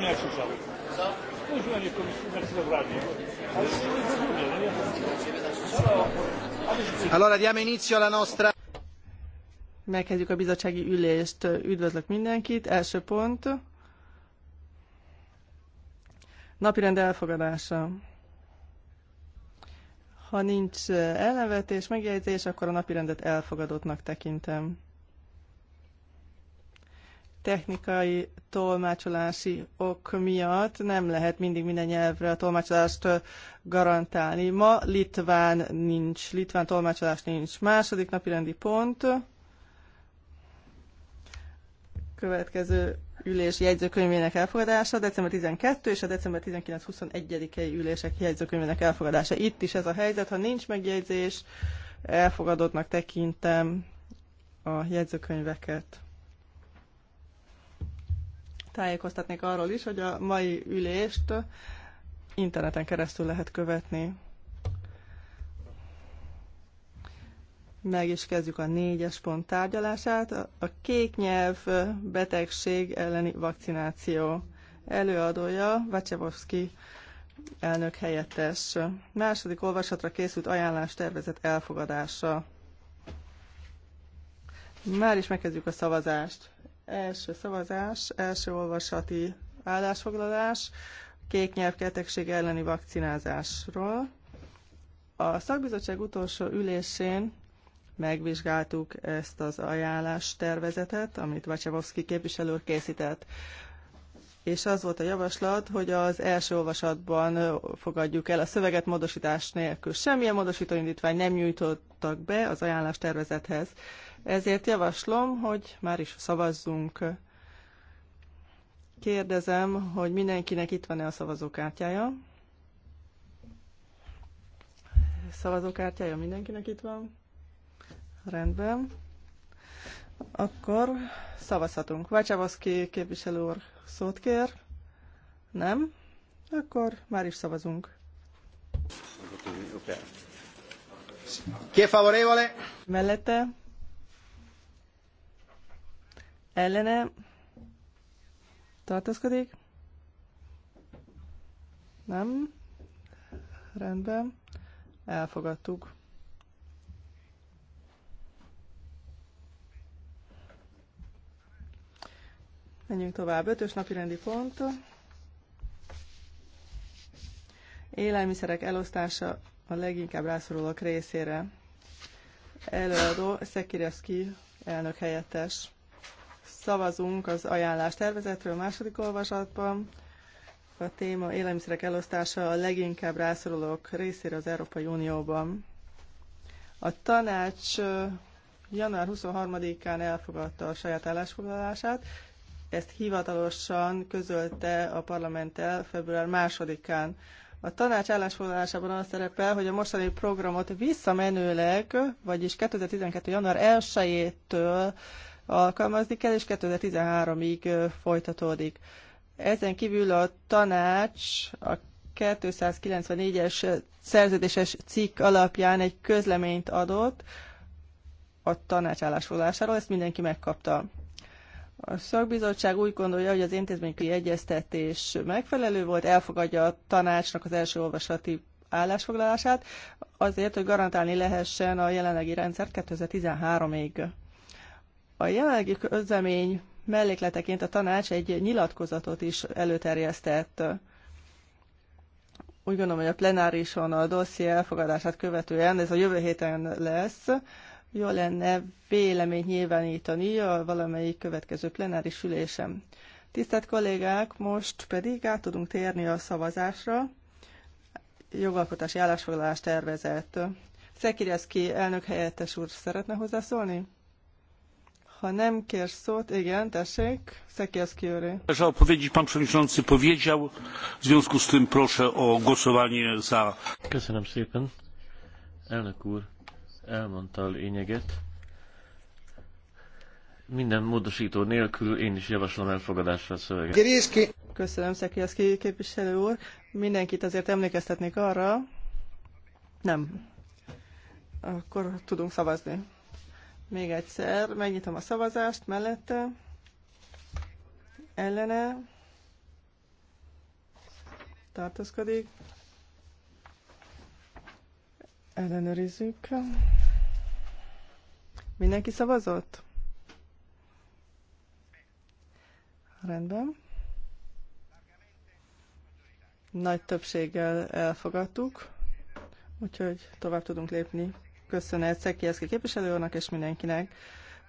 on est à Choucha, oui. Rejoignez Allora diamo inizio alla nostra... Megkezdjük a bizottsági ülést. Üdvözlök mindenkit. Első pont. Napirend elfogadása. Ha nincs ellenvetés, megjegyzés, akkor a napirendet elfogadottnak tekintem technikai tolmácsolási ok miatt nem lehet mindig minden nyelvre a tolmácsolást garantálni. Ma litván nincs, litván tolmácsolás nincs. Második napi rendi pont. Következő ülés jegyzőkönyvének elfogadása, december 12 és a december 19-21-i ülések jegyzőkönyvének elfogadása. Itt is ez a helyzet, ha nincs megjegyzés, elfogadottnak tekintem a jegyzőkönyveket. Tájékoztatnék arról is, hogy a mai ülést interneten keresztül lehet követni. Meg is kezdjük a négyes pont tárgyalását. A kék nyelv betegség elleni vakcináció előadója Vacsevovszki elnök helyettes. Második olvasatra készült ajánlás tervezet elfogadása. Már is megkezdjük a szavazást. Első szavazás, első olvasati állásfoglalás, kék nyelvketegség elleni vakcinázásról. A szakbizottság utolsó ülésén megvizsgáltuk ezt az ajánlás tervezetet, amit Vacsevovszki képviselő készített. És az volt a javaslat, hogy az első olvasatban fogadjuk el a szöveget módosítás nélkül. Semmilyen módosítóindítvány nem nyújtottak be az ajánlás tervezethez. Ezért javaslom, hogy már is szavazzunk. Kérdezem, hogy mindenkinek itt van-e a szavazókártyája? Szavazókártyája mindenkinek itt van? Rendben. Akkor szavazhatunk. Vácsávaszki képviselő úr szót kér. Nem? Akkor már is szavazunk. Ki favorevole? Mellette? ellene tartózkodik. Nem? Rendben. Elfogadtuk. Menjünk tovább. Ötös napi rendi pont. Élelmiszerek elosztása a leginkább rászorulók részére. Előadó Szekireszki elnök helyettes szavazunk az ajánlás tervezetről második olvasatban. A téma élelmiszerek elosztása a leginkább rászorulók részére az Európai Unióban. A tanács január 23-án elfogadta a saját állásfoglalását, ezt hivatalosan közölte a parlamenttel február 2-án. A tanács állásfoglalásában az szerepel, hogy a mostani programot visszamenőleg, vagyis 2012. január 1-től alkalmazni kell, és 2013-ig folytatódik. Ezen kívül a tanács a 294-es szerződéses cikk alapján egy közleményt adott a tanács állásfoglalásáról, ezt mindenki megkapta. A szakbizottság úgy gondolja, hogy az intézményi egyeztetés megfelelő volt, elfogadja a tanácsnak az első olvasati állásfoglalását, azért, hogy garantálni lehessen a jelenlegi rendszert 2013-ig. A jelenlegi közlemény mellékleteként a tanács egy nyilatkozatot is előterjesztett. Úgy gondolom, hogy a plenárison a dosszié elfogadását követően, ez a jövő héten lesz, jó lenne véleményt nyilvánítani a valamelyik következő plenáris ülésem. Tisztelt kollégák, most pedig át tudunk térni a szavazásra. Jogalkotási állásfoglalás tervezett. Szekireszki elnök helyettes úr szeretne hozzászólni? Ha nem kér szót, igen, tessék, Szekielszki őré. odpowiedzi pan przewodniczący powiedział, w związku z tym proszę o głosowanie za. Köszönöm szépen. Elnök úr elmondta a lényeget. Minden módosító nélkül én is javaslom elfogadásra a szöveget. Giriszki. Köszönöm, Szekielszki képviselő úr. Mindenkit azért emlékeztetnék arra, nem. Akkor tudunk szavazni. Még egyszer, megnyitom a szavazást mellette, ellene, tartózkodik, ellenőrizzük. Mindenki szavazott? Rendben. Nagy többséggel elfogadtuk, úgyhogy tovább tudunk lépni. Köszönet Szekieszki képviselőnek és mindenkinek.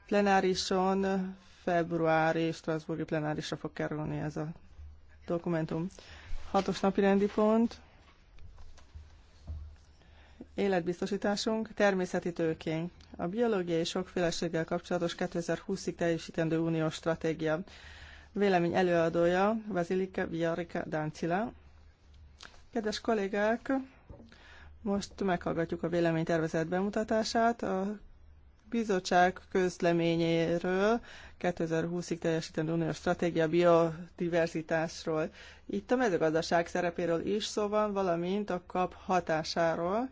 Plenárison februári Strasburgi plenárisra fog kerülni ez a dokumentum. Hatos napi rendi pont. Életbiztosításunk, természeti tőkénk. A biológiai sokféleséggel kapcsolatos 2020-ig teljesítendő uniós stratégia. Vélemény előadója Vasilika Viarika Dancila. Kedves kollégák, most meghallgatjuk a véleménytervezet bemutatását a bizottság közleményéről 2020-ig teljesítendő uniós stratégia biodiverzitásról. Itt a mezőgazdaság szerepéről is szó van, valamint a kap hatásáról,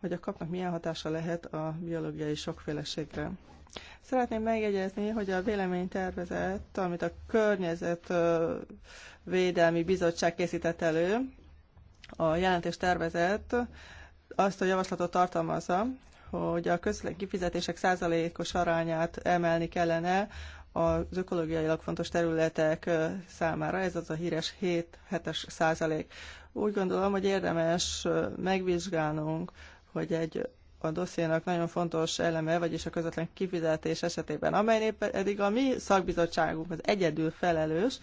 hogy a kapnak milyen hatása lehet a biológiai sokféleségre. Szeretném megjegyezni, hogy a véleménytervezet, amit a Környezetvédelmi Bizottság készített elő, a jelentés tervezet azt a javaslatot tartalmazza, hogy a közvetlen kifizetések százalékos arányát emelni kellene az ökológiailag fontos területek számára. Ez az a híres 7-7-es százalék. Úgy gondolom, hogy érdemes megvizsgálnunk, hogy egy a dossziénak nagyon fontos eleme, vagyis a közvetlen kifizetés esetében, amely pedig a mi szakbizottságunk az egyedül felelős,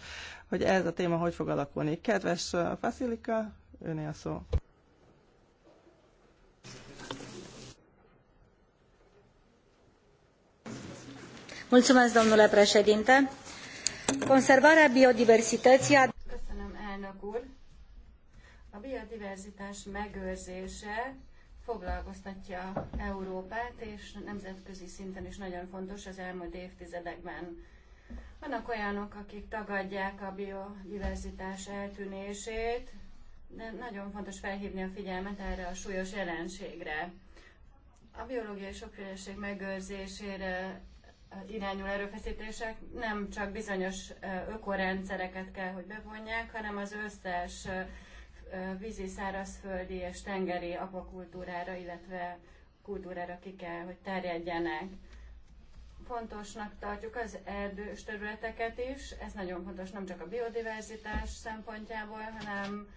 hogy ez a téma hogy fog alakulni. Kedves Faszilika, öné a szó. Mulțumesc, domnule președinte. Conservarea biodiversității... Köszönöm, elnök úr. A biodiverzitás megőrzése foglalkoztatja Európát, és nemzetközi szinten is nagyon fontos az elmúlt évtizedekben. Vannak olyanok, akik tagadják a biodiverzitás eltűnését, de nagyon fontos felhívni a figyelmet erre a súlyos jelenségre. A biológiai sokféleség megőrzésére irányul erőfeszítések nem csak bizonyos ökorendszereket kell, hogy bevonják, hanem az összes vízi, szárazföldi és tengeri akvakultúrára, illetve kultúrára ki kell, hogy terjedjenek. Fontosnak tartjuk az erdős területeket is, ez nagyon fontos nem csak a biodiverzitás szempontjából, hanem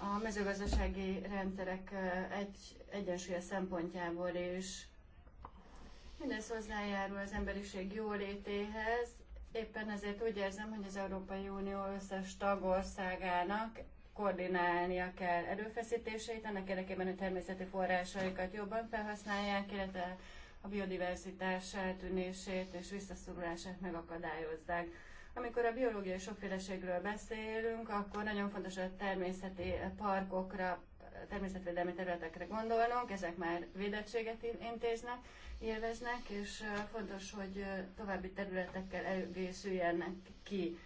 a mezőgazdasági rendszerek egy, egyensúlya szempontjából is Mindez hozzájárul az emberiség jólétéhez, éppen ezért úgy érzem, hogy az Európai Unió összes tagországának koordinálnia kell erőfeszítéseit, annak érdekében, hogy természeti forrásaikat jobban felhasználják, illetve a biodiverzitás eltűnését és visszaszorulását megakadályozzák. Amikor a biológiai sokféleségről beszélünk, akkor nagyon fontos a természeti parkokra, természetvédelmi területekre gondolnunk, ezek már védettséget intéznek, élveznek, és fontos, hogy további területekkel egészüljenek ki.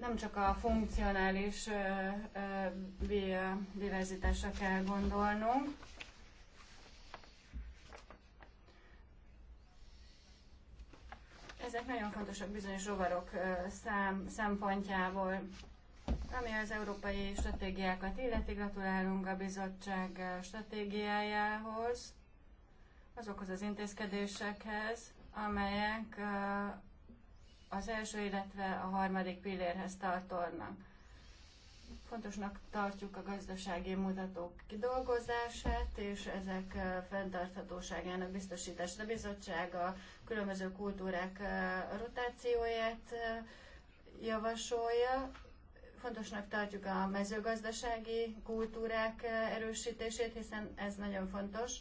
Nem csak a funkcionális diverzitásra kell gondolnunk, Ezek nagyon fontosak bizonyos rovarok szám, szempontjából, ami az európai stratégiákat illeti. Gratulálunk a bizottság stratégiájához azokhoz az intézkedésekhez, amelyek az első, illetve a harmadik pillérhez tartoznak. Fontosnak tartjuk a gazdasági mutatók kidolgozását és ezek fenntarthatóságának biztosítását. A bizottság a különböző kultúrák rotációját javasolja, fontosnak tartjuk a mezőgazdasági kultúrák erősítését, hiszen ez nagyon fontos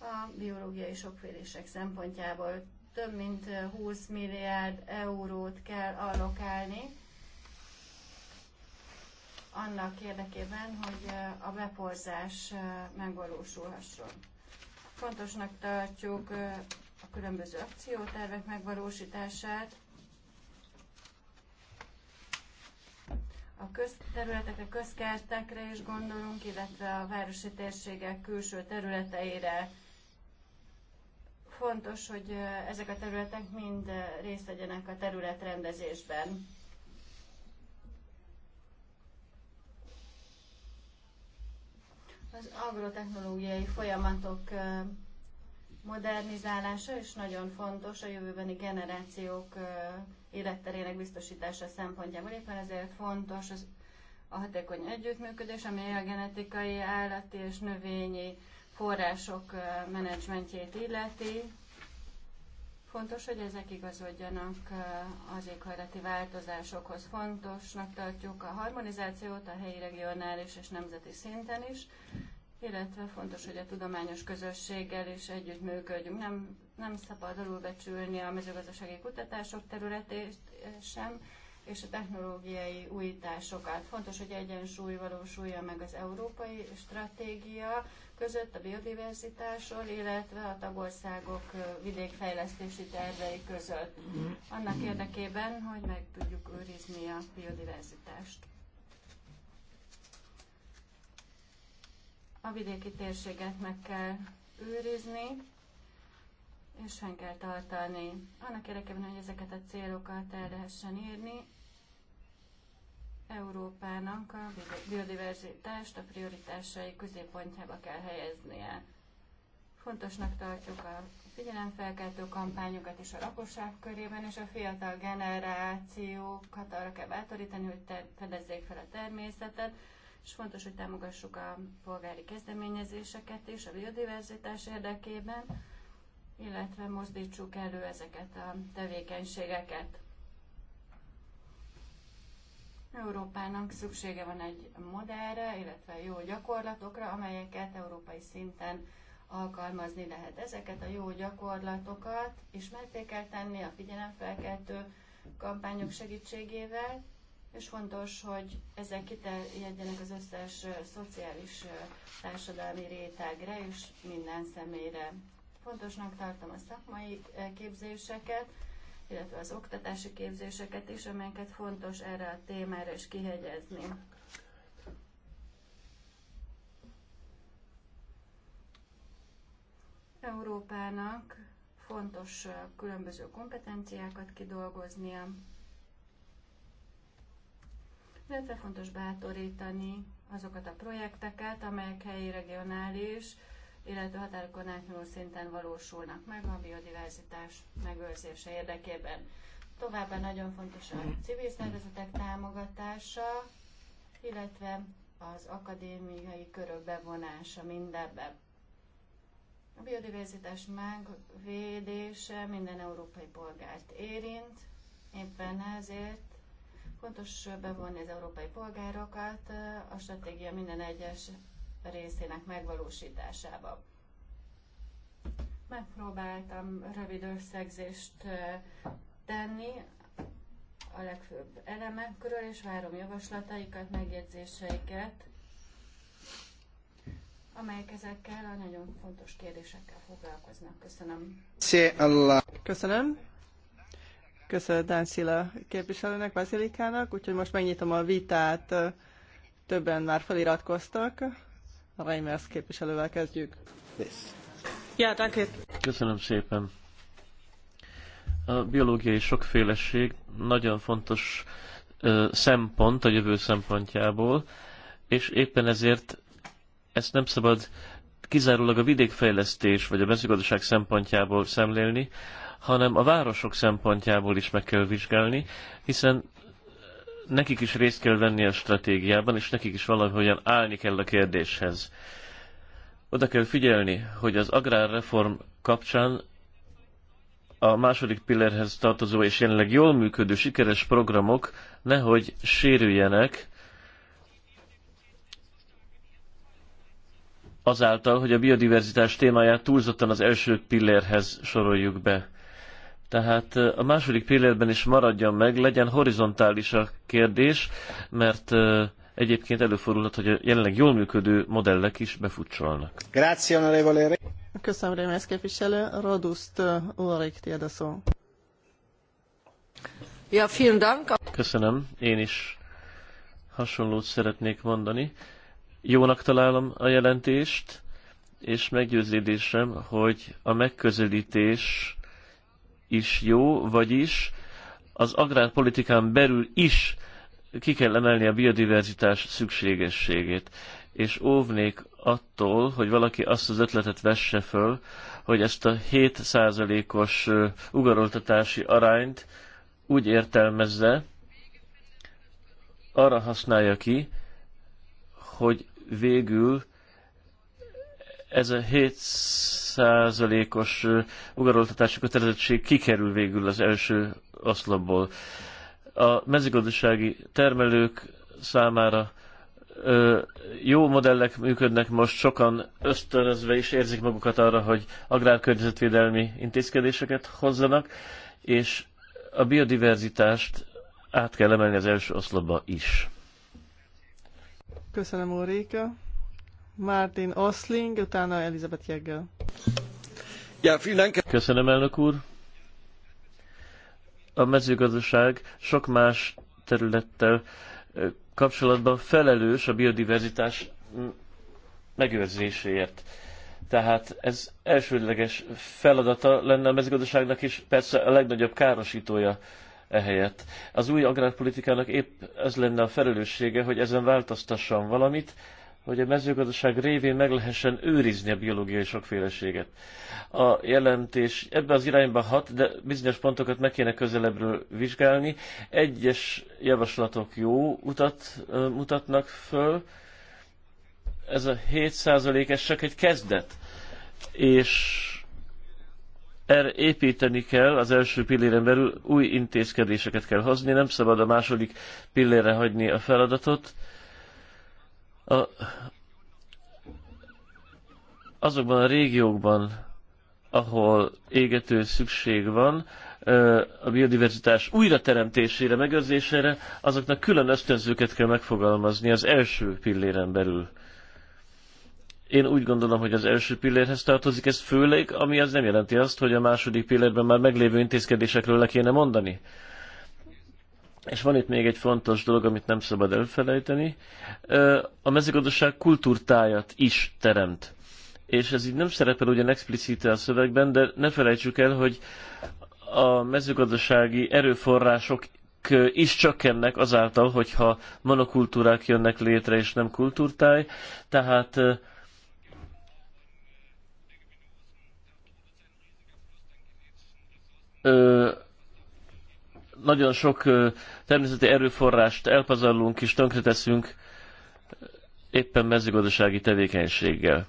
a biológiai sokfélések szempontjából. Több mint 20 milliárd eurót kell allokálni annak érdekében, hogy a beporzás megvalósulhasson. Fontosnak tartjuk a különböző akciótervek megvalósítását, a közterületekre, közkertekre is gondolunk, illetve a városi térségek külső területeire Fontos, hogy ezek a területek mind részt vegyenek a területrendezésben. Az agrotechnológiai folyamatok modernizálása is nagyon fontos a jövőbeni generációk életterének biztosítása szempontjából. Éppen ezért fontos az a hatékony együttműködés, ami a genetikai, állati és növényi források menedzsmentjét illeti, fontos, hogy ezek igazodjanak az éghajlati változásokhoz. Fontosnak tartjuk a harmonizációt a helyi, regionális és nemzeti szinten is, illetve fontos, hogy a tudományos közösséggel is együttműködjünk. Nem, nem szabad alulbecsülni a mezőgazdasági kutatások területét sem, és a technológiai újításokat. Fontos, hogy egyensúly valósulja meg az európai stratégia között a biodiverzitásról, illetve a tagországok vidékfejlesztési tervei között. Annak érdekében, hogy meg tudjuk őrizni a biodiverzitást. A vidéki térséget meg kell őrizni, és fenn kell tartani. Annak érdekében, hogy ezeket a célokat el lehessen írni, Európának a biodiverzitást a prioritásai középpontjába kell helyeznie. Fontosnak tartjuk a figyelemfelkeltő kampányokat is a lakosság körében, és a fiatal generációkat arra kell bátorítani, hogy te fedezzék fel a természetet, és fontos, hogy támogassuk a polgári kezdeményezéseket is a biodiverzitás érdekében, illetve mozdítsuk elő ezeket a tevékenységeket. Európának szüksége van egy modellre, illetve jó gyakorlatokra, amelyeket európai szinten alkalmazni lehet. Ezeket a jó gyakorlatokat ismerté kell tenni a figyelemfelkeltő kampányok segítségével, és fontos, hogy ezek kiterjedjenek az összes szociális társadalmi rétegre és minden személyre. Fontosnak tartom a szakmai képzéseket, illetve az oktatási képzéseket is, amelyeket fontos erre a témára is kihegyezni. Európának fontos különböző kompetenciákat kidolgoznia, illetve fontos bátorítani azokat a projekteket, amelyek helyi regionális, illetve határokon átnyúló szinten valósulnak meg a biodiverzitás megőrzése érdekében. Továbbá nagyon fontos a civil szervezetek támogatása, illetve az akadémiai körök bevonása mindebbe. A biodiverzitás megvédése minden európai polgárt érint, éppen ezért fontos bevonni az európai polgárokat a stratégia minden egyes részének megvalósításába. Megpróbáltam rövid összegzést tenni a legfőbb elemekről, és várom javaslataikat, megjegyzéseiket, amelyek ezekkel a nagyon fontos kérdésekkel foglalkoznak. Köszönöm. Köszönöm. Köszönöm Dán Szila képviselőnek, Vasilikának, úgyhogy most megnyitom a vitát. Többen már feliratkoztak. Reimers képviselővel kezdjük. Ja, danke. Köszönöm szépen. A biológiai sokféleség nagyon fontos ö, szempont a jövő szempontjából, és éppen ezért ezt nem szabad kizárólag a vidékfejlesztés vagy a mezőgazdaság szempontjából szemlélni, hanem a városok szempontjából is meg kell vizsgálni, hiszen nekik is részt kell venni a stratégiában, és nekik is valahogyan állni kell a kérdéshez. Oda kell figyelni, hogy az agrárreform kapcsán a második pillérhez tartozó és jelenleg jól működő sikeres programok nehogy sérüljenek azáltal, hogy a biodiverzitás témáját túlzottan az első pillérhez soroljuk be. Tehát a második pillérben is maradjon meg, legyen horizontális a kérdés, mert egyébként előfordulhat, hogy a jelenleg jól működő modellek is befutcsolnak. Grazie, Köszönöm, Rémész képviselő. Roduszt Ulrik, tiéd a szó. Ja, vielen Dank. Köszönöm, én is hasonlót szeretnék mondani. Jónak találom a jelentést, és meggyőződésem, hogy a megközelítés is jó, vagyis az agrárpolitikán belül is ki kell emelni a biodiverzitás szükségességét, és óvnék attól, hogy valaki azt az ötletet vesse föl, hogy ezt a 7%-os ugaroltatási arányt úgy értelmezze, arra használja ki, hogy végül ez a 7%-os ugaroltatási kötelezettség kikerül végül az első oszlopból. A mezőgazdasági termelők számára jó modellek működnek most, sokan ösztönözve is érzik magukat arra, hogy agrárkörnyezetvédelmi intézkedéseket hozzanak, és a biodiverzitást át kell emelni az első oszlopba is. Köszönöm, Ulrika. Martin Osling, utána Elizabeth Jeggel. Ja, Köszönöm, elnök úr. A mezőgazdaság sok más területtel kapcsolatban felelős a biodiverzitás megőrzéséért. Tehát ez elsődleges feladata lenne a mezőgazdaságnak is, persze a legnagyobb károsítója ehelyett. Az új agrárpolitikának épp ez lenne a felelőssége, hogy ezen változtasson valamit, hogy a mezőgazdaság révén meg lehessen őrizni a biológiai sokféleséget. A jelentés ebbe az irányba hat, de bizonyos pontokat meg kéne közelebbről vizsgálni. Egyes javaslatok jó utat mutatnak föl. Ez a 7 ez csak egy kezdet. És erre építeni kell az első pilléren belül, új intézkedéseket kell hozni, nem szabad a második pillére hagyni a feladatot a, azokban a régiókban, ahol égető szükség van, a biodiverzitás újrateremtésére, megőrzésére, azoknak külön ösztönzőket kell megfogalmazni az első pilléren belül. Én úgy gondolom, hogy az első pillérhez tartozik ez főleg, ami az nem jelenti azt, hogy a második pillérben már meglévő intézkedésekről le kéne mondani. És van itt még egy fontos dolog, amit nem szabad elfelejteni. A mezőgazdaság kultúrtájat is teremt. És ez így nem szerepel ugyan explicite a szövegben, de ne felejtsük el, hogy a mezőgazdasági erőforrások is csökkennek azáltal, hogyha monokultúrák jönnek létre, és nem kultúrtáj. Tehát ö, nagyon sok természeti erőforrást elpazarlunk és tönkreteszünk éppen mezőgazdasági tevékenységgel.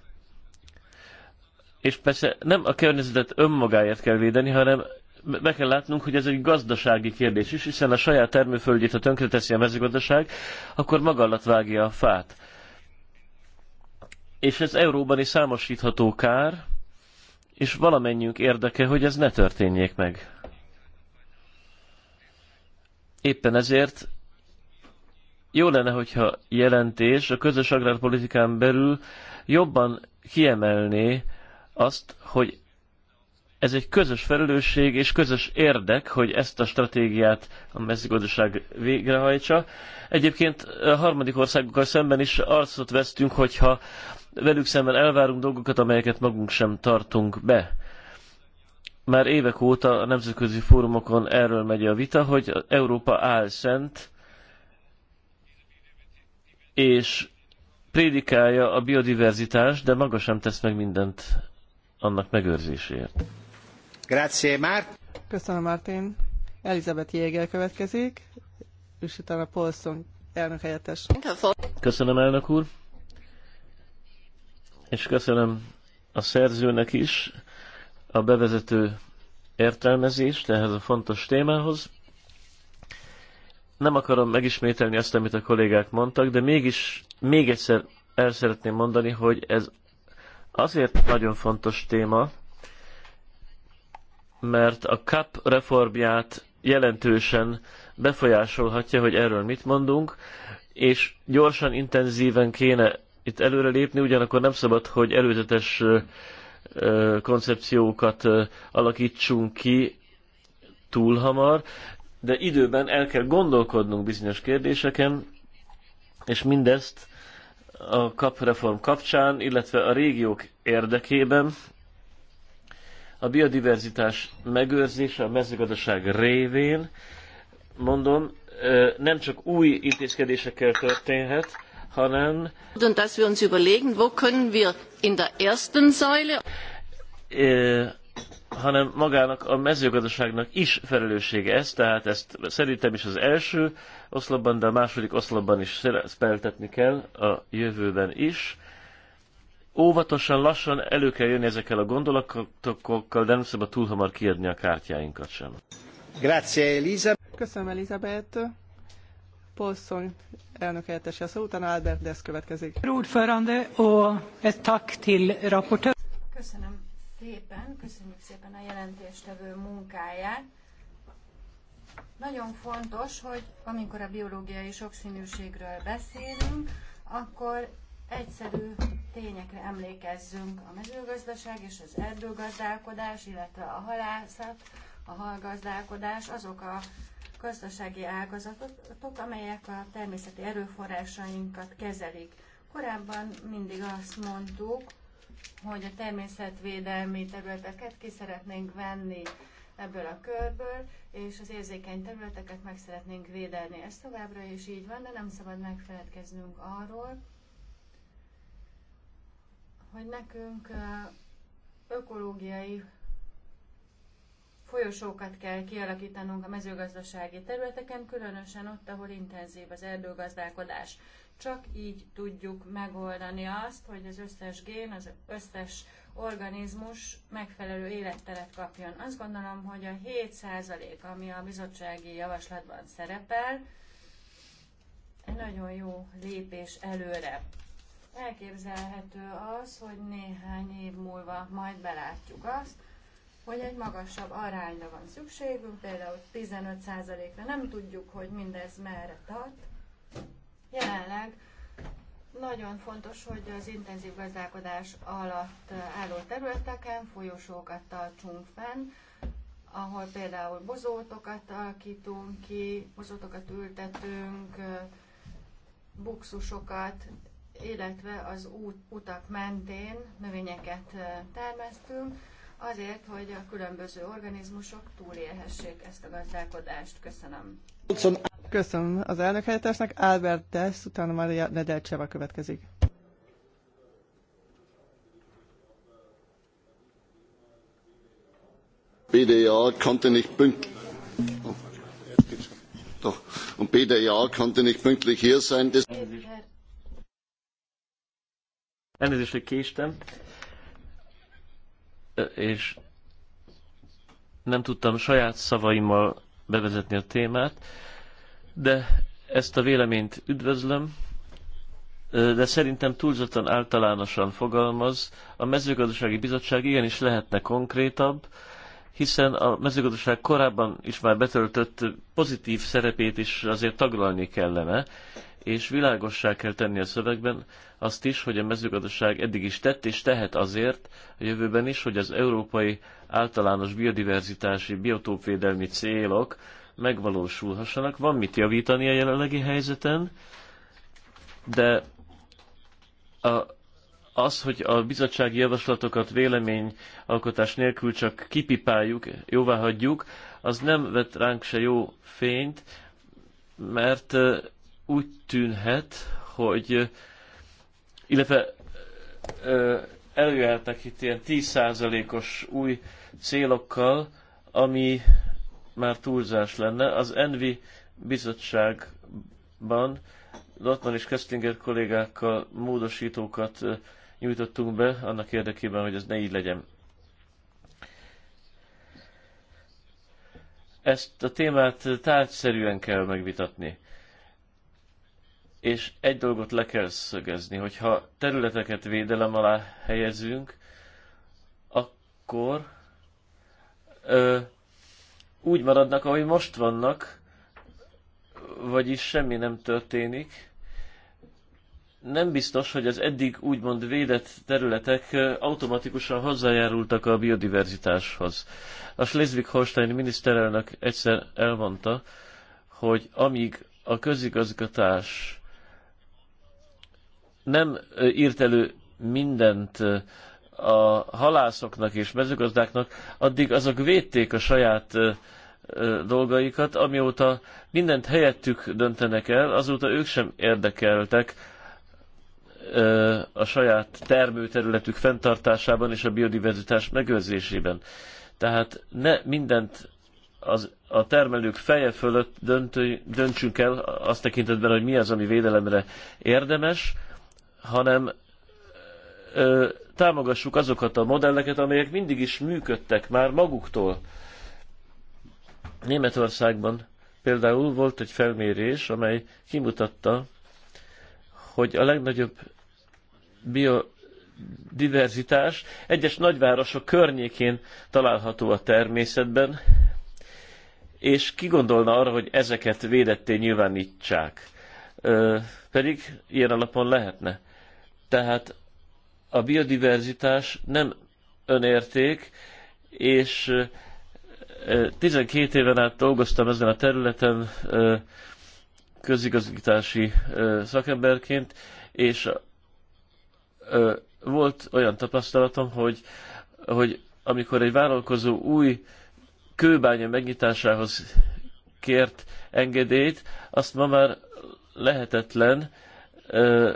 És persze nem a környezetet önmagáért kell védeni, hanem be kell látnunk, hogy ez egy gazdasági kérdés is, hiszen a saját termőföldjét, ha tönkreteszi a mezőgazdaság, akkor maga alatt vágja a fát. És ez euróban is számosítható kár, és valamennyünk érdeke, hogy ez ne történjék meg. Éppen ezért jó lenne, hogyha jelentés a közös agrárpolitikán belül jobban kiemelné azt, hogy ez egy közös felelősség és közös érdek, hogy ezt a stratégiát a mezőgazdaság végrehajtsa. Egyébként a harmadik országokkal szemben is arcot vesztünk, hogyha velük szemben elvárunk dolgokat, amelyeket magunk sem tartunk be már évek óta a nemzetközi fórumokon erről megy a vita, hogy Európa álszent, és prédikálja a biodiverzitást, de maga sem tesz meg mindent annak megőrzéséért. Grazie, már, Köszönöm, Martin. Elizabeth Jégel következik, és utána Polszon elnök helyettes. Köszönöm, elnök úr. És köszönöm a szerzőnek is, a bevezető értelmezést ehhez a fontos témához. Nem akarom megismételni azt, amit a kollégák mondtak, de mégis még egyszer el szeretném mondani, hogy ez azért nagyon fontos téma, mert a CAP reformját jelentősen befolyásolhatja, hogy erről mit mondunk, és gyorsan, intenzíven kéne itt előrelépni, ugyanakkor nem szabad, hogy előzetes koncepciókat alakítsunk ki túl hamar, de időben el kell gondolkodnunk bizonyos kérdéseken, és mindezt a kapreform kapcsán, illetve a régiók érdekében, a biodiverzitás megőrzése a mezőgazdaság révén, mondom, nem csak új intézkedésekkel történhet, hanem und dass wir uns überlegen, wo können wir in der ersten Säule hanem magának a mezőgazdaságnak is felelőssége ez, tehát ezt szerintem is az első oszlopban, de a második oszlopban is feltetni kell a jövőben is. Óvatosan, lassan elő kell jönni ezekkel a gondolatokkal, de nem szabad túl hamar kiadni a kártyáinkat sem. Grazie, Elizabeth. Köszönöm, Elizabeth. Polszony elnök helyettese a szó, utána Albert következik. till rapportör. Köszönöm szépen, köszönjük szépen a jelentéstevő munkáját. Nagyon fontos, hogy amikor a biológiai sokszínűségről beszélünk, akkor egyszerű tényekre emlékezzünk a mezőgazdaság és az erdőgazdálkodás, illetve a halászat, a halgazdálkodás, azok a gazdasági ágazatok, amelyek a természeti erőforrásainkat kezelik. Korábban mindig azt mondtuk, hogy a természetvédelmi területeket ki szeretnénk venni ebből a körből, és az érzékeny területeket meg szeretnénk védelni. Ez továbbra is így van, de nem szabad megfeledkeznünk arról, hogy nekünk ökológiai folyosókat kell kialakítanunk a mezőgazdasági területeken, különösen ott, ahol intenzív az erdőgazdálkodás. Csak így tudjuk megoldani azt, hogy az összes gén, az összes organizmus megfelelő életteret kapjon. Azt gondolom, hogy a 7% ami a bizottsági javaslatban szerepel, egy nagyon jó lépés előre. Elképzelhető az, hogy néhány év múlva majd belátjuk azt, hogy egy magasabb arányra van szükségünk, például 15%-ra nem tudjuk, hogy mindez merre tart. Jelenleg nagyon fontos, hogy az intenzív gazdálkodás alatt álló területeken folyosókat tartsunk fenn, ahol például bozótokat alakítunk ki, bozótokat ültetünk, buxusokat, illetve az út, utak mentén növényeket termesztünk, azért, hogy a különböző organizmusok túlélhessék ezt a gazdálkodást. Köszönöm. Köszönöm az elnök helyettesnek. Albert Dess, utána Maria Nedelcseva következik. BDA konnte nicht pünktlich oh, doch und BDA konnte nicht pünktlich hier sein. Elnézést, hogy késtem és nem tudtam saját szavaimmal bevezetni a témát, de ezt a véleményt üdvözlöm, de szerintem túlzottan általánosan fogalmaz. A mezőgazdasági bizottság igenis lehetne konkrétabb, hiszen a mezőgazdaság korábban is már betöltött pozitív szerepét is azért taglalni kellene, és világossá kell tenni a szövegben azt is, hogy a mezőgazdaság eddig is tett és tehet azért a jövőben is, hogy az európai általános biodiverzitási, biotópvédelmi célok megvalósulhassanak. Van mit javítani a jelenlegi helyzeten, de a az, hogy a bizottsági javaslatokat véleményalkotás nélkül csak kipipáljuk, jóvá hagyjuk, az nem vet ránk se jó fényt, mert úgy tűnhet, hogy illetve előjöhetnek itt ilyen 10%-os új célokkal, ami már túlzás lenne. Az Envi bizottságban Lotman és Köstinger kollégákkal módosítókat nyújtottunk be, annak érdekében, hogy ez ne így legyen. Ezt a témát tárgyszerűen kell megvitatni. És egy dolgot le kell szögezni, hogyha területeket védelem alá helyezünk, akkor ö, úgy maradnak, ahogy most vannak, vagyis semmi nem történik, nem biztos, hogy az eddig úgymond védett területek automatikusan hozzájárultak a biodiverzitáshoz. A Schleswig-Holstein miniszterelnök egyszer elmondta, hogy amíg a közigazgatás nem írt elő mindent a halászoknak és mezőgazdáknak, addig azok védték a saját dolgaikat, amióta mindent helyettük döntenek el, azóta ők sem érdekeltek a saját termőterületük fenntartásában és a biodiverzitás megőrzésében. Tehát ne mindent az, a termelők feje fölött döntő, döntsünk el azt tekintetben, hogy mi az, ami védelemre érdemes, hanem ö, támogassuk azokat a modelleket, amelyek mindig is működtek már maguktól. Németországban például volt egy felmérés, amely kimutatta, hogy a legnagyobb biodiverzitás egyes nagyvárosok környékén található a természetben, és ki gondolna arra, hogy ezeket védetté nyilvánítsák? Ö, pedig ilyen alapon lehetne. Tehát a biodiverzitás nem önérték, és 12 éven át dolgoztam ezen a területen közigazgatási szakemberként, és volt olyan tapasztalatom, hogy, hogy amikor egy vállalkozó új kőbánya megnyitásához kért engedélyt, azt ma már lehetetlen ö,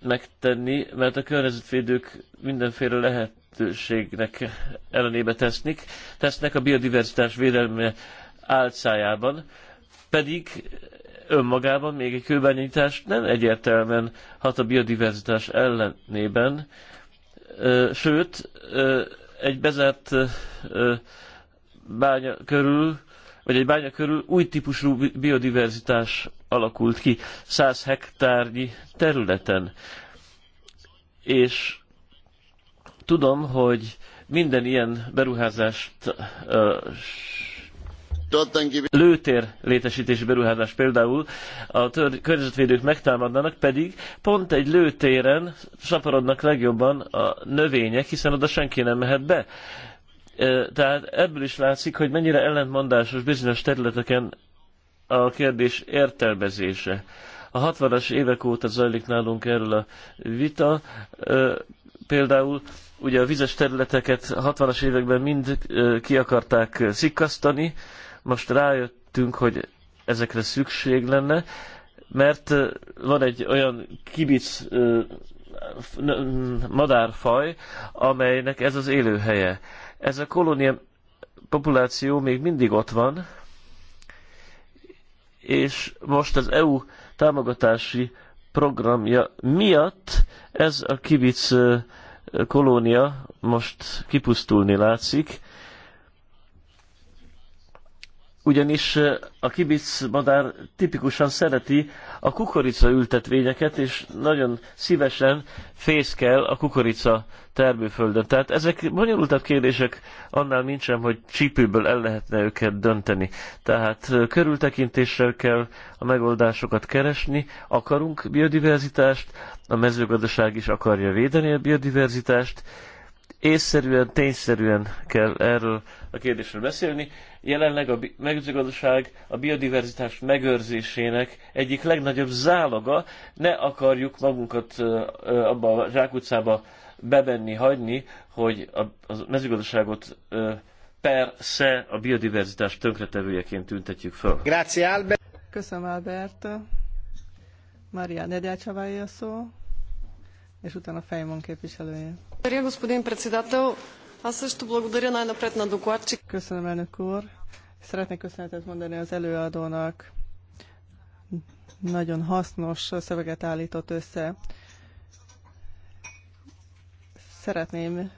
megtenni, mert a környezetvédők mindenféle lehetőségnek ellenébe tesznek, tesznek a biodiverzitás védelme álcájában, pedig önmagában még egy kőbányítás nem egyértelműen hat a biodiverzitás ellenében, sőt, egy bezárt bánya körül, vagy egy bánya körül új típusú biodiverzitás alakult ki 100 hektárnyi területen. És tudom, hogy minden ilyen beruházást lőtér létesítési beruházás például a tör- környezetvédők megtámadnának, pedig pont egy lőtéren szaporodnak legjobban a növények, hiszen oda senki nem mehet be. Tehát ebből is látszik, hogy mennyire ellentmondásos bizonyos területeken a kérdés értelmezése. A 60-as évek óta zajlik nálunk erről a vita. Például ugye a vizes területeket 60-as években mind ki akarták szikkasztani, most rájöttünk, hogy ezekre szükség lenne, mert van egy olyan kibic madárfaj, amelynek ez az élőhelye. Ez a kolónia populáció még mindig ott van, és most az EU támogatási programja miatt ez a kibic kolónia most kipusztulni látszik, ugyanis a kibic madár tipikusan szereti a kukorica ültetvényeket, és nagyon szívesen fészkel a kukorica termőföldön. Tehát ezek bonyolultabb kérdések annál nincsen, hogy csípőből el lehetne őket dönteni. Tehát körültekintéssel kell a megoldásokat keresni, akarunk biodiverzitást, a mezőgazdaság is akarja védeni a biodiverzitást, észszerűen, tényszerűen kell erről a kérdésről beszélni. Jelenleg a mezőgazdaság a biodiverzitás megőrzésének egyik legnagyobb záloga. Ne akarjuk magunkat abba a zsákutcába bebenni, hagyni, hogy a, a mezőgazdaságot per se a biodiverzitás tönkretevőjeként tüntetjük föl. Grazie, Albert. Köszönöm, Albert. Maria Nedelcsavája szó, és utána Fejmon képviselője. Благодаря, господин председател. Аз също благодаря най-напред на докладчик. Köszönöm, elnök úr. Szeretnék köszönetet mondani az előadónak. Nagyon hasznos szöveget állított össze. Szeretném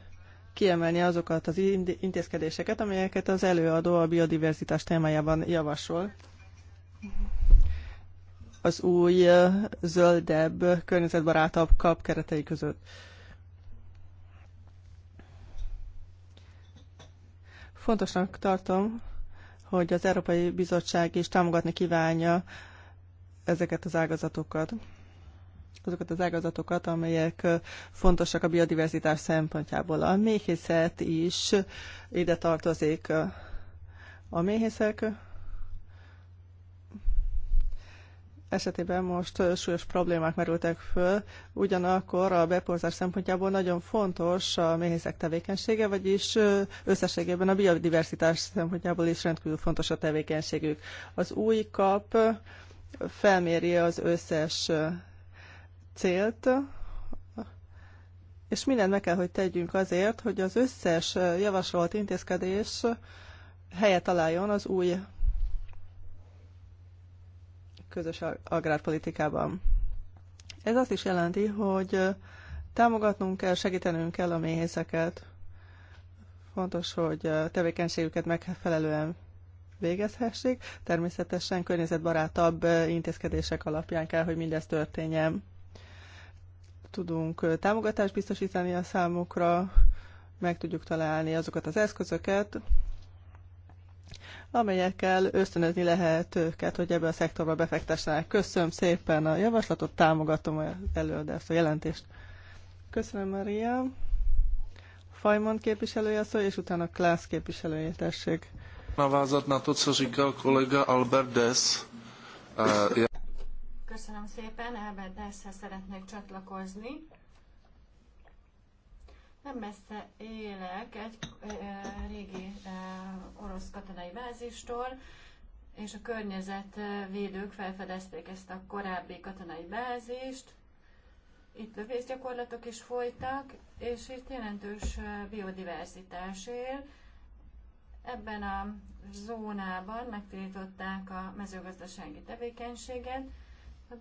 kiemelni azokat az intézkedéseket, amelyeket az előadó a biodiverzitás témájában javasol. Az új, zöldebb, környezetbarátabb kap keretei között. Fontosnak tartom, hogy az Európai Bizottság is támogatni kívánja ezeket az ágazatokat azokat az ágazatokat, amelyek fontosak a biodiverzitás szempontjából. A méhészet is ide tartozik. A méhészek esetében most súlyos problémák merültek föl, ugyanakkor a beporzás szempontjából nagyon fontos a méhészek tevékenysége, vagyis összességében a biodiversitás szempontjából is rendkívül fontos a tevékenységük. Az új kap felméri az összes célt, és mindent meg kell, hogy tegyünk azért, hogy az összes javasolt intézkedés helyet találjon az új közös agrárpolitikában. Ez azt is jelenti, hogy támogatnunk kell, segítenünk kell a méhészeket. Fontos, hogy tevékenységüket megfelelően végezhessék. Természetesen környezetbarátabb intézkedések alapján kell, hogy mindez történjen. Tudunk támogatást biztosítani a számukra, meg tudjuk találni azokat az eszközöket, amelyekkel ösztönözni lehet őket, hogy ebbe a szektorba befektessenek. Köszönöm szépen a javaslatot, támogatom az előadást, a jelentést. Köszönöm, Maria. Fajmond képviselője szó, és utána Klász képviselője, tessék. Navázat na to, co říkal kolega Albert Köszönöm szépen, Albert Desshez szeretnék csatlakozni. Nem messze élek egy régi orosz katonai bázistól, és a környezetvédők felfedezték ezt a korábbi katonai bázist. Itt lövészgyakorlatok is folytak, és itt jelentős biodiverzitás él. Ebben a zónában megtiltották a mezőgazdasági tevékenységet. A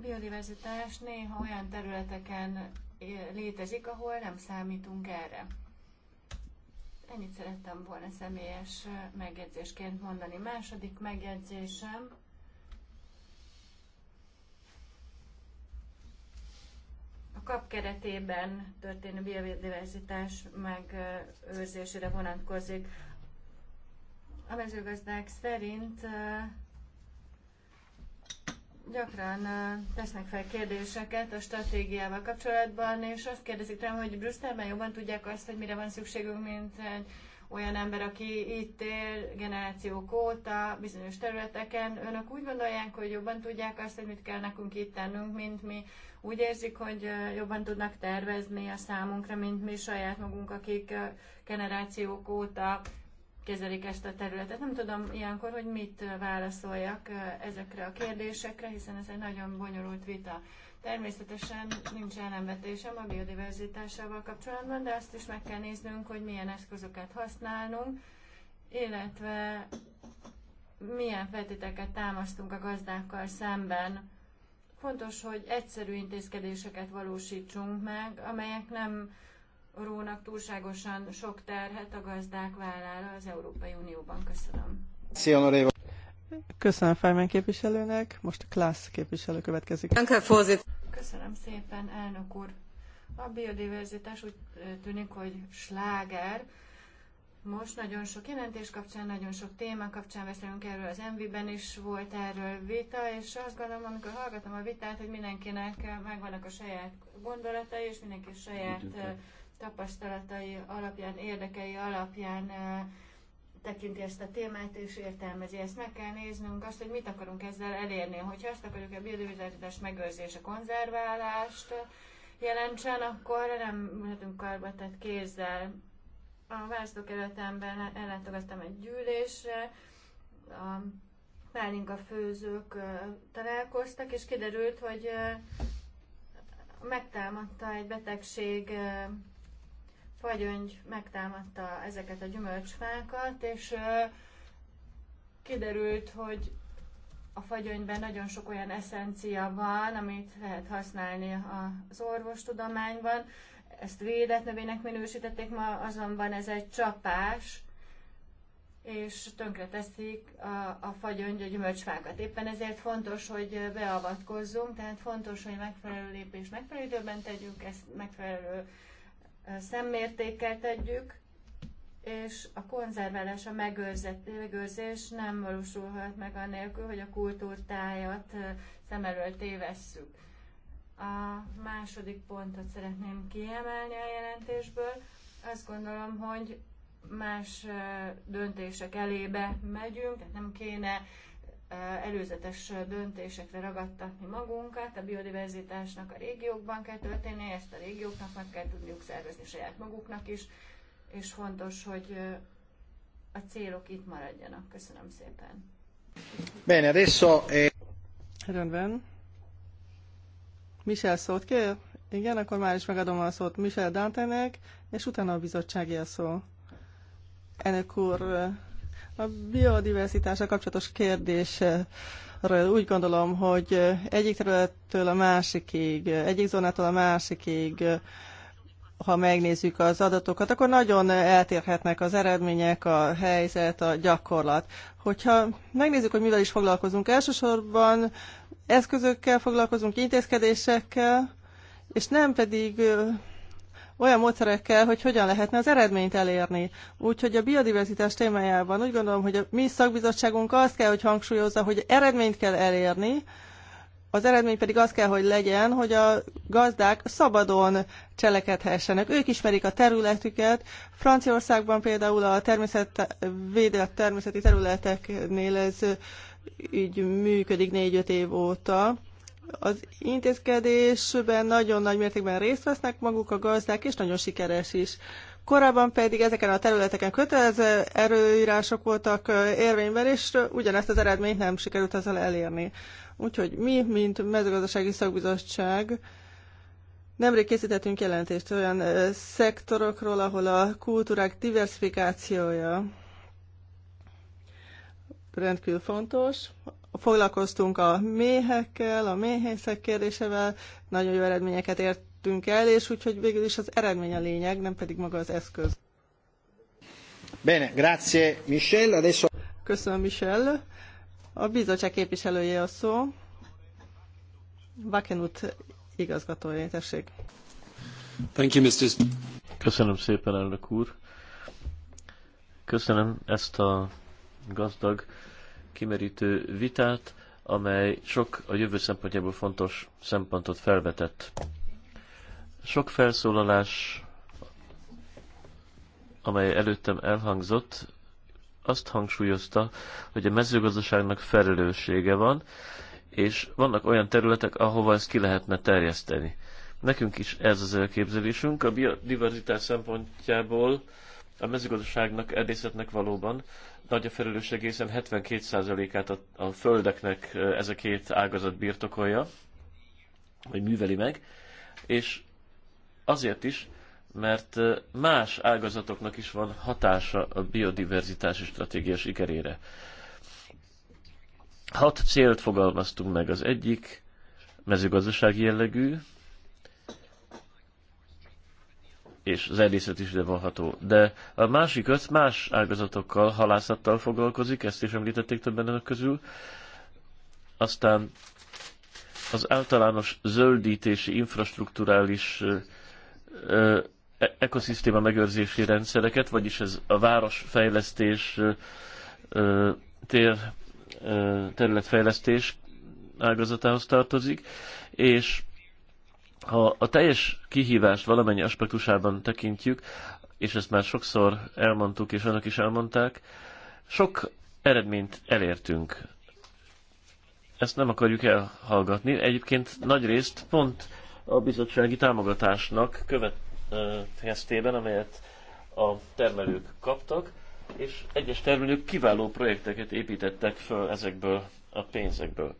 biodiverzitás néha olyan területeken létezik, ahol nem számítunk erre. Ennyit szerettem volna személyes megjegyzésként mondani. Második megjegyzésem, a kap keretében történő biodiverzitás megőrzésére vonatkozik. A mezőgazdák szerint gyakran tesznek fel kérdéseket a stratégiával kapcsolatban, és azt kérdezik tőlem, hogy Brüsszelben jobban tudják azt, hogy mire van szükségünk, mint egy olyan ember, aki itt él generációk óta bizonyos területeken. Önök úgy gondolják, hogy jobban tudják azt, hogy mit kell nekünk itt tennünk, mint mi. Úgy érzik, hogy jobban tudnak tervezni a számunkra, mint mi saját magunk, akik generációk óta kezelik ezt a területet. Nem tudom ilyenkor, hogy mit válaszoljak ezekre a kérdésekre, hiszen ez egy nagyon bonyolult vita. Természetesen nincs ellenvetésem a biodiverzitásával kapcsolatban, de azt is meg kell néznünk, hogy milyen eszközöket használunk, illetve milyen feltéteket támasztunk a gazdákkal szemben. Fontos, hogy egyszerű intézkedéseket valósítsunk meg, amelyek nem rónak túlságosan sok terhet a gazdák vállára az Európai Unióban. Köszönöm. Szia, Köszönöm Fájmen képviselőnek, most a Klász képviselő következik. Köszönöm szépen, elnök úr. A biodiverzitás úgy tűnik, hogy sláger. Most nagyon sok jelentés kapcsán, nagyon sok téma kapcsán beszélünk erről, az MV-ben is volt erről vita, és azt gondolom, amikor hallgatom a vitát, hogy mindenkinek megvannak a saját gondolatai, és mindenki saját Tudjuk tapasztalatai alapján, érdekei alapján tekinti ezt a témát és értelmezi. Ezt meg kell néznünk azt, hogy mit akarunk ezzel elérni. Hogyha azt akarjuk, a biodiverzitás megőrzés, a konzerválást jelentsen, akkor nem lehetünk karbatett kézzel. A választókerületemben ellátogattam egy gyűlésre, a pálinka főzők találkoztak, és kiderült, hogy megtámadta egy betegség fagyöngy megtámadta ezeket a gyümölcsfákat, és kiderült, hogy a fagyönyben nagyon sok olyan eszencia van, amit lehet használni az orvostudományban. Ezt védett növénynek minősítették, ma azonban ez egy csapás, és tönkreteszik a, a fagyöngy, a gyümölcsfákat. Éppen ezért fontos, hogy beavatkozzunk, tehát fontos, hogy megfelelő lépés megfelelő időben tegyünk, ezt megfelelő szemmértékkel tegyük, és a konzerválás, a megőrzés nem valósulhat meg anélkül, hogy a kultúrtájat szem elől tévesszük. A második pontot szeretném kiemelni a jelentésből. Azt gondolom, hogy más döntések elébe megyünk, tehát nem kéne előzetes döntésekre ragadtatni magunkat, a biodiverzitásnak a régiókban kell történnie, ezt a régióknak meg kell tudniuk szervezni saját maguknak is, és fontos, hogy a célok itt maradjanak. Köszönöm szépen. Bene, adesso... Eh, Rendben. Michel szót kér? Igen, akkor már is megadom a szót Michel Dantenek, és utána a bizottsági szó. Ennek úr, a biodiverzitással kapcsolatos kérdés úgy gondolom, hogy egyik területtől a másikig, egyik zónától a másikig, ha megnézzük az adatokat, akkor nagyon eltérhetnek az eredmények, a helyzet, a gyakorlat. Hogyha megnézzük, hogy mivel is foglalkozunk, elsősorban eszközökkel foglalkozunk, intézkedésekkel, és nem pedig olyan módszerekkel, hogy hogyan lehetne az eredményt elérni. Úgyhogy a biodiverzitás témájában úgy gondolom, hogy a mi szakbizottságunk azt kell, hogy hangsúlyozza, hogy eredményt kell elérni, az eredmény pedig az kell, hogy legyen, hogy a gazdák szabadon cselekedhessenek. Ők ismerik a területüket. Franciaországban például a természetvédett természeti területeknél ez így működik négy-öt év óta. Az intézkedésben nagyon nagy mértékben részt vesznek maguk a gazdák, és nagyon sikeres is. Korábban pedig ezeken a területeken kötelező erőírások voltak érvényben, és ugyanezt az eredményt nem sikerült ezzel elérni. Úgyhogy mi, mint mezőgazdasági szakbizottság, Nemrég készítettünk jelentést olyan szektorokról, ahol a kultúrák diversifikációja rendkívül fontos. Foglalkoztunk a méhekkel, a méhészek kérdésevel, nagyon jó eredményeket értünk el, és úgyhogy végül is az eredmény a lényeg, nem pedig maga az eszköz. Bene, grazie Michel. Adesso... Köszönöm Michel. A bizottság képviselője a szó. Vakenut igazgatója, tessék. Thank you, Mr. Köszönöm szépen, elnök úr. Köszönöm ezt a gazdag, kimerítő vitát, amely sok a jövő szempontjából fontos szempontot felvetett. Sok felszólalás, amely előttem elhangzott, azt hangsúlyozta, hogy a mezőgazdaságnak felelőssége van, és vannak olyan területek, ahova ezt ki lehetne terjeszteni. Nekünk is ez az elképzelésünk. A biodiverzitás szempontjából a mezőgazdaságnak, erdészetnek valóban nagy a felelősség, hiszen 72%-át a, a földeknek ez a két ágazat birtokolja, vagy műveli meg, és azért is, mert más ágazatoknak is van hatása a biodiverzitási stratégia sikerére. Hat célt fogalmaztunk meg. Az egyik mezőgazdasági jellegű, és erdészet is ide vonható. De a másik öt más ágazatokkal, halászattal foglalkozik, ezt is említették többen önök közül. Aztán az általános zöldítési, infrastruktúrális ö, e, ekoszisztéma megőrzési rendszereket, vagyis ez a városfejlesztés, ö, tér, ö, területfejlesztés ágazatához tartozik, és ha a teljes kihívást valamennyi aspektusában tekintjük, és ezt már sokszor elmondtuk, és önök is elmondták, sok eredményt elértünk. Ezt nem akarjuk elhallgatni. Egyébként nagy részt pont a bizottsági támogatásnak következtében, amelyet a termelők kaptak, és egyes termelők kiváló projekteket építettek föl ezekből a pénzekből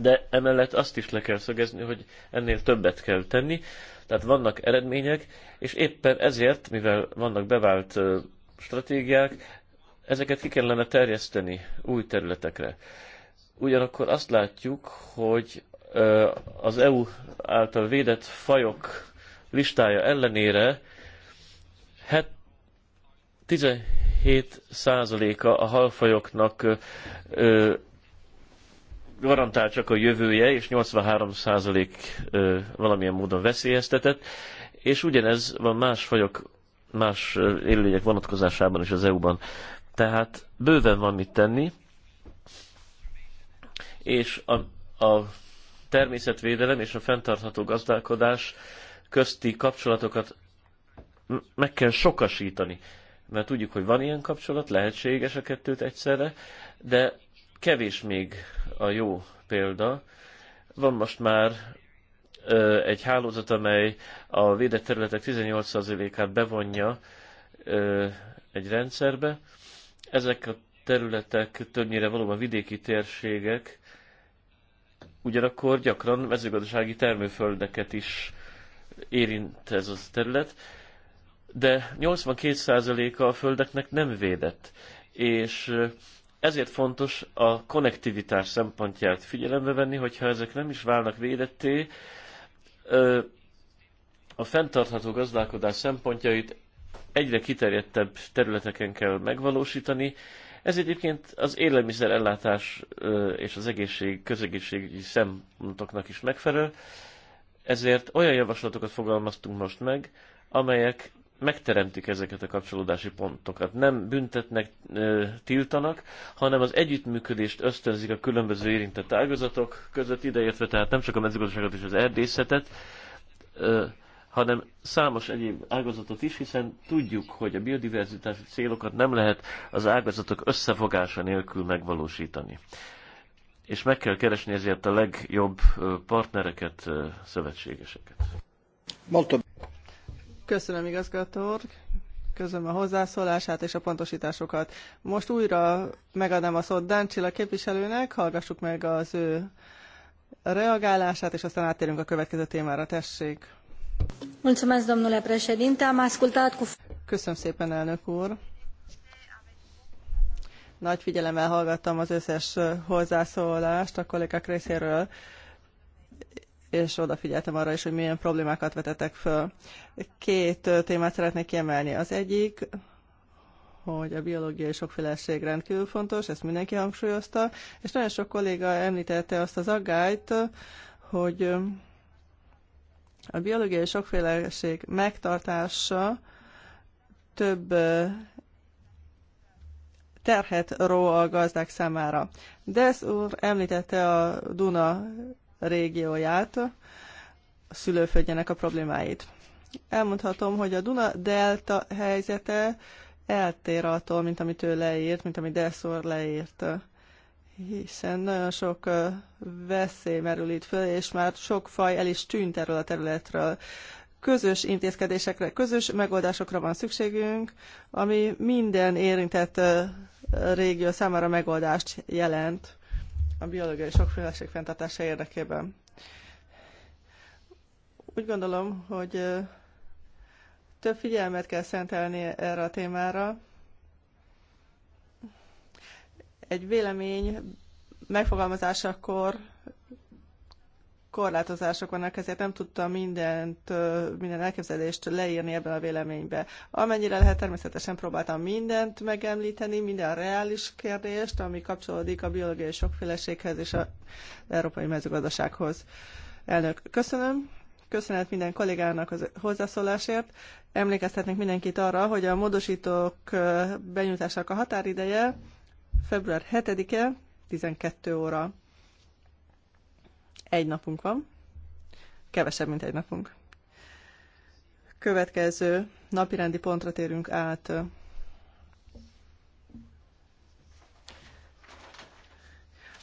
de emellett azt is le kell szögezni, hogy ennél többet kell tenni, tehát vannak eredmények, és éppen ezért, mivel vannak bevált stratégiák, ezeket ki kellene terjeszteni új területekre. Ugyanakkor azt látjuk, hogy az EU által védett fajok listája ellenére 17%-a a halfajoknak garantál csak a jövője, és 83% valamilyen módon veszélyeztetett, és ugyanez van más fajok, más élőlények vonatkozásában is az EU-ban. Tehát bőven van mit tenni, és a, a természetvédelem és a fenntartható gazdálkodás közti kapcsolatokat meg kell sokasítani. Mert tudjuk, hogy van ilyen kapcsolat, lehetséges a kettőt egyszerre, de Kevés még a jó példa. Van most már ö, egy hálózat, amely a védett területek 18%-át bevonja ö, egy rendszerbe. Ezek a területek többnyire valóban vidéki térségek, ugyanakkor gyakran mezőgazdasági termőföldeket is érint ez a terület, de 82%-a a földeknek nem védett, és ezért fontos a konnektivitás szempontját figyelembe venni, hogyha ezek nem is válnak védetté, a fenntartható gazdálkodás szempontjait egyre kiterjedtebb területeken kell megvalósítani. Ez egyébként az élelmiszer ellátás és az egészség, közegészségügyi szempontoknak is megfelel, ezért olyan javaslatokat fogalmaztunk most meg, amelyek megteremtik ezeket a kapcsolódási pontokat. Nem büntetnek, tiltanak, hanem az együttműködést ösztönzik a különböző érintett ágazatok között, ideértve tehát nem csak a mezőgazdaságot és az erdészetet, hanem számos egyéb ágazatot is, hiszen tudjuk, hogy a biodiverzitási célokat nem lehet az ágazatok összefogása nélkül megvalósítani. És meg kell keresni ezért a legjobb partnereket, szövetségeseket. Molto. Köszönöm, igazgatór, Köszönöm a hozzászólását és a pontosításokat. Most újra megadnám a szót Dáncsila képviselőnek, hallgassuk meg az ő reagálását, és aztán áttérünk a következő témára. Tessék! Köszönöm szépen, elnök úr. Nagy figyelemmel hallgattam az összes hozzászólást a kollégák részéről és odafigyeltem arra is, hogy milyen problémákat vetetek föl. Két témát szeretnék kiemelni. Az egyik, hogy a biológiai sokféleség rendkívül fontos, ezt mindenki hangsúlyozta, és nagyon sok kolléga említette azt az aggályt, hogy a biológiai sokféleség megtartása több terhet ró a gazdák számára. Desz úr említette a Duna régióját, a szülőföldjének a problémáit. Elmondhatom, hogy a Duna delta helyzete eltér attól, mint amit ő leírt, mint amit Delszor leírt hiszen nagyon sok veszély merül itt föl, és már sok faj el is tűnt erről a területről. Közös intézkedésekre, közös megoldásokra van szükségünk, ami minden érintett régió számára megoldást jelent a biológiai sokféleség fenntartása érdekében. Úgy gondolom, hogy több figyelmet kell szentelni erre a témára. Egy vélemény megfogalmazásakor korlátozások vannak, ezért nem tudtam mindent, minden elképzelést leírni ebben a véleménybe. Amennyire lehet, természetesen próbáltam mindent megemlíteni, minden reális kérdést, ami kapcsolódik a biológiai sokféleséghez és az európai mezőgazdasághoz. Elnök, köszönöm. Köszönet minden kollégának az hozzászólásért. Emlékeztetnék mindenkit arra, hogy a módosítók benyújtásának a határideje február 7-e, 12 óra. Egy napunk van. Kevesebb, mint egy napunk. Következő napirendi pontra térünk át.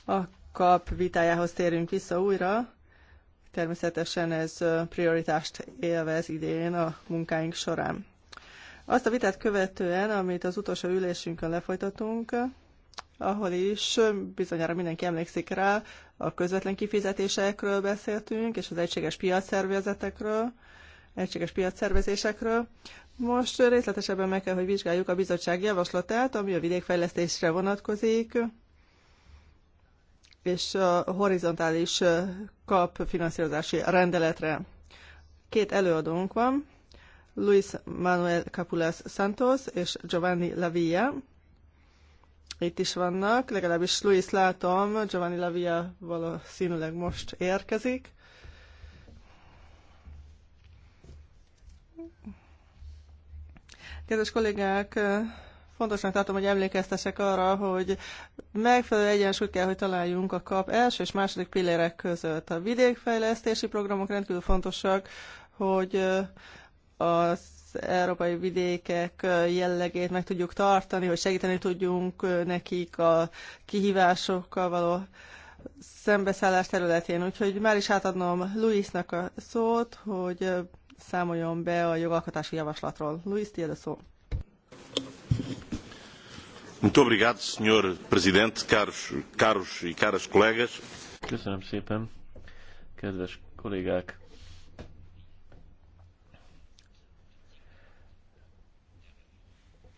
A kap vitájához térünk vissza újra. Természetesen ez prioritást élvez idén a munkáink során. Azt a vitát követően, amit az utolsó ülésünkön lefolytatunk, ahol is bizonyára mindenki emlékszik rá, a közvetlen kifizetésekről beszéltünk, és az egységes piacszervezetekről, egységes piacszervezésekről. Most részletesebben meg kell, hogy vizsgáljuk a bizottság javaslatát, ami a vidékfejlesztésre vonatkozik, és a horizontális kap finanszírozási rendeletre. Két előadónk van, Luis Manuel Capulas Santos és Giovanni Lavilla itt is vannak, legalábbis Luis látom, Giovanni Lavia valószínűleg most érkezik. Kedves kollégák, fontosnak tartom, hogy emlékeztesek arra, hogy megfelelő egyensúlyt kell, hogy találjunk a kap első és második pillérek között. A vidékfejlesztési programok rendkívül fontosak, hogy az európai vidékek jellegét meg tudjuk tartani, hogy segíteni tudjunk nekik a kihívásokkal való szembeszállás területén. Úgyhogy már is átadnom Luisnak a szót, hogy számoljon be a jogalkotási javaslatról. Luis, tiéd a szó. Muito obrigado, senhor presidente, caros, caros e caras colegas. Köszönöm szépen, kedves kollégák.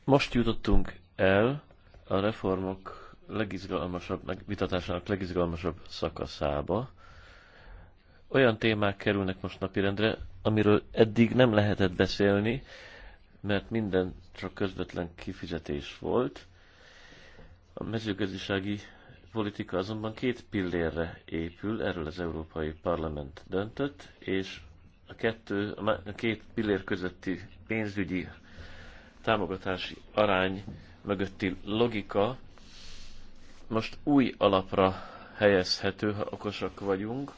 Most jutottunk el a reformok legizgalmasabb, vitatásának legizgalmasabb szakaszába. Olyan témák kerülnek most napirendre, amiről eddig nem lehetett beszélni, mert minden csak közvetlen kifizetés volt. A mezőgazdasági politika azonban két pillérre épül, erről az Európai Parlament döntött, és a, kettő, a két pillér közötti pénzügyi támogatási arány mögötti logika most új alapra helyezhető, ha okosak vagyunk.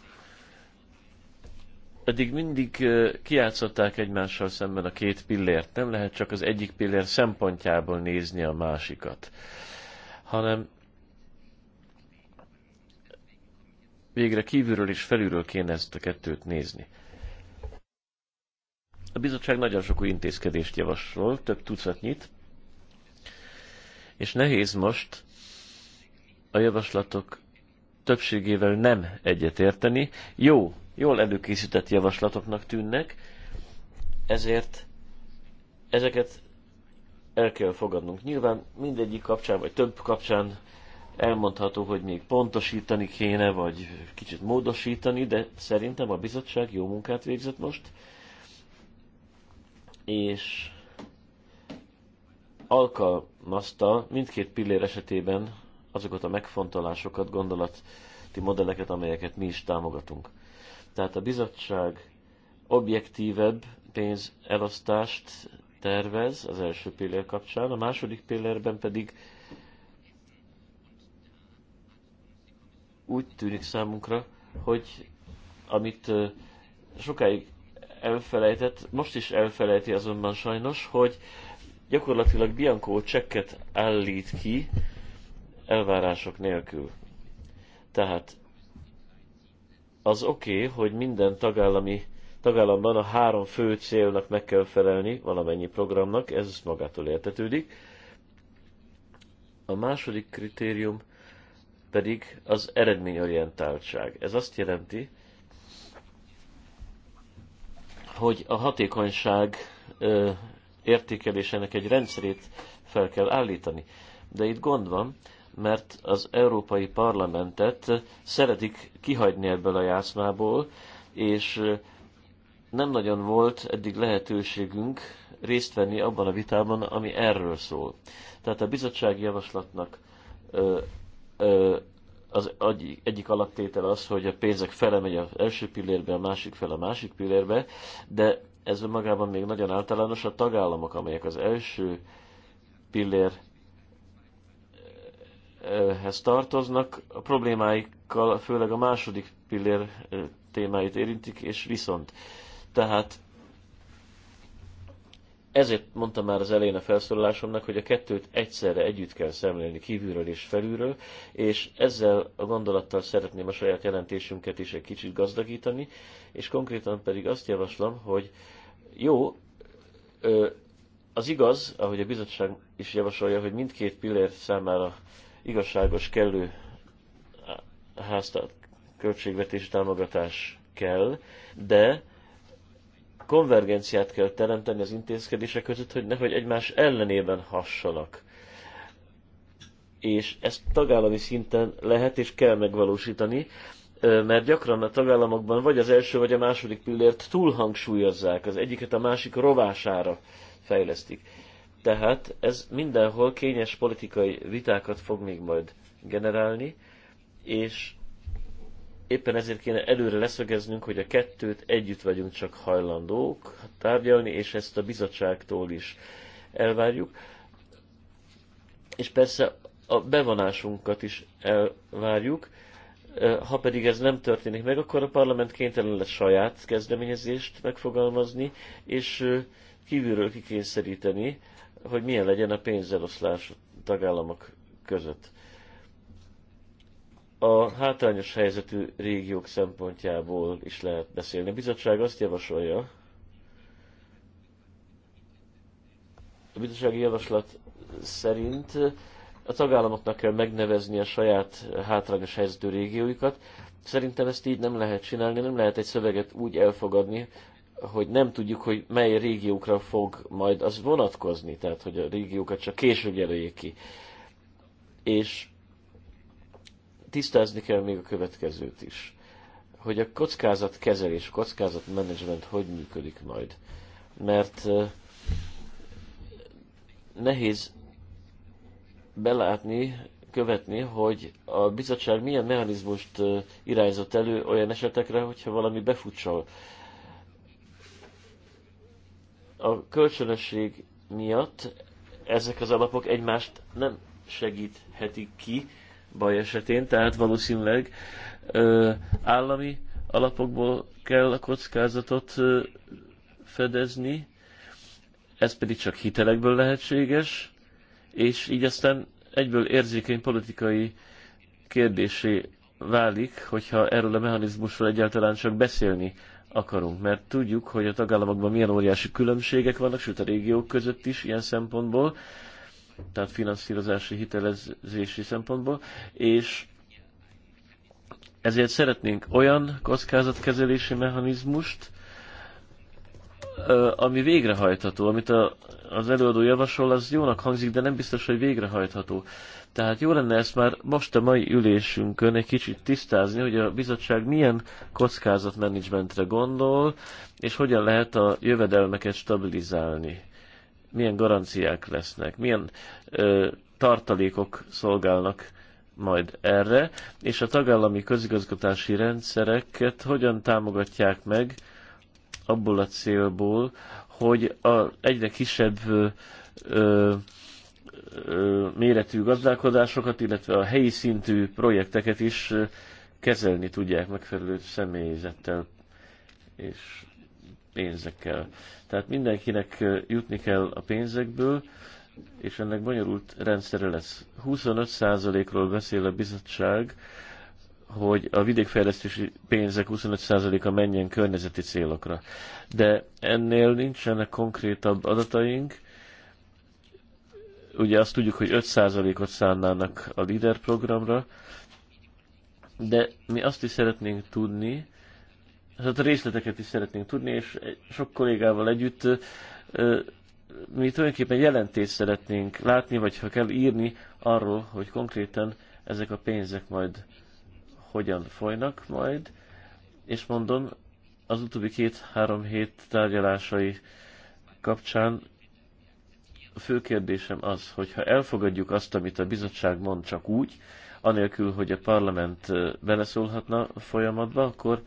Eddig mindig kiátszották egymással szemben a két pillért. Nem lehet csak az egyik pillér szempontjából nézni a másikat, hanem végre kívülről és felülről kéne ezt a kettőt nézni. A bizottság nagyon sok új intézkedést javasol, több tucatnyit, és nehéz most a javaslatok többségével nem egyetérteni. Jó, jól előkészített javaslatoknak tűnnek, ezért ezeket el kell fogadnunk. Nyilván mindegyik kapcsán, vagy több kapcsán elmondható, hogy még pontosítani kéne, vagy kicsit módosítani, de szerintem a bizottság jó munkát végzett most és alkalmazta mindkét pillér esetében azokat a megfontolásokat, gondolati modelleket, amelyeket mi is támogatunk. Tehát a bizottság objektívebb pénzelosztást tervez az első pillér kapcsán, a második pillérben pedig úgy tűnik számunkra, hogy amit sokáig elfelejtett, most is elfelejti azonban sajnos, hogy gyakorlatilag Bianco csekket állít ki elvárások nélkül. Tehát az oké, okay, hogy minden tagállami tagállamban a három fő célnak meg kell felelni valamennyi programnak, ez magától értetődik. A második kritérium pedig az eredményorientáltság. Ez azt jelenti, hogy a hatékonyság értékelésének egy rendszerét fel kell állítani. De itt gond van, mert az Európai Parlamentet szeretik kihagyni ebből a játszmából, és nem nagyon volt eddig lehetőségünk részt venni abban a vitában, ami erről szól. Tehát a bizottsági javaslatnak ö, ö, az egyik alaptétel az, hogy a pénzek fele megy az első pillérbe, a másik fele a másik pillérbe, de ez magában még nagyon általános, a tagállamok, amelyek az első pillérhez eh, tartoznak, a problémáikkal főleg a második pillér eh, témáit érintik, és viszont. Tehát ezért mondtam már az elején a felszólalásomnak, hogy a kettőt egyszerre együtt kell szemlélni kívülről és felülről, és ezzel a gondolattal szeretném a saját jelentésünket is egy kicsit gazdagítani, és konkrétan pedig azt javaslom, hogy jó, az igaz, ahogy a bizottság is javasolja, hogy mindkét pillér számára igazságos, kellő háztart, költségvetési támogatás kell, de konvergenciát kell teremteni az intézkedések között, hogy nehogy egymás ellenében hassanak. És ezt tagállami szinten lehet és kell megvalósítani, mert gyakran a tagállamokban vagy az első, vagy a második pillért túlhangsúlyozzák, az egyiket a másik rovására fejlesztik. Tehát ez mindenhol kényes politikai vitákat fog még majd generálni, és Éppen ezért kéne előre leszögeznünk, hogy a kettőt együtt vagyunk csak hajlandók tárgyalni, és ezt a bizottságtól is elvárjuk. És persze a bevonásunkat is elvárjuk. Ha pedig ez nem történik meg, akkor a parlament kénytelen lesz saját kezdeményezést megfogalmazni, és kívülről kikényszeríteni, hogy milyen legyen a pénzeloszlás tagállamok között a hátrányos helyzetű régiók szempontjából is lehet beszélni. A bizottság azt javasolja, a bizottsági javaslat szerint a tagállamoknak kell megnevezni a saját hátrányos helyzetű régióikat. Szerintem ezt így nem lehet csinálni, nem lehet egy szöveget úgy elfogadni, hogy nem tudjuk, hogy mely régiókra fog majd az vonatkozni, tehát hogy a régiókat csak később jelöljék ki. És tisztázni kell még a következőt is, hogy a kockázatkezelés, kockázatmenedzsment hogy működik majd. Mert nehéz belátni, követni, hogy a bizottság milyen mechanizmust irányzott elő olyan esetekre, hogyha valami befutsal. A kölcsönösség miatt ezek az alapok egymást nem segíthetik ki, baj esetén, tehát valószínűleg ö, állami alapokból kell a kockázatot ö, fedezni, ez pedig csak hitelekből lehetséges, és így aztán egyből érzékeny politikai kérdésé válik, hogyha erről a mechanizmusról egyáltalán csak beszélni akarunk, mert tudjuk, hogy a tagállamokban milyen óriási különbségek vannak, sőt a régiók között is ilyen szempontból, tehát finanszírozási, hitelezési szempontból, és ezért szeretnénk olyan kockázatkezelési mechanizmust, ami végrehajtható, amit a, az előadó javasol, az jónak hangzik, de nem biztos, hogy végrehajtható. Tehát jó lenne ezt már most a mai ülésünkön egy kicsit tisztázni, hogy a bizottság milyen kockázatmenedzsmentre gondol, és hogyan lehet a jövedelmeket stabilizálni milyen garanciák lesznek, milyen ö, tartalékok szolgálnak majd erre, és a tagállami közigazgatási rendszereket hogyan támogatják meg abból a célból, hogy a egyre kisebb ö, ö, méretű gazdálkodásokat, illetve a helyi szintű projekteket is kezelni tudják megfelelő személyzettel és pénzekkel. Tehát mindenkinek jutni kell a pénzekből, és ennek bonyolult rendszere lesz. 25%-ról beszél a bizottság, hogy a vidékfejlesztési pénzek 25%-a menjen környezeti célokra. De ennél nincsenek konkrétabb adataink. Ugye azt tudjuk, hogy 5%-ot szánnának a LIDER programra, de mi azt is szeretnénk tudni, tehát a részleteket is szeretnénk tudni, és sok kollégával együtt mi tulajdonképpen jelentést szeretnénk látni, vagy ha kell írni arról, hogy konkrétan ezek a pénzek majd hogyan folynak majd, és mondom, az utóbbi két-három hét tárgyalásai kapcsán a fő kérdésem az, hogy ha elfogadjuk azt, amit a bizottság mond csak úgy, anélkül, hogy a parlament beleszólhatna a folyamatba, akkor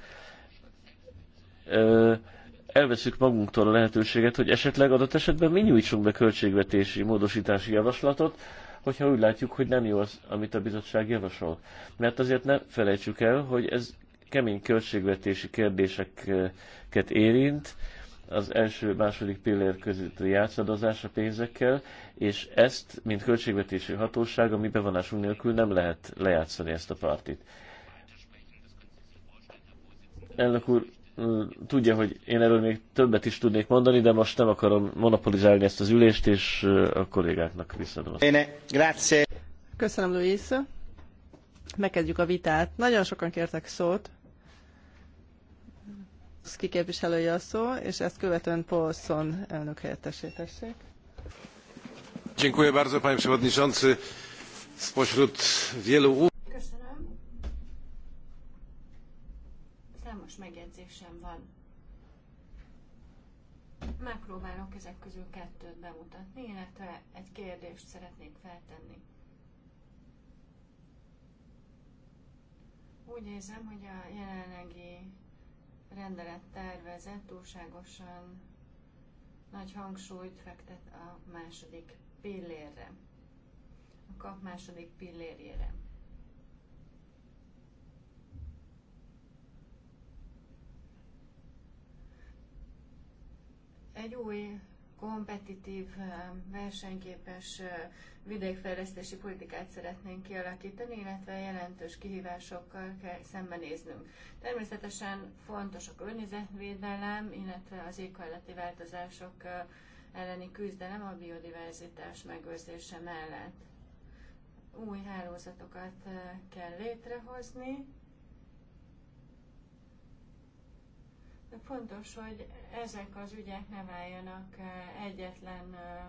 elveszük magunktól a lehetőséget, hogy esetleg adott esetben mi nyújtsunk be költségvetési módosítási javaslatot, hogyha úgy látjuk, hogy nem jó az, amit a bizottság javasol. Mert azért ne felejtsük el, hogy ez kemény költségvetési kérdéseket érint, az első-második pillér közötti játszadozás a pénzekkel, és ezt, mint költségvetési hatóság, ami mi bevonásunk nélkül nem lehet lejátszani ezt a partit. Elnök úr, tudja, hogy én erről még többet is tudnék mondani, de most nem akarom monopolizálni ezt az ülést, és a kollégáknak visszadom. Grazie. Köszönöm, Luis. Megkezdjük a vitát. Nagyon sokan kértek szót. Szki képviselője a szó, és ezt követően Paulson elnök helyettesítessék. Dziękuję bardzo, panie przewodniczący. Spośród wielu általános megjegyzésem van. Megpróbálok ezek közül kettőt bemutatni, illetve egy kérdést szeretnék feltenni. Úgy érzem, hogy a jelenlegi rendelet tervezet túlságosan nagy hangsúlyt fektet a második pillérre, a kap második pillérjére. Egy új, kompetitív, versenyképes vidékfejlesztési politikát szeretnénk kialakítani, illetve jelentős kihívásokkal kell szembenéznünk. Természetesen fontos a környezetvédelem, illetve az éghajlati változások elleni küzdelem a biodiverzitás megőrzése mellett. Új hálózatokat kell létrehozni, fontos, hogy ezek az ügyek nem álljanak eh, egyetlen eh,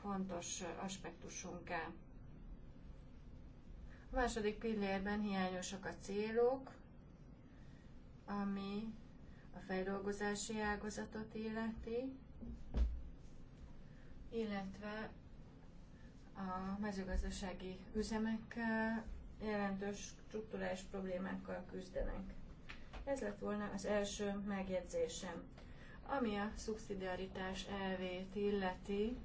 fontos aspektusunká. A második pillérben hiányosak a célok, ami a feldolgozási ágazatot illeti, illetve a mezőgazdasági üzemek eh, jelentős struktúrális problémákkal küzdenek. Ez lett volna az első megjegyzésem. Ami a szubszidiaritás elvét illeti,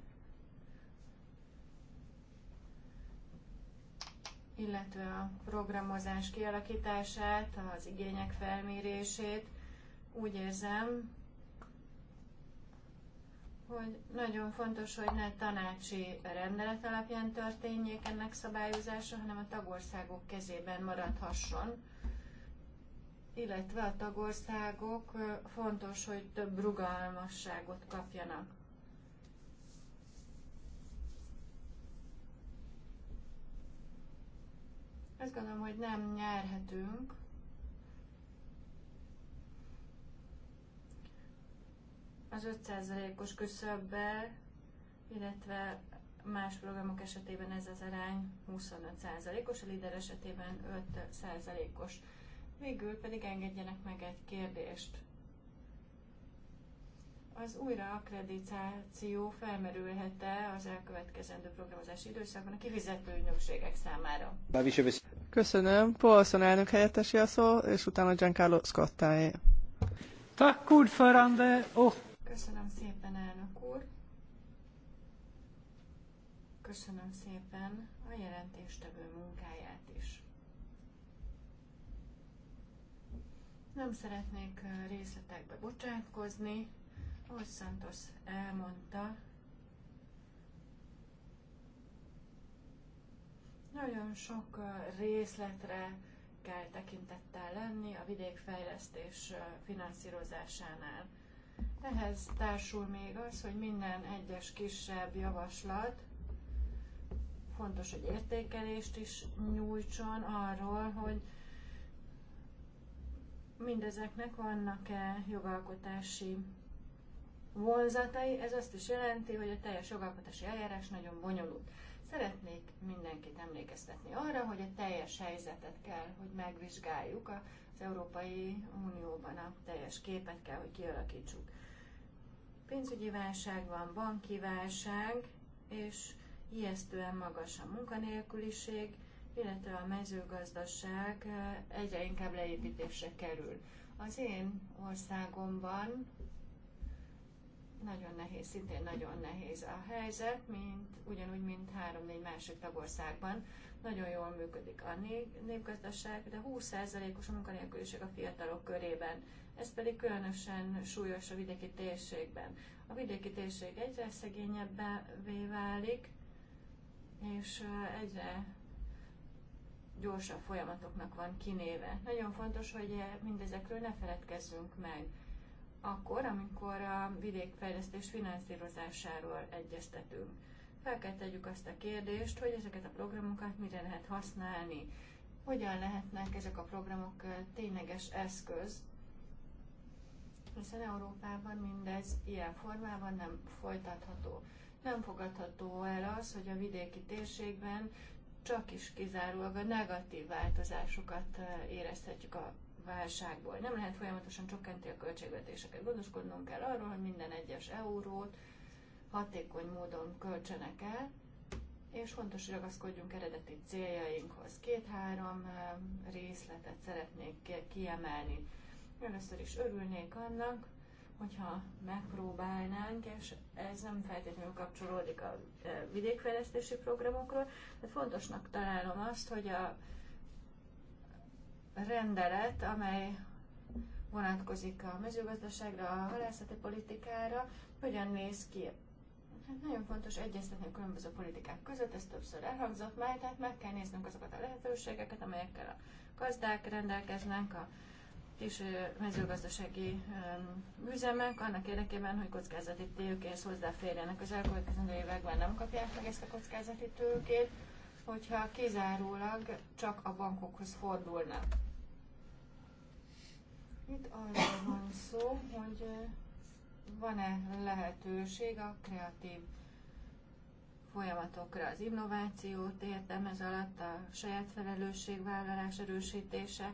illetve a programozás kialakítását, az igények felmérését, úgy érzem, hogy nagyon fontos, hogy ne tanácsi rendelet alapján történjék ennek szabályozása, hanem a tagországok kezében maradhasson illetve a tagországok fontos, hogy több rugalmasságot kapjanak. Azt gondolom, hogy nem nyerhetünk. Az 5%-os küszöbbel, illetve más programok esetében ez az arány 25%-os, a LIDER esetében 5%-os Végül pedig engedjenek meg egy kérdést. Az akkreditáció felmerülhet-e az elkövetkezendő programozási időszakban a kivizető ügynökségek számára? Köszönöm. Paulson elnök helyettesi a szó, és utána Giancarlo Scottáé. Tak, Oh. Köszönöm szépen, elnök úr. Köszönöm szépen a jelentéstevő munkáját is. Nem szeretnék részletekbe bocsátkozni. Ahogy Santos elmondta, nagyon sok részletre kell tekintettel lenni a vidékfejlesztés finanszírozásánál. Ehhez társul még az, hogy minden egyes kisebb javaslat fontos, hogy értékelést is nyújtson arról, hogy mindezeknek vannak-e jogalkotási vonzatai, ez azt is jelenti, hogy a teljes jogalkotási eljárás nagyon bonyolult. Szeretnék mindenkit emlékeztetni arra, hogy a teljes helyzetet kell, hogy megvizsgáljuk az Európai Unióban a teljes képet kell, hogy kialakítsuk. Pénzügyi válság van, banki válság, és ijesztően magas a munkanélküliség, illetve a mezőgazdaság egyre inkább leépítésre kerül. Az én országomban nagyon nehéz, szintén nagyon nehéz a helyzet, mint ugyanúgy, mint három-négy másik tagországban. Nagyon jól működik a népgazdaság, de 20%-os a munkanélküliség a fiatalok körében. Ez pedig különösen súlyos a vidéki térségben. A vidéki térség egyre szegényebbé válik, és egyre gyorsabb folyamatoknak van kinéve. Nagyon fontos, hogy eh, mindezekről ne feledkezzünk meg. Akkor, amikor a vidékfejlesztés finanszírozásáról egyeztetünk, fel kell tegyük azt a kérdést, hogy ezeket a programokat mire lehet használni, hogyan lehetnek ezek a programok eh, tényleges eszköz, hiszen Európában mindez ilyen formában nem folytatható. Nem fogadható el az, hogy a vidéki térségben csak is kizárólag a negatív változásokat érezhetjük a válságból. Nem lehet folyamatosan csökkenti a költségvetéseket. Gondoskodnunk kell arról, hogy minden egyes eurót hatékony módon költsenek el, és fontos, hogy ragaszkodjunk eredeti céljainkhoz. Két-három részletet szeretnék kiemelni. Először is örülnék annak, hogyha megpróbálnánk, és ez nem feltétlenül kapcsolódik a e, vidékfejlesztési programokról, de fontosnak találom azt, hogy a rendelet, amely vonatkozik a mezőgazdaságra, a halászati politikára, hogyan néz ki. Hát nagyon fontos egyeztetni a különböző politikák között, ez többször elhangzott már, tehát meg kell néznünk azokat a lehetőségeket, amelyekkel a gazdák rendelkeznek, a kis mezőgazdasági üzemek annak érdekében, hogy kockázati tőkéhez hozzáférjenek az elkövetkező években nem kapják meg ezt a kockázati tőkét, hogyha kizárólag csak a bankokhoz fordulnak. Itt arról van szó, hogy van-e lehetőség a kreatív folyamatokra, az innovációt értem ez alatt, a saját felelősségvállalás erősítése,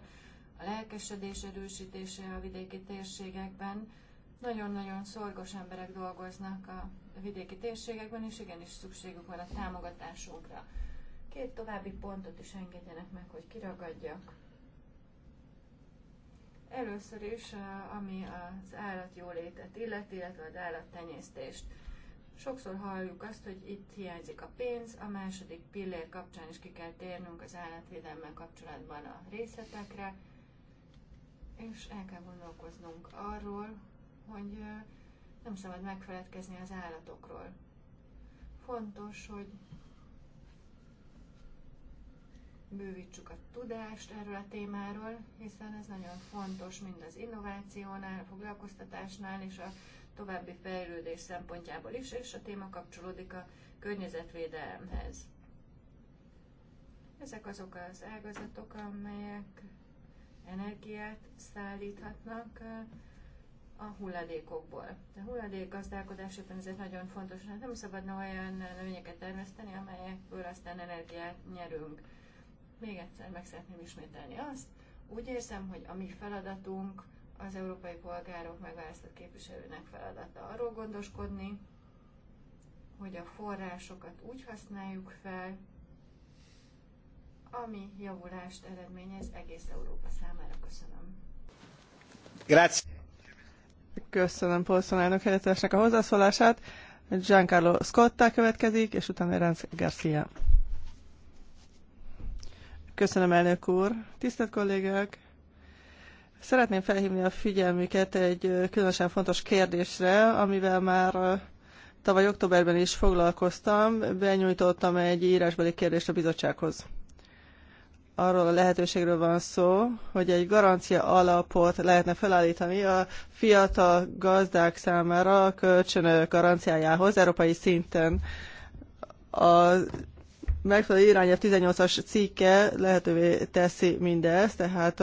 a lelkesedés erősítése a vidéki térségekben. Nagyon-nagyon szorgos emberek dolgoznak a vidéki térségekben, és igenis szükségük van a támogatásokra. Két további pontot is engedjenek meg, hogy kiragadjak. Először is, ami az állatjólétet illeti, illetve az állattenyésztést. Sokszor halljuk azt, hogy itt hiányzik a pénz, a második pillér kapcsán is ki kell térnünk az állatvédelmmel kapcsolatban a részletekre, és el kell gondolkoznunk arról, hogy nem szabad megfeledkezni az állatokról. Fontos, hogy bővítsük a tudást erről a témáról, hiszen ez nagyon fontos mind az innovációnál, a foglalkoztatásnál és a további fejlődés szempontjából is, és a téma kapcsolódik a környezetvédelemhez. Ezek azok az ágazatok, amelyek energiát szállíthatnak eh, a hulladékokból. A hulladékgazdálkodás éppen egy nagyon fontos. mert hát nem szabadna olyan növényeket termeszteni, amelyekből aztán energiát nyerünk. Még egyszer meg szeretném ismételni azt, úgy érzem, hogy a mi feladatunk az európai polgárok megválasztott képviselőnek feladata arról gondoskodni, hogy a forrásokat úgy használjuk fel, ami javulást eredményez egész Európa számára. Köszönöm. Grazie. Köszönöm Polszon elnök helyettesnek a hozzászólását. Giancarlo Scotta következik, és utána Renz Garcia. Köszönöm, elnök úr. Tisztelt kollégák! Szeretném felhívni a figyelmüket egy különösen fontos kérdésre, amivel már tavaly októberben is foglalkoztam, benyújtottam egy írásbeli kérdést a bizottsághoz arról a lehetőségről van szó, hogy egy garancia alapot lehetne felállítani a fiatal gazdák számára a kölcsönök garanciájához európai szinten. A megfelelő irányelv 18-as cikke lehetővé teszi mindezt, tehát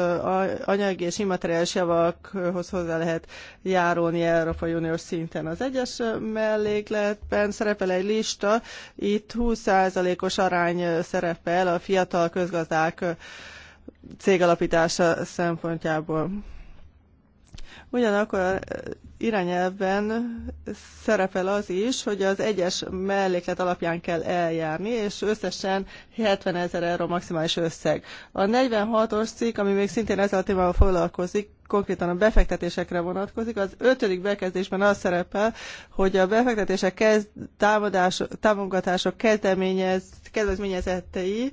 anyagi és immateriális javakhoz hozzá lehet járulni Európai Uniós szinten. Az egyes mellékletben szerepel egy lista, itt 20%-os arány szerepel a fiatal közgazdák cégalapítása szempontjából. Ugyanakkor a irányelvben szerepel az is, hogy az egyes melléklet alapján kell eljárni, és összesen 70 ezer euró maximális összeg. A 46-os cikk, ami még szintén ezzel a témával foglalkozik, konkrétan a befektetésekre vonatkozik. Az ötödik bekezdésben az szerepel, hogy a befektetések kezd, támadás, támogatások kezdeményez, kedvezményezettei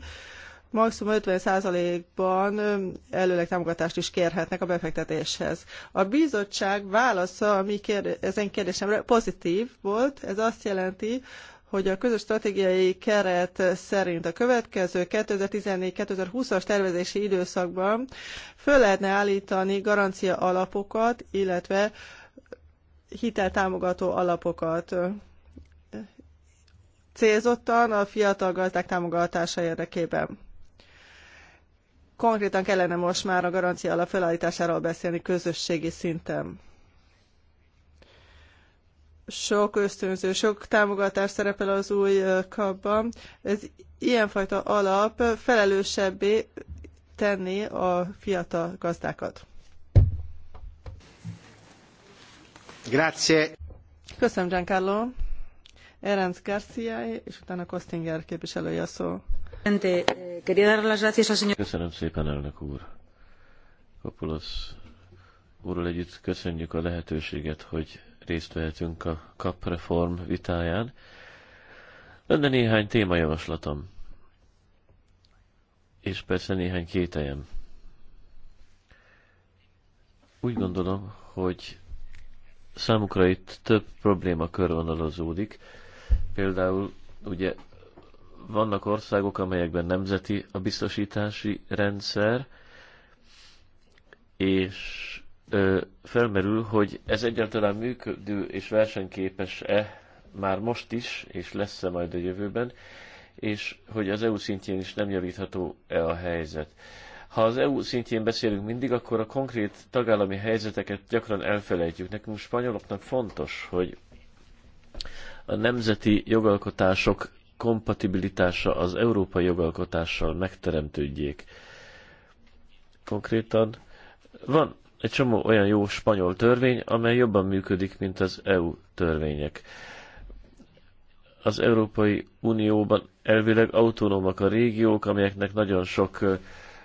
maximum 50%-ban előleg támogatást is kérhetnek a befektetéshez. A bizottság válasza a mi ezen kérdésemre pozitív volt, ez azt jelenti, hogy a közös stratégiai keret szerint a következő 2014-2020-as tervezési időszakban föl lehetne állítani garancia alapokat, illetve hiteltámogató alapokat célzottan a fiatal gazdák támogatása érdekében konkrétan kellene most már a garancia alap felállításáról beszélni közösségi szinten. Sok ösztönző, sok támogatás szerepel az új kapban. Ez ilyenfajta alap felelősebbé tenni a fiatal gazdákat. Grazie. Köszönöm, Giancarlo. Erenc Garcia és utána Kostinger képviselője a szó. Köszönöm szépen, elnök úr. Kopulosz úrral együtt köszönjük a lehetőséget, hogy részt vehetünk a KAP reform vitáján. Lenne néhány témajavaslatom, és persze néhány kételjem. Úgy gondolom, hogy számukra itt több probléma körvonalazódik. Például ugye vannak országok, amelyekben nemzeti a biztosítási rendszer, és ö, felmerül, hogy ez egyáltalán működő és versenyképes-e már most is, és lesz-e majd a jövőben, és hogy az EU szintjén is nem javítható-e a helyzet. Ha az EU szintjén beszélünk mindig, akkor a konkrét tagállami helyzeteket gyakran elfelejtjük. Nekünk spanyoloknak fontos, hogy a nemzeti jogalkotások kompatibilitása az európai jogalkotással megteremtődjék. Konkrétan van egy csomó olyan jó spanyol törvény, amely jobban működik, mint az EU törvények. Az Európai Unióban elvileg autonómak a régiók, amelyeknek nagyon sok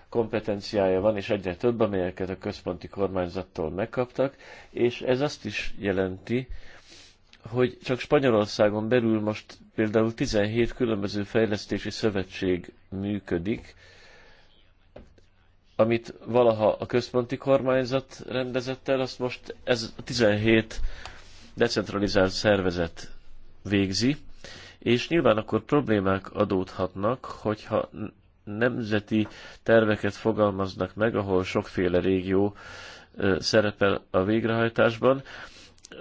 kompetenciája van, és egyre több, amelyeket a központi kormányzattól megkaptak, és ez azt is jelenti, hogy csak Spanyolországon belül most például 17 különböző fejlesztési szövetség működik, amit valaha a központi kormányzat rendezett el, azt most ez a 17 decentralizált szervezet végzi, és nyilván akkor problémák adódhatnak, hogyha nemzeti terveket fogalmaznak meg, ahol sokféle régió szerepel a végrehajtásban,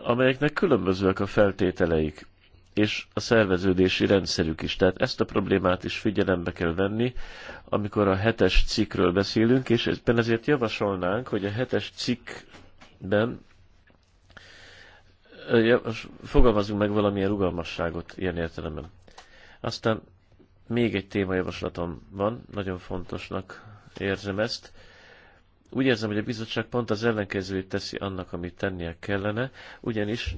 amelyeknek különbözőek a feltételeik, és a szerveződési rendszerük is. Tehát ezt a problémát is figyelembe kell venni, amikor a hetes cikkről beszélünk, és ebben ezért javasolnánk, hogy a hetes cikkben fogalmazunk meg valamilyen rugalmasságot ilyen értelemben. Aztán még egy témajavaslatom van, nagyon fontosnak érzem ezt. Úgy érzem, hogy a bizottság pont az ellenkezőjét teszi annak, amit tennie kellene, ugyanis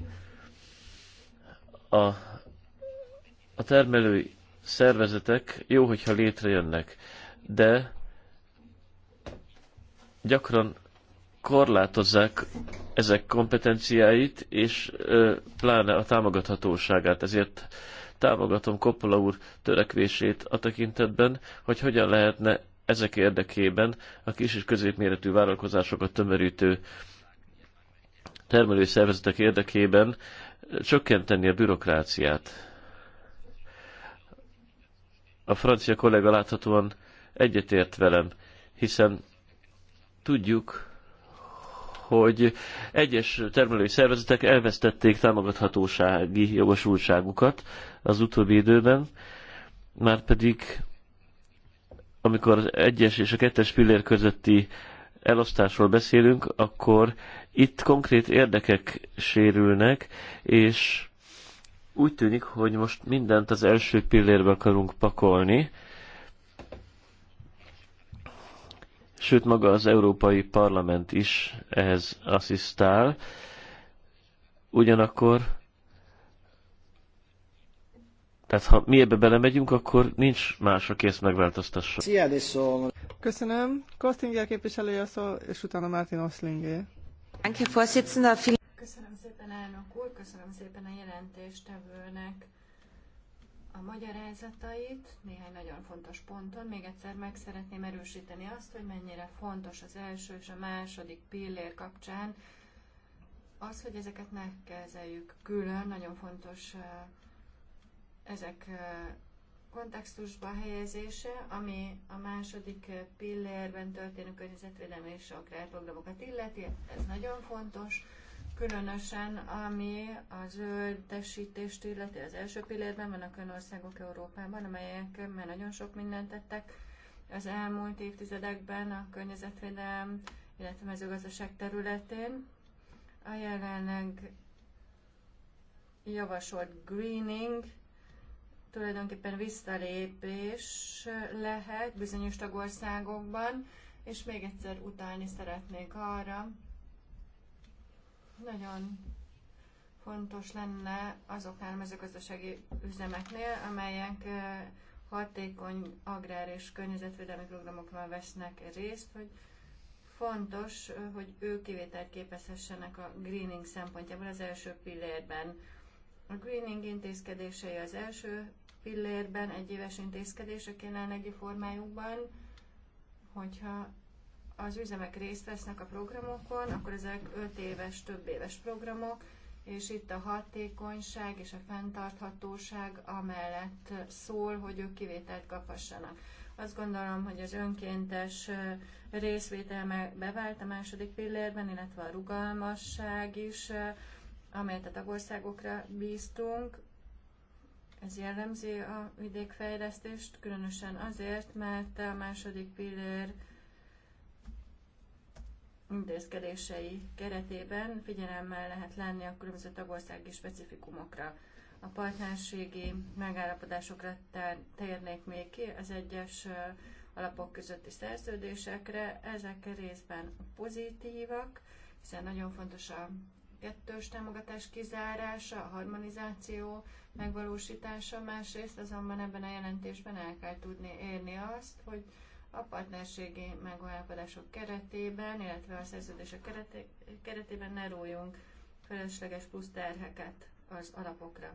a, a termelői szervezetek jó, hogyha létrejönnek, de gyakran korlátozzák ezek kompetenciáit, és ö, pláne a támogathatóságát. Ezért támogatom Koppola úr törekvését a tekintetben, hogy hogyan lehetne ezek érdekében a kis és középméretű vállalkozásokat tömörítő termelői szervezetek érdekében csökkenteni a bürokráciát. A francia kollega láthatóan egyetért velem, hiszen tudjuk, hogy egyes termelői szervezetek elvesztették támogathatósági jogosultságukat az utóbbi időben, már pedig amikor az egyes és a kettes pillér közötti elosztásról beszélünk, akkor itt konkrét érdekek sérülnek, és úgy tűnik, hogy most mindent az első pillérbe akarunk pakolni, sőt maga az Európai Parlament is ehhez asszisztál, ugyanakkor tehát ha mi ebbe belemegyünk, akkor nincs más, aki ezt megváltoztassa. Köszönöm. Kostinger képviselője a szó, és utána Martin Oszlingé. Köszönöm szépen, elnök úr, köszönöm szépen a jelentéstevőnek a magyarázatait néhány nagyon fontos ponton. Még egyszer meg szeretném erősíteni azt, hogy mennyire fontos az első és a második pillér kapcsán az, hogy ezeket ne kezeljük külön, nagyon fontos eh, ezek kontextusba helyezése, ami a második pillérben történő környezetvédelmi és programokat illeti, ez nagyon fontos, különösen ami a zöldesítést illeti, az első pillérben van a országok Európában, amelyek már nagyon sok mindent tettek az elmúlt évtizedekben a környezetvédelem, illetve mezőgazdaság területén. A jelenleg javasolt greening, tulajdonképpen visszalépés lehet bizonyos tagországokban, és még egyszer utálni szeretnék arra, nagyon fontos lenne azoknál a mezőgazdasági üzemeknél, amelyek hatékony agrár és környezetvédelmi programokban vesznek részt, hogy fontos, hogy ők kivételt képezhessenek a greening szempontjából az első pillérben. A greening intézkedései az első pillérben egyéves intézkedések jelenlegi formájukban, hogyha az üzemek részt vesznek a programokon, akkor ezek 5 éves, több éves programok, és itt a hatékonyság és a fenntarthatóság amellett szól, hogy ők kivételt kaphassanak. Azt gondolom, hogy az önkéntes részvétel bevált a második pillérben, illetve a rugalmasság is, amelyet a tagországokra bíztunk, ez jellemzi a vidékfejlesztést, különösen azért, mert a második pillér intézkedései keretében figyelemmel lehet lenni a különböző tagországi specifikumokra. A partnerségi megállapodásokra térnék még ki, az egyes alapok közötti szerződésekre. Ezek részben pozitívak, hiszen nagyon fontos a kettős támogatás kizárása, a harmonizáció, megvalósítása, másrészt azonban ebben a jelentésben el kell tudni érni azt, hogy a partnerségi megállapodások keretében, illetve a szerződések keretében ne rójunk felesleges plusz terheket az alapokra.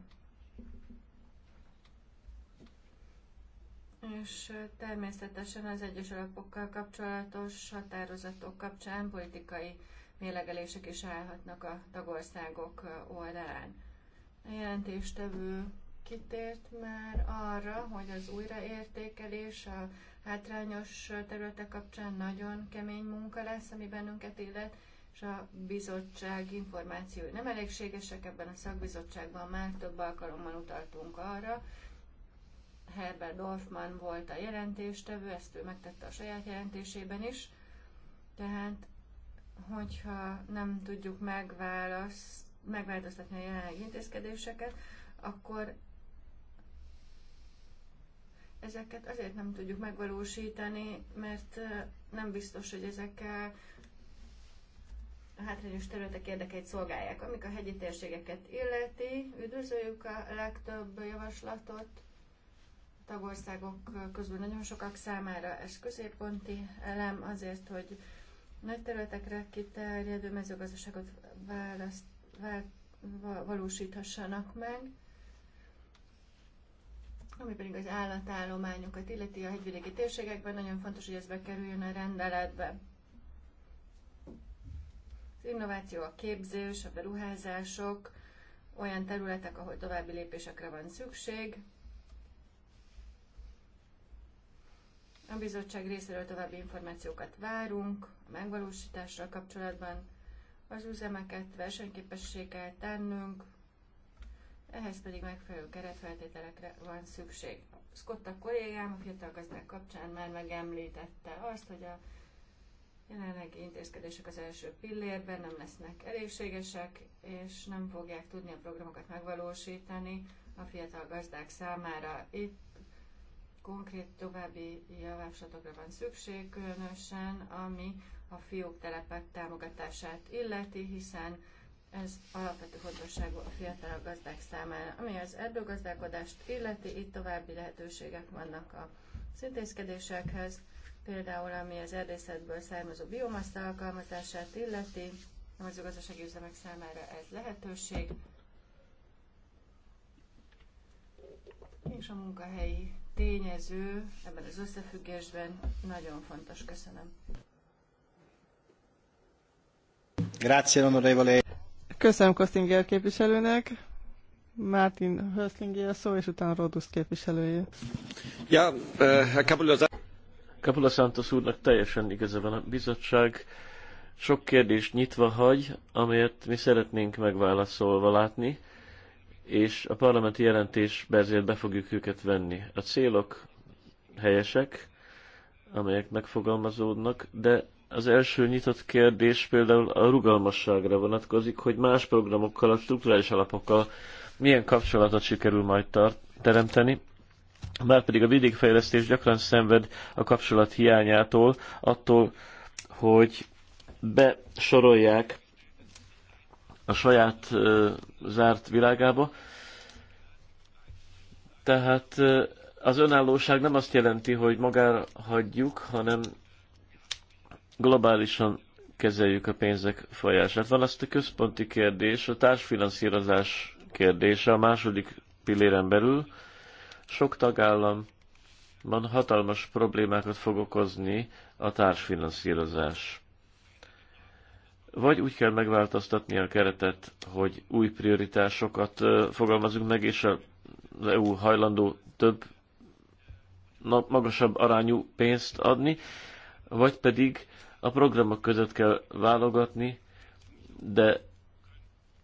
És természetesen az egyes alapokkal kapcsolatos határozatok kapcsán politikai mélegelések is állhatnak a tagországok oldalán. A jelentéstevő kitért már arra, hogy az újraértékelés a hátrányos területek kapcsán nagyon kemény munka lesz, ami bennünket élet, és a bizottság információi nem elégségesek, ebben a szakbizottságban már több alkalommal utaltunk arra, Herbert Dorfman volt a jelentéstevő, ezt ő megtette a saját jelentésében is, tehát hogyha nem tudjuk megválaszt, megváltoztatni a jelenlegi intézkedéseket, akkor ezeket azért nem tudjuk megvalósítani, mert nem biztos, hogy ezek a hátrányos területek érdekeit szolgálják. Amik a hegyi térségeket illeti, üdvözöljük a legtöbb javaslatot. A tagországok közül nagyon sokak számára ez középponti elem azért, hogy nagy területekre kiterjedő mezőgazdaságot választ valósíthassanak meg. Ami pedig az állatállományokat illeti a hegyvidéki térségekben, nagyon fontos, hogy ez bekerüljön a rendeletbe. Az innováció, a képzés, a beruházások, olyan területek, ahol további lépésekre van szükség. A bizottság részéről további információkat várunk a megvalósítással kapcsolatban, az üzemeket versenyképessége tennünk, ehhez pedig megfelelő keretfeltételekre van szükség. Scott a kollégám a fiatal gazdák kapcsán már megemlítette azt, hogy a jelenlegi intézkedések az első pillérben nem lesznek elégségesek, és nem fogják tudni a programokat megvalósítani a fiatal gazdák számára. Itt konkrét további javaslatokra van szükség, különösen ami a fiók telepek támogatását illeti, hiszen ez alapvető fontosságú a fiatal gazdák számára. Ami az erdőgazdálkodást illeti, itt további lehetőségek vannak a szintézkedésekhez, például ami az erdészetből származó biomassa alkalmazását illeti, a mezőgazdasági üzemek számára ez lehetőség, és a munkahelyi tényező ebben az összefüggésben nagyon fontos. Köszönöm. Köszönöm Kostinger képviselőnek. Martin Höslinger szó, és utána Rodust képviselője. Ja, Kapula eh, Santos úrnak teljesen igaza van a bizottság. Sok kérdést nyitva hagy, amelyet mi szeretnénk megválaszolva látni, és a parlamenti jelentésbe ezért be fogjuk őket venni. A célok helyesek, amelyek megfogalmazódnak, de az első nyitott kérdés például a rugalmasságra vonatkozik, hogy más programokkal, a strukturális alapokkal milyen kapcsolatot sikerül majd tart, teremteni. Márpedig a vidékfejlesztés gyakran szenved a kapcsolat hiányától, attól, hogy besorolják a saját ö, zárt világába. Tehát ö, az önállóság nem azt jelenti, hogy magára hagyjuk, hanem globálisan kezeljük a pénzek folyását. Van azt a központi kérdés, a társfinanszírozás kérdése a második pilléren belül. Sok tagállamban hatalmas problémákat fog okozni a társfinanszírozás. Vagy úgy kell megváltoztatni a keretet, hogy új prioritásokat fogalmazunk meg, és az EU hajlandó több magasabb arányú pénzt adni, vagy pedig a programok között kell válogatni, de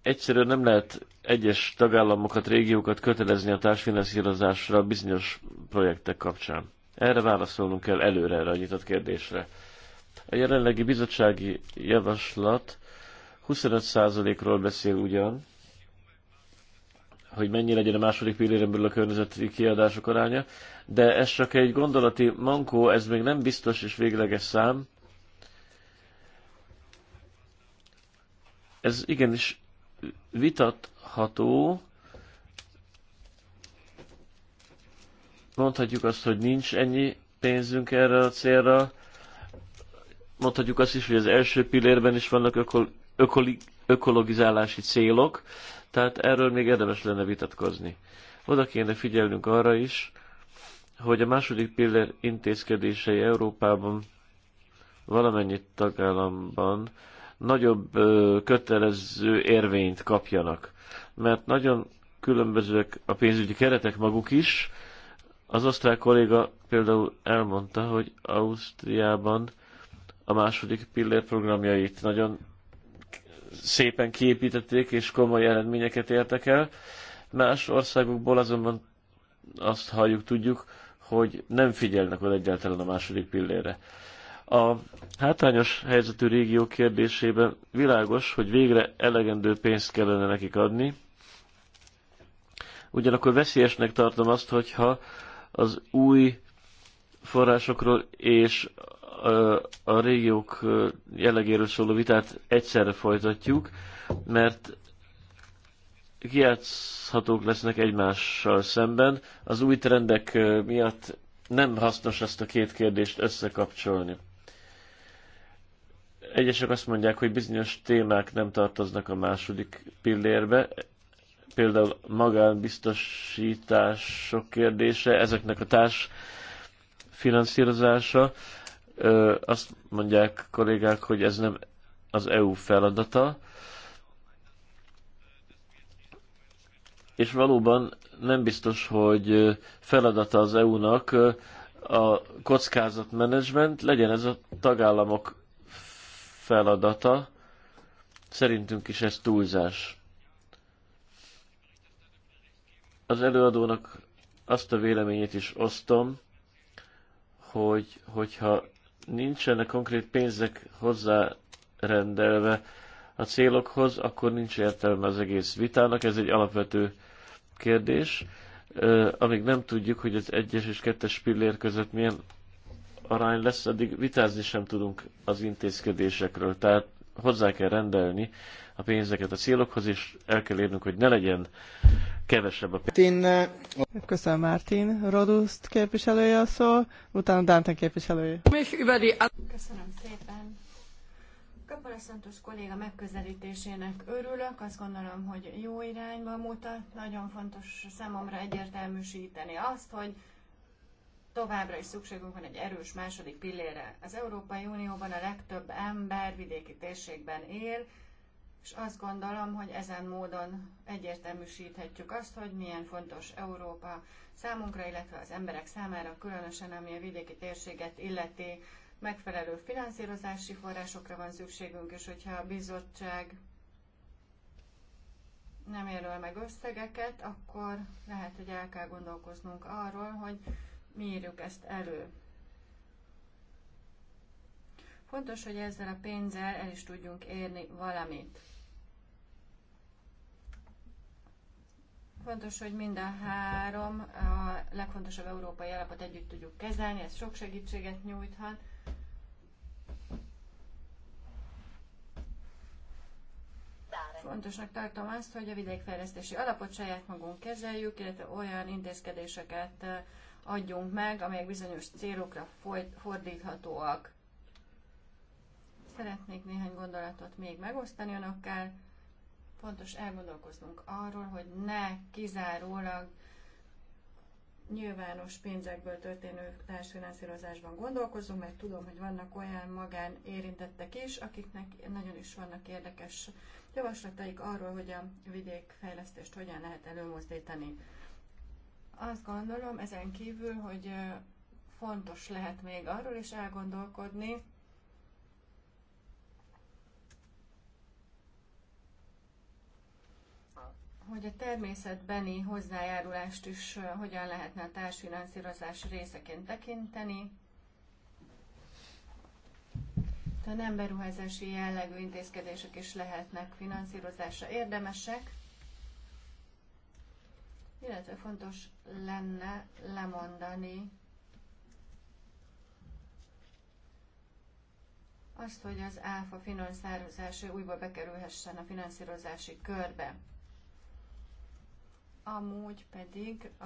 egyszerűen nem lehet egyes tagállamokat, régiókat kötelezni a társfinanszírozásra bizonyos projektek kapcsán. Erre válaszolnunk kell előre erre a nyitott kérdésre. A jelenlegi bizottsági javaslat 25%-ról beszél ugyan, hogy mennyi legyen a második pilléremből a környezeti kiadások aránya, de ez csak egy gondolati mankó, ez még nem biztos és végleges szám. Ez igenis vitatható. Mondhatjuk azt, hogy nincs ennyi pénzünk erre a célra. Mondhatjuk azt is, hogy az első pillérben is vannak ökol, ökoli, ökologizálási célok, tehát erről még érdemes lenne vitatkozni. Oda kéne figyelnünk arra is, hogy a második pillér intézkedései Európában valamennyi tagállamban nagyobb kötelező érvényt kapjanak. Mert nagyon különbözőek a pénzügyi keretek maguk is. Az osztrák kolléga például elmondta, hogy Ausztriában a második pillér programjait nagyon szépen kiépítették és komoly eredményeket értek el. Más országokból azonban azt halljuk, tudjuk, hogy nem figyelnek oda egyáltalán a második pillére. A hátrányos helyzetű régió kérdésében világos, hogy végre elegendő pénzt kellene nekik adni. Ugyanakkor veszélyesnek tartom azt, hogyha az új forrásokról és a régiók jellegéről szóló vitát egyszerre folytatjuk, mert kiátszhatók lesznek egymással szemben. Az új trendek miatt nem hasznos ezt a két kérdést összekapcsolni. Egyesek azt mondják, hogy bizonyos témák nem tartoznak a második pillérbe, például magánbiztosítások kérdése, ezeknek a társ finanszírozása, Ö, azt mondják kollégák, hogy ez nem az EU feladata, és valóban nem biztos, hogy feladata az EU-nak a kockázatmenedzsment, legyen ez a tagállamok feladata. Szerintünk is ez túlzás. Az előadónak azt a véleményét is osztom, hogy, hogyha nincsenek konkrét pénzek hozzárendelve a célokhoz, akkor nincs értelme az egész vitának, ez egy alapvető kérdés. Amíg nem tudjuk, hogy az egyes és kettes pillér között milyen arány lesz, addig vitázni sem tudunk az intézkedésekről. Tehát hozzá kell rendelni a pénzeket a célokhoz, és el kell érnünk, hogy ne legyen kevesebb a eh, Köszönöm Mártin. Roduszt képviselője a szó, utána Dante képviselője. Köszönöm szépen. Kapola Szantos kolléga megközelítésének örülök, azt gondolom, hogy jó irányba mutat. Nagyon fontos számomra egyértelműsíteni azt, hogy továbbra is szükségünk van egy erős második pillére. Az Európai Unióban a legtöbb ember vidéki térségben él, és azt gondolom, hogy ezen módon egyértelműsíthetjük azt, hogy milyen fontos Európa számunkra, illetve az emberek számára, különösen ami a vidéki térséget illeti, megfelelő finanszírozási forrásokra van szükségünk, és hogyha a bizottság nem jelöl meg összegeket, akkor lehet, hogy el kell gondolkoznunk arról, hogy mi írjuk ezt elő. Fontos, hogy ezzel a pénzzel el is tudjunk érni valamit. Fontos, hogy mind a három a legfontosabb európai alapot együtt tudjuk kezelni, ez sok segítséget nyújthat. Fontosnak tartom azt, hogy a vidékfejlesztési alapot saját magunk kezeljük, illetve olyan intézkedéseket eh, adjunk meg, amelyek bizonyos célokra fordíthatóak. Szeretnék néhány gondolatot még megosztani önökkel. Fontos elgondolkoznunk arról, hogy ne kizárólag nyilvános pénzekből történő társfinanszírozásban gondolkozunk, mert tudom, hogy vannak olyan magán érintettek is, akiknek nagyon is vannak érdekes javaslataik arról, hogy a vidékfejlesztést hogyan lehet előmozdítani. Azt gondolom ezen kívül, hogy fontos lehet még arról is elgondolkodni, hogy a természetbeni hozzájárulást is hogyan lehetne a társfinanszírozás részeként tekinteni. A nem beruházási jellegű intézkedések is lehetnek finanszírozásra érdemesek, illetve fontos lenne lemondani azt, hogy az ÁFA finanszírozása újból bekerülhessen a finanszírozási körbe. Amúgy pedig a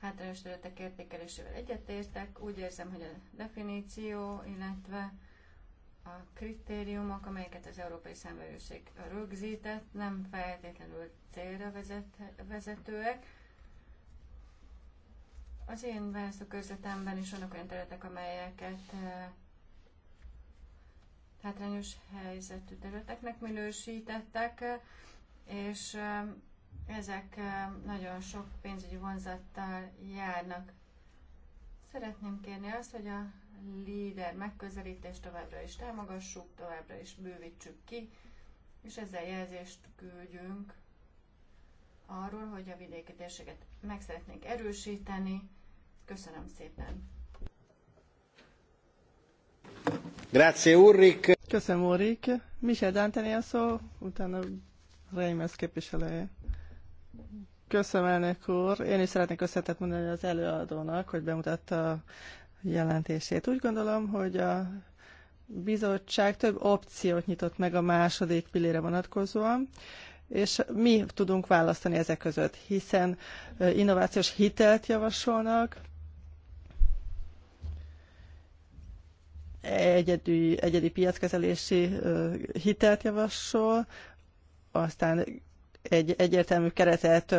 hátrányos területek értékelésével egyetértek. Úgy érzem, hogy a definíció, illetve a kritériumok, amelyeket az Európai Számvevőség rögzített, nem feltétlenül célra vezet, vezetőek. Az én választókörzetemben is vannak olyan területek, amelyeket hátrányos helyzetű területeknek minősítettek, és ezek nagyon sok pénzügyi vonzattal járnak. Szeretném kérni azt, hogy a líder megközelítést továbbra is támogassuk, továbbra is bővítsük ki, és ezzel jelzést küldjünk arról, hogy a vidéki térséget meg szeretnénk erősíteni. Köszönöm szépen! Grazie Urrik! Köszönöm Urrik! Michel Dantani a szó, utána Reimers képviselője. Köszönöm, elnök úr. Én is szeretnék összetett mondani az előadónak, hogy bemutatta a jelentését. Úgy gondolom, hogy a bizottság több opciót nyitott meg a második pillére vonatkozóan, és mi tudunk választani ezek között, hiszen innovációs hitelt javasolnak, egyedi, egyedi piackezelési hitelt javasol, aztán egy egyértelmű keretet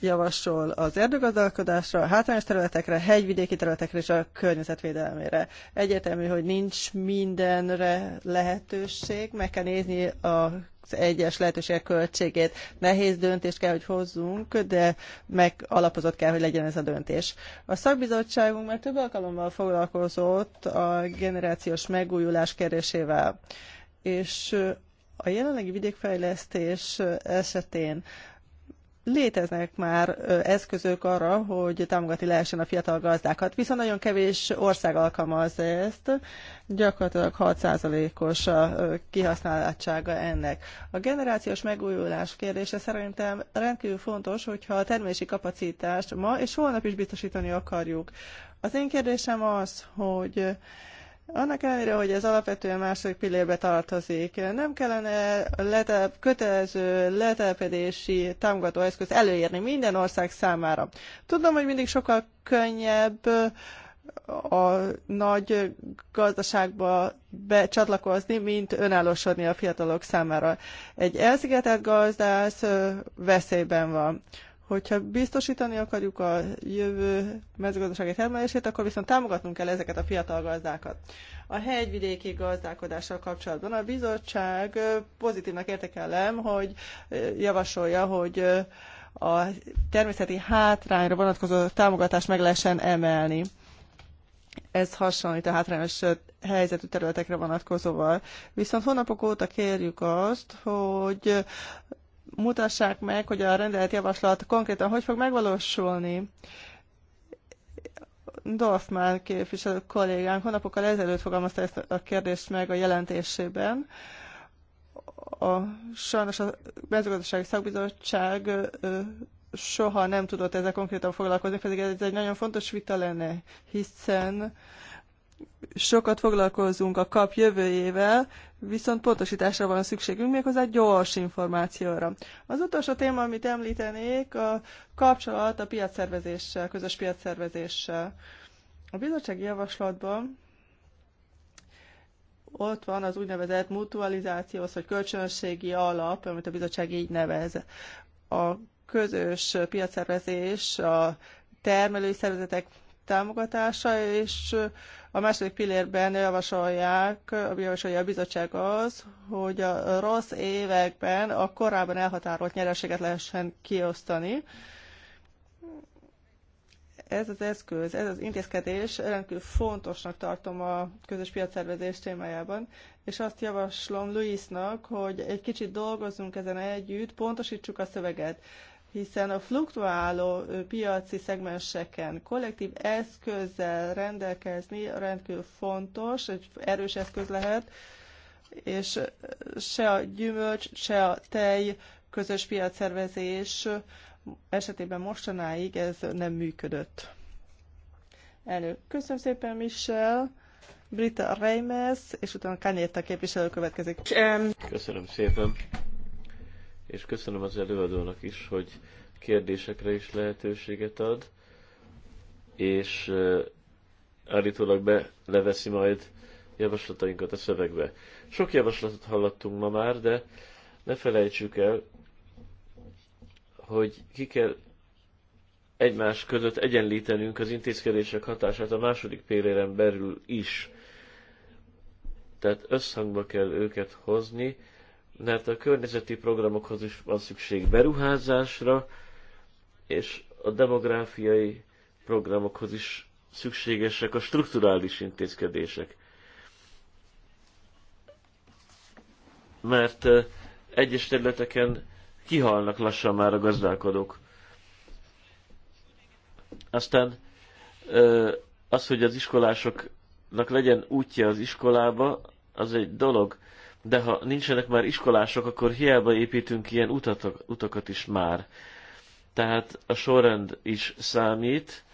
javasol az erdőgazdálkodásra, a hátrányos területekre, hegyvidéki területekre és a környezetvédelmére. Egyértelmű, hogy nincs mindenre lehetőség, meg kell nézni az egyes lehetőségek költségét. Nehéz döntést kell, hogy hozzunk, de meg alapozott kell, hogy legyen ez a döntés. A szakbizottságunk már több alkalommal foglalkozott a generációs megújulás kérdésével és a jelenlegi vidékfejlesztés esetén léteznek már eszközök arra, hogy támogatni lehessen a fiatal gazdákat, viszont nagyon kevés ország alkalmazza ezt, gyakorlatilag 6%-os a kihasználtsága ennek. A generációs megújulás kérdése szerintem rendkívül fontos, hogyha a termési kapacitást ma és holnap is biztosítani akarjuk. Az én kérdésem az, hogy annak ellenére, hogy ez alapvetően második pillérbe tartozik, nem kellene letelep, kötelező letelepedési támogató eszköz előírni minden ország számára. Tudom, hogy mindig sokkal könnyebb a nagy gazdaságba becsatlakozni, mint önállósodni a fiatalok számára. Egy elszigetelt gazdász veszélyben van. Hogyha biztosítani akarjuk a jövő mezőgazdasági termelését, akkor viszont támogatnunk kell ezeket a fiatal gazdákat. A hegyvidéki gazdálkodással kapcsolatban a bizottság pozitívnak értekelem, hogy javasolja, hogy a természeti hátrányra vonatkozó támogatást meg lehessen emelni. Ez hasonlít a hátrányos helyzetű területekre vonatkozóval. Viszont hónapok óta kérjük azt, hogy mutassák meg, hogy a rendeletjavaslat konkrétan hogy fog megvalósulni. Dorfman képviselő kollégánk hónapokkal ezelőtt fogalmazta ezt a kérdést meg a jelentésében. A, sajnos a mezőgazdasági szakbizottság soha nem tudott ezzel konkrétan foglalkozni, pedig ez egy nagyon fontos vita lenne, hiszen sokat foglalkozunk a kap jövőjével, viszont pontosításra van szükségünk, méghozzá gyors információra. Az utolsó téma, amit említenék, a kapcsolat a piacszervezéssel, közös piacszervezéssel. A bizottsági javaslatban ott van az úgynevezett mutualizációhoz, vagy kölcsönösségi alap, amit a bizottság így nevez. A közös piacszervezés a termelői szervezetek támogatása, és a második pillérben javasolják, javasolja a bizottság az, hogy a rossz években a korábban elhatárolt nyereséget lehessen kiosztani. Ez az eszköz, ez az intézkedés rendkívül fontosnak tartom a közös piacszervezés témájában, és azt javaslom Luisnak, hogy egy kicsit dolgozzunk ezen együtt, pontosítsuk a szöveget hiszen a fluktuáló piaci szegmenseken kollektív eszközzel rendelkezni rendkívül fontos, egy erős eszköz lehet, és se a gyümölcs, se a tej közös piacszervezés esetében mostanáig ez nem működött. Elnök, köszönöm szépen, Michel. Brita Reimers, és utána Kanyetta képviselő következik. Köszönöm szépen és köszönöm az előadónak is, hogy kérdésekre is lehetőséget ad, és állítólag be leveszi majd javaslatainkat a szövegbe. Sok javaslatot hallottunk ma már, de ne felejtsük el, hogy ki kell egymás között egyenlítenünk az intézkedések hatását a második péléren belül is. Tehát összhangba kell őket hozni, mert a környezeti programokhoz is van szükség beruházásra, és a demográfiai programokhoz is szükségesek a strukturális intézkedések. Mert eh, egyes területeken kihalnak lassan már a gazdálkodók. Aztán eh, az, hogy az iskolásoknak legyen útja az iskolába, az egy dolog, de ha nincsenek már iskolások, akkor hiába építünk ilyen utatok, utakat is már. Tehát a sorrend is számít,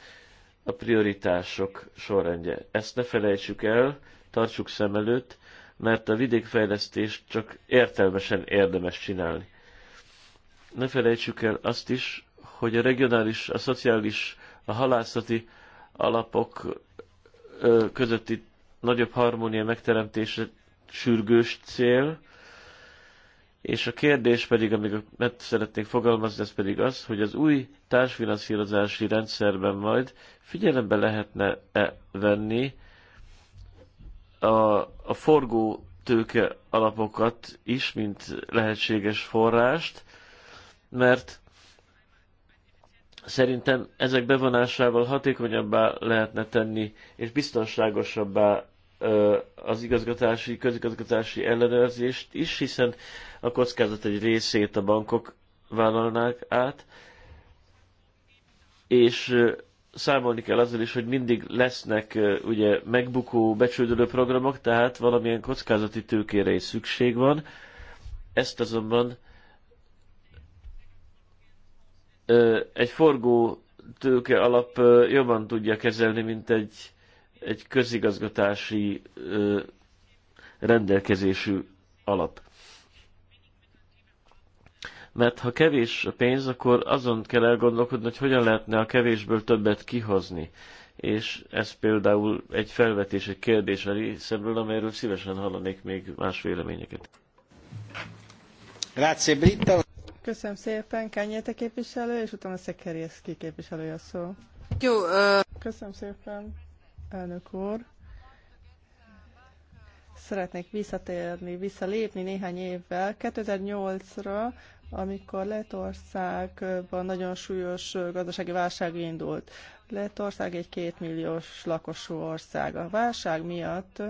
a prioritások sorrendje. Ezt ne felejtsük el, tartsuk szem előtt, mert a vidékfejlesztést csak értelmesen érdemes csinálni. Ne felejtsük el azt is, hogy a regionális, a szociális, a halászati alapok közötti nagyobb harmónia megteremtése sürgős cél, és a kérdés pedig, amit szeretnék fogalmazni, ez pedig az, hogy az új társfinanszírozási rendszerben majd figyelembe lehetne -e venni a, a forgó tőke alapokat is, mint lehetséges forrást, mert szerintem ezek bevonásával hatékonyabbá lehetne tenni, és biztonságosabbá az igazgatási, közigazgatási ellenőrzést is, hiszen a kockázat egy részét a bankok vállalnák át, és számolni kell azzal is, hogy mindig lesznek ugye megbukó, becsődölő programok, tehát valamilyen kockázati tőkére is szükség van. Ezt azonban egy forgó tőke alap jobban tudja kezelni, mint egy egy közigazgatási rendelkezésű alap. Mert ha kevés a pénz, akkor azon kell elgondolkodni, hogy hogyan lehetne a kevésből többet kihozni. És ez például egy felvetés, egy kérdés a részemről, amelyről szívesen hallanék még más véleményeket. Grazie, Britta. Köszönöm szépen, Kányéte képviselő, és utána Szekerjeszki képviselője szó. Jó, uh... Köszönöm szépen elnök úr. Szeretnék visszatérni, visszalépni néhány évvel. 2008-ra, amikor Lettországban nagyon súlyos gazdasági válság indult. Lettország egy kétmilliós lakosú ország. A válság miatt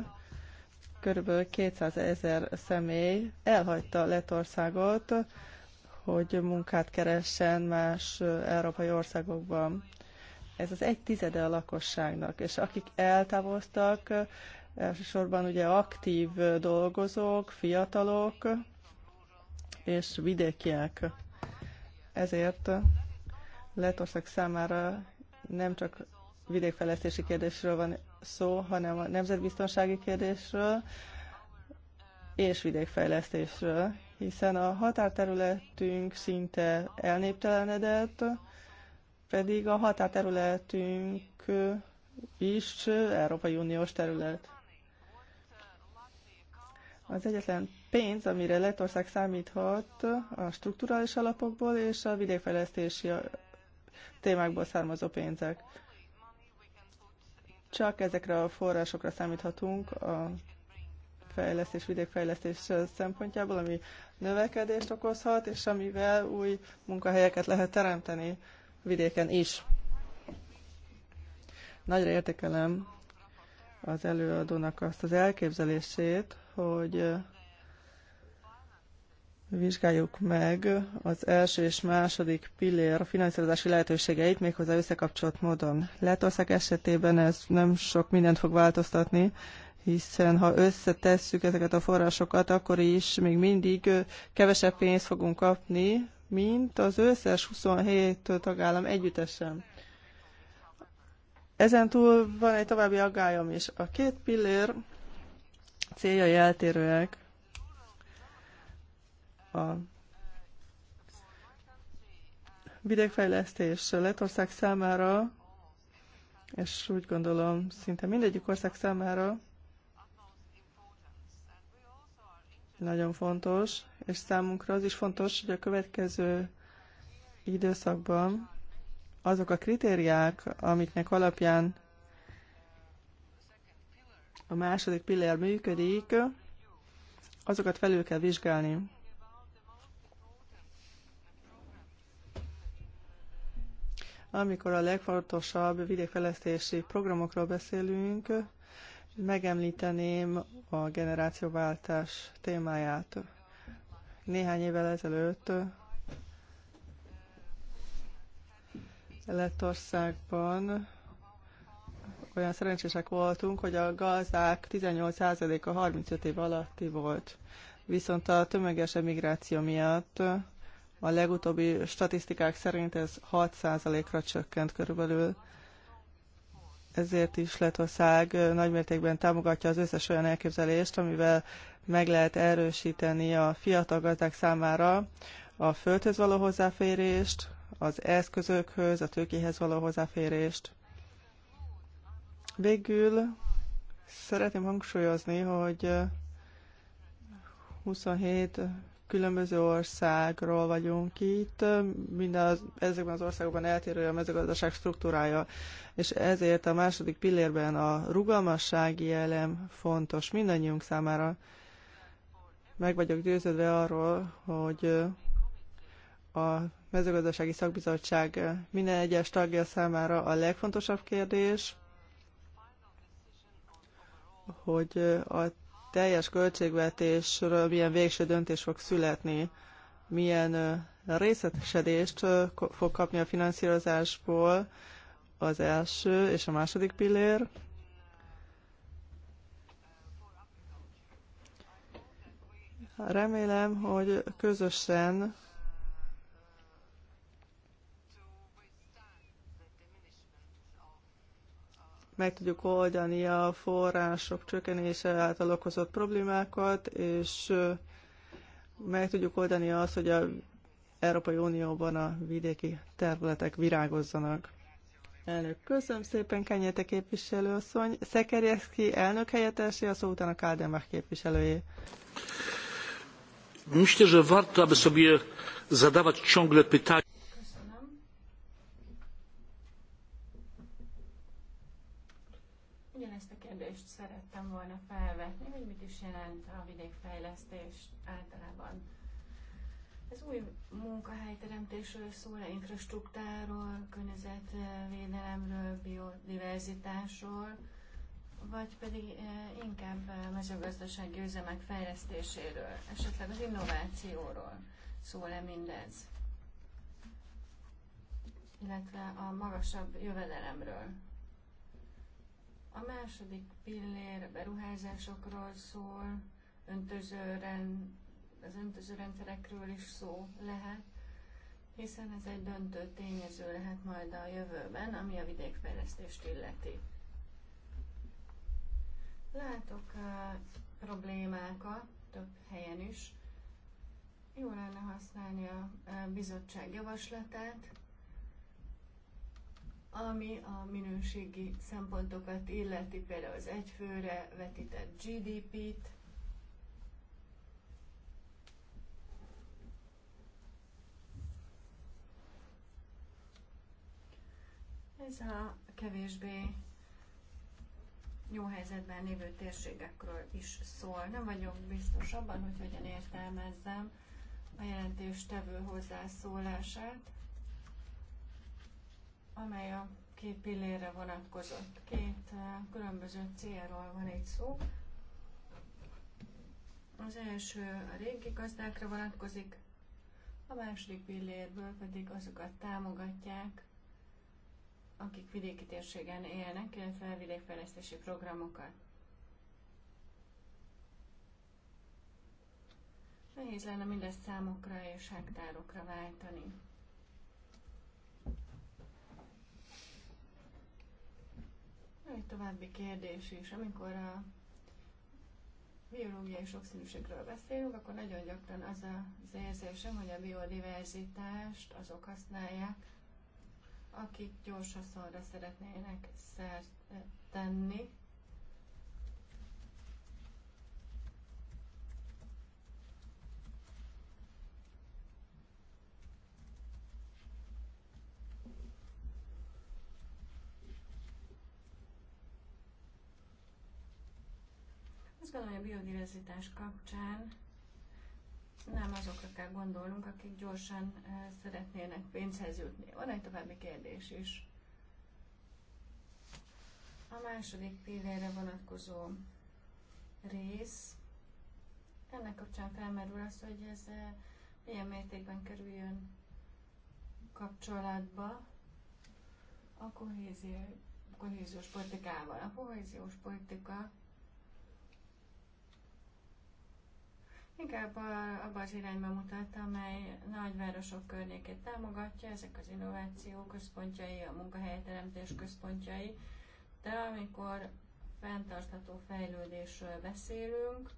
körülbelül 200 ezer személy elhagyta Lettországot, hogy munkát keressen más európai országokban. Ez az egy tizede a lakosságnak, és akik eltávoztak, elsősorban ugye aktív dolgozók, fiatalok és vidékiek. Ezért Lettország számára nem csak vidékfejlesztési kérdésről van szó, hanem a nemzetbiztonsági kérdésről és vidékfejlesztésről, hiszen a határterületünk szinte elnéptelenedett, pedig a határterületünk is Európai Uniós terület. Az egyetlen pénz, amire Lettország számíthat a strukturális alapokból és a vidékfejlesztési témákból származó pénzek. Csak ezekre a forrásokra számíthatunk a fejlesztés, vidékfejlesztés szempontjából, ami növekedést okozhat, és amivel új munkahelyeket lehet teremteni vidéken is. Nagyra értékelem az előadónak azt az elképzelését, hogy vizsgáljuk meg az első és második pillér finanszírozási lehetőségeit méghozzá összekapcsolt módon. Lettország esetében ez nem sok mindent fog változtatni, hiszen ha összetesszük ezeket a forrásokat, akkor is még mindig kevesebb pénzt fogunk kapni mint az összes 27 tagállam együttesen. Ezen túl van egy további aggályom is. A két pillér céljai eltérőek. A vidékfejlesztés Lettország számára, és úgy gondolom szinte mindegyik ország számára nagyon fontos, és számunkra az is fontos, hogy a következő időszakban azok a kritériák, amiknek alapján a második pillér működik, azokat felül kell vizsgálni. Amikor a legfontosabb vidékfejlesztési programokról beszélünk, megemlíteném a generációváltás témáját. Néhány évvel ezelőtt Lettországban olyan szerencsések voltunk, hogy a gazdák 18%-a 35 év alatti volt. Viszont a tömeges emigráció miatt a legutóbbi statisztikák szerint ez 6%-ra csökkent körülbelül ezért is Letország nagymértékben támogatja az összes olyan elképzelést, amivel meg lehet erősíteni a fiatal gazdák számára a földhöz való hozzáférést, az eszközökhöz, a tőkéhez való hozzáférést. Végül szeretném hangsúlyozni, hogy 27 különböző országról vagyunk itt, minden az, ezekben az országokban eltérő a mezőgazdaság struktúrája, és ezért a második pillérben a rugalmassági elem fontos mindannyiunk számára. Meg vagyok győződve arról, hogy a mezőgazdasági szakbizottság minden egyes tagja számára a legfontosabb kérdés, hogy a teljes költségvetésről milyen végső döntés fog születni, milyen részletesedést fog kapni a finanszírozásból az első és a második pillér, Remélem, hogy közösen meg tudjuk oldani a források csökkenése által okozott problémákat, és meg tudjuk oldani azt, hogy a Európai Unióban a vidéki területek virágozzanak. Elnök, köszönöm szépen, Kenyete képviselőasszony. Szekerjeszki elnök helyettesé, a szó után a Kádemák képviselője. Myślę, że warto, aby sobie zadawać ciągle pytania. szerettem volna felvetni, hogy mit is jelent a vidékfejlesztés általában. Ez új munkahelyteremtésről szól, infrastruktúráról, környezetvédelemről, biodiverzitásról, vagy pedig eh, inkább eh, mezőgazdasági üzemek fejlesztéséről, esetleg az innovációról szól-e mindez, illetve a magasabb jövedelemről. A második pillér a beruházásokról szól, öntözőren, az öntöző rendszerekről is szó lehet, hiszen ez egy döntő tényező lehet majd a jövőben, ami a vidékfejlesztést illeti. Látok a problémákat több helyen is. Jó lenne használni a bizottság javaslatát, ami a minőségi szempontokat illeti, például az egyfőre vetített GDP-t, Ez a kevésbé jó helyzetben lévő térségekről is szól. Nem vagyok biztos abban, hogy hogyan értelmezzem a jelentéstevő hozzászólását amely a két pillérre vonatkozott. Két eh, különböző célról van itt szó. Az első a régi gazdákra vonatkozik, a második pillérből pedig azokat támogatják, akik vidéki térségen élnek, illetve vidékfejlesztési programokat. Nehéz lenne mindezt számokra és hektárokra váltani. Egy további kérdés is, amikor a biológiai sokszínűségről beszélünk, akkor nagyon gyakran az az érzésem, hogy a biodiverzitást azok használják, akik gyors haszonra szeretnének szert tenni, hogy a biodiverzitás kapcsán nem azokra kell gondolnunk, akik gyorsan szeretnének pénzhez jutni. Van egy további kérdés is. A második pillére vonatkozó rész. Ennek kapcsán felmerül az, hogy ez milyen mértékben kerüljön kapcsolatba a kohézió, kohéziós politikával. A kohéziós politika inkább abban az irányba mutat, amely nagyvárosok környékét támogatja, ezek az innováció központjai, a munkahelyteremtés központjai, de amikor fenntartható fejlődésről beszélünk,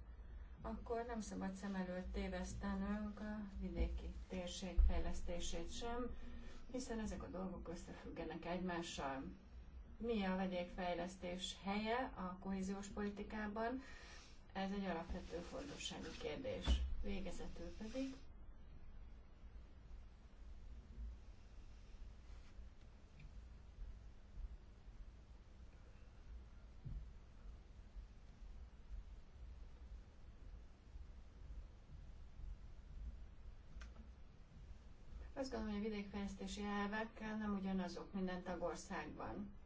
akkor nem szabad szem előtt tévesztenünk a vidéki térség fejlesztését sem, hiszen ezek a dolgok összefüggenek egymással. Mi a vegyékfejlesztés helye a kohéziós politikában? Ez egy alapvető fontosságú kérdés. Végezetül pedig Azt gondolom, hogy a vidékfejlesztési elvek nem ugyanazok minden tagországban.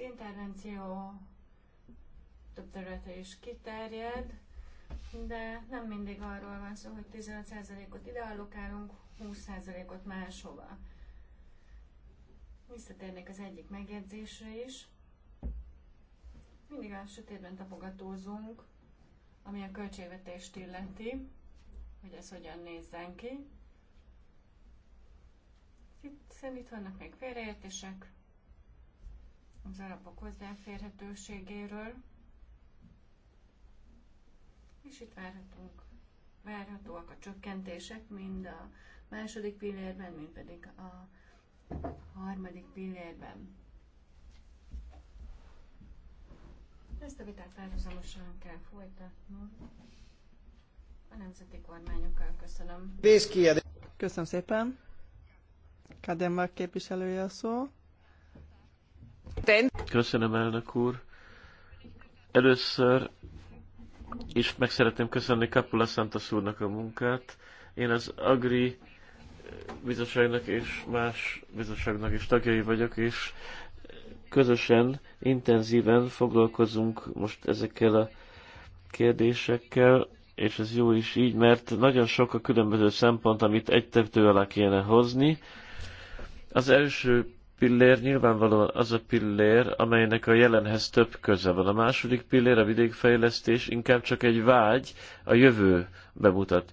intervenció több területe is kiterjed, de nem mindig arról van szó, hogy 15%-ot ide allokálunk, 20%-ot máshova. Visszatérnék az egyik megjegyzésre is. Mindig a sötétben tapogatózunk, ami a költségvetést illeti, hogy ez hogyan nézzen ki. Itt szerint vannak még félreértések, az alapok hozzáférhetőségéről, és itt várhatunk, várhatóak a csökkentések, mind a második pillérben, mind pedig a harmadik pillérben. Ezt a vitát párhuzamosan kell folytatnunk. A nemzeti kormányokkal köszönöm. Köszönöm szépen. Kademar képviselője a szó. Köszönöm, elnök úr. Először is meg szeretném köszönni Kapula Santos úrnak a munkát. Én az Agri bizottságnak és más bizottságnak is tagjai vagyok, és közösen, intenzíven foglalkozunk most ezekkel a kérdésekkel, és ez jó is így, mert nagyon sok a különböző szempont, amit egy tető alá kéne hozni. Az első pillér nyilvánvalóan az a pillér, amelynek a jelenhez több köze van. A második pillér, a vidékfejlesztés inkább csak egy vágy, a jövő bemutat.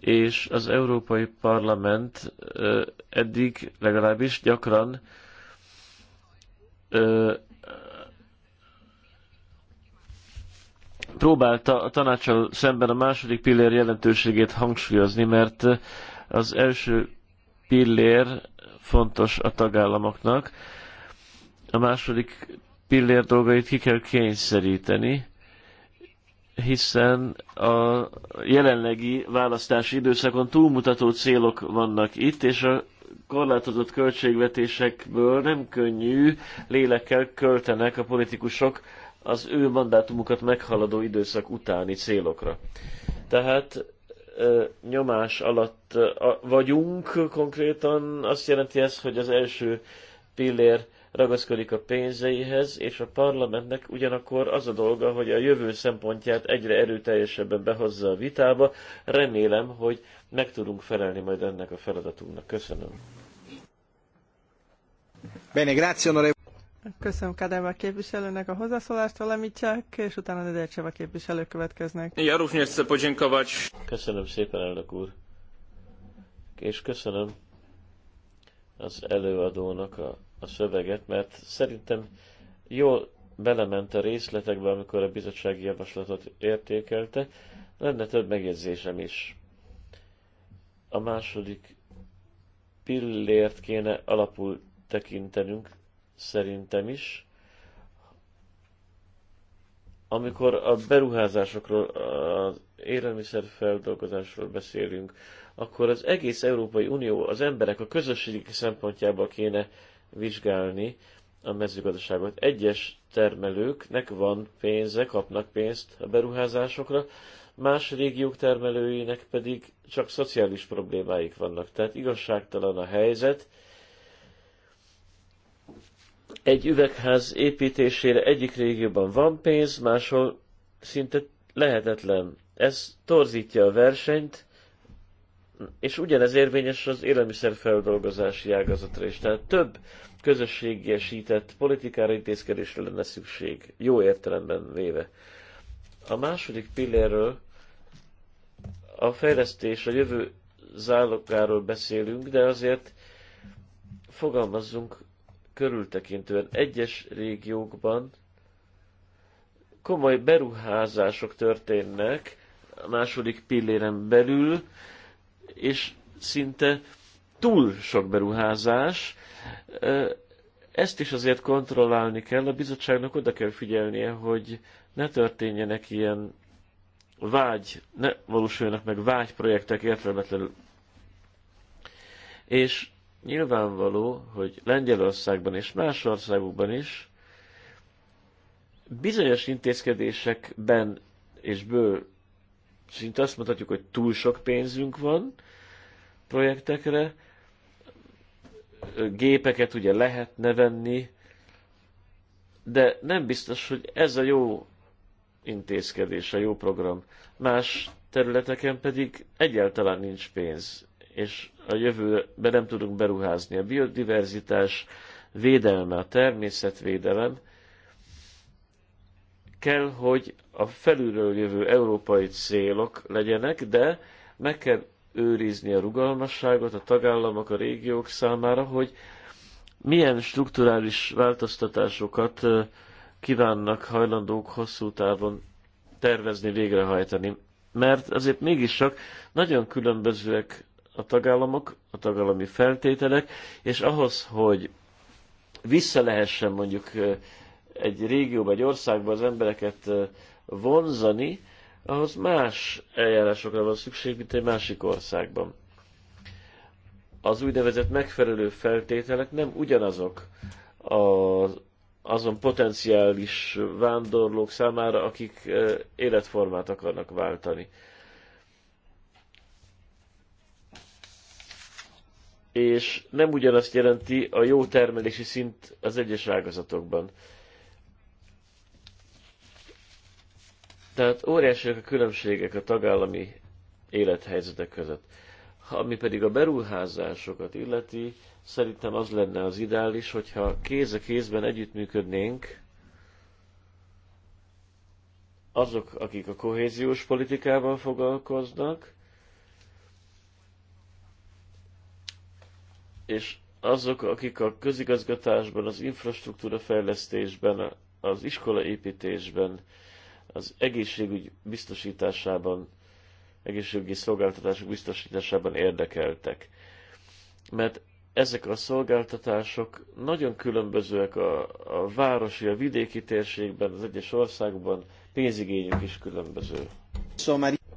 És az Európai Parlament eddig legalábbis gyakran próbálta a tanácsal szemben a második pillér jelentőségét hangsúlyozni, mert az első pillér fontos a tagállamoknak. A második pillér dolgait ki kell kényszeríteni, hiszen a jelenlegi választási időszakon túlmutató célok vannak itt, és a korlátozott költségvetésekből nem könnyű lélekkel költenek a politikusok az ő mandátumukat meghaladó időszak utáni célokra. Tehát nyomás alatt vagyunk konkrétan. Azt jelenti ez, hogy az első pillér ragaszkodik a pénzeihez, és a parlamentnek ugyanakkor az a dolga, hogy a jövő szempontját egyre erőteljesebben behozza a vitába. Remélem, hogy meg tudunk felelni majd ennek a feladatunknak. Köszönöm. Bene, grazie, Köszönöm Kadeva képviselőnek a hozzászólást, valamit csak, és utána Nedelcseva képviselő következnek. Ja, również chcę podziękować. Köszönöm szépen, elnök úr. És köszönöm az előadónak a, a szöveget, mert szerintem jól belement a részletekbe, amikor a bizottsági javaslatot értékelte. Lenne több megjegyzésem is. A második pillért kéne alapul tekintenünk szerintem is. Amikor a beruházásokról, az élelmiszerfeldolgozásról beszélünk, akkor az egész Európai Unió, az emberek a közösségi szempontjából kéne vizsgálni a mezőgazdaságot. Egyes termelőknek van pénze, kapnak pénzt a beruházásokra, más régiók termelőinek pedig csak szociális problémáik vannak. Tehát igazságtalan a helyzet, egy üvegház építésére egyik régióban van pénz, máshol szinte lehetetlen. Ez torzítja a versenyt, és ugyanez érvényes az élelmiszerfeldolgozási ágazatra is. Tehát több közösségiesített politikára intézkedésre lenne szükség, jó értelemben véve. A második pillérről a fejlesztés, a jövő zálogáról beszélünk, de azért fogalmazzunk körültekintően. Egyes régiókban komoly beruházások történnek a második pilléren belül, és szinte túl sok beruházás. Ezt is azért kontrollálni kell, a bizottságnak oda kell figyelnie, hogy ne történjenek ilyen vágy, ne valósuljanak meg vágyprojektek értelmetlenül. És nyilvánvaló, hogy Lengyelországban és más országokban is bizonyos intézkedésekben és ből szinte azt mondhatjuk, hogy túl sok pénzünk van projektekre, gépeket ugye lehetne venni, de nem biztos, hogy ez a jó intézkedés, a jó program. Más területeken pedig egyáltalán nincs pénz és a jövőbe nem tudunk beruházni. A biodiverzitás védelme, a természetvédelem kell, hogy a felülről jövő európai célok legyenek, de meg kell őrizni a rugalmasságot a tagállamok, a régiók számára, hogy milyen strukturális változtatásokat kívánnak hajlandók hosszú távon tervezni, végrehajtani. Mert azért mégiscsak nagyon különbözőek a tagállamok, a tagállami feltételek, és ahhoz, hogy vissza lehessen mondjuk egy régióba, egy országba az embereket vonzani, ahhoz más eljárásokra van szükség, mint egy másik országban. Az úgynevezett megfelelő feltételek nem ugyanazok az, azon potenciális vándorlók számára, akik életformát akarnak váltani. és nem ugyanazt jelenti a jó termelési szint az egyes ágazatokban. Tehát óriásiak a különbségek a tagállami élethelyzetek között. Ami pedig a beruházásokat illeti, szerintem az lenne az ideális, hogyha kéz a kézben együttműködnénk azok, akik a kohéziós politikával foglalkoznak, és azok, akik a közigazgatásban, az infrastruktúra fejlesztésben, az iskolaépítésben, az egészségügy biztosításában, egészségügyi szolgáltatások biztosításában érdekeltek. Mert ezek a szolgáltatások nagyon különbözőek a, a városi, a vidéki térségben, az egyes országban pénzigényük is különböző.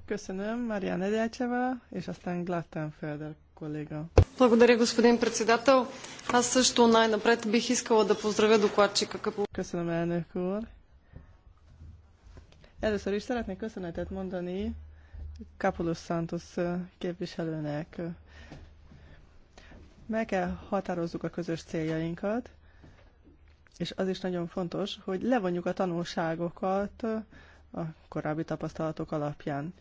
Köszönöm Marian Edelcseva, és aztán Glattenfelder kolléga. Благодаря, господин председател. Аз също най-напред бих искала да поздравя докладчика. Köszönöm, elnök úr. Először is szeretnék köszönetet mondani Kapulus Santos képviselőnek. Meg kell határozzuk a közös céljainkat, és az is nagyon fontos, hogy levonjuk a tanulságokat a korábbi tapasztalatok alapján.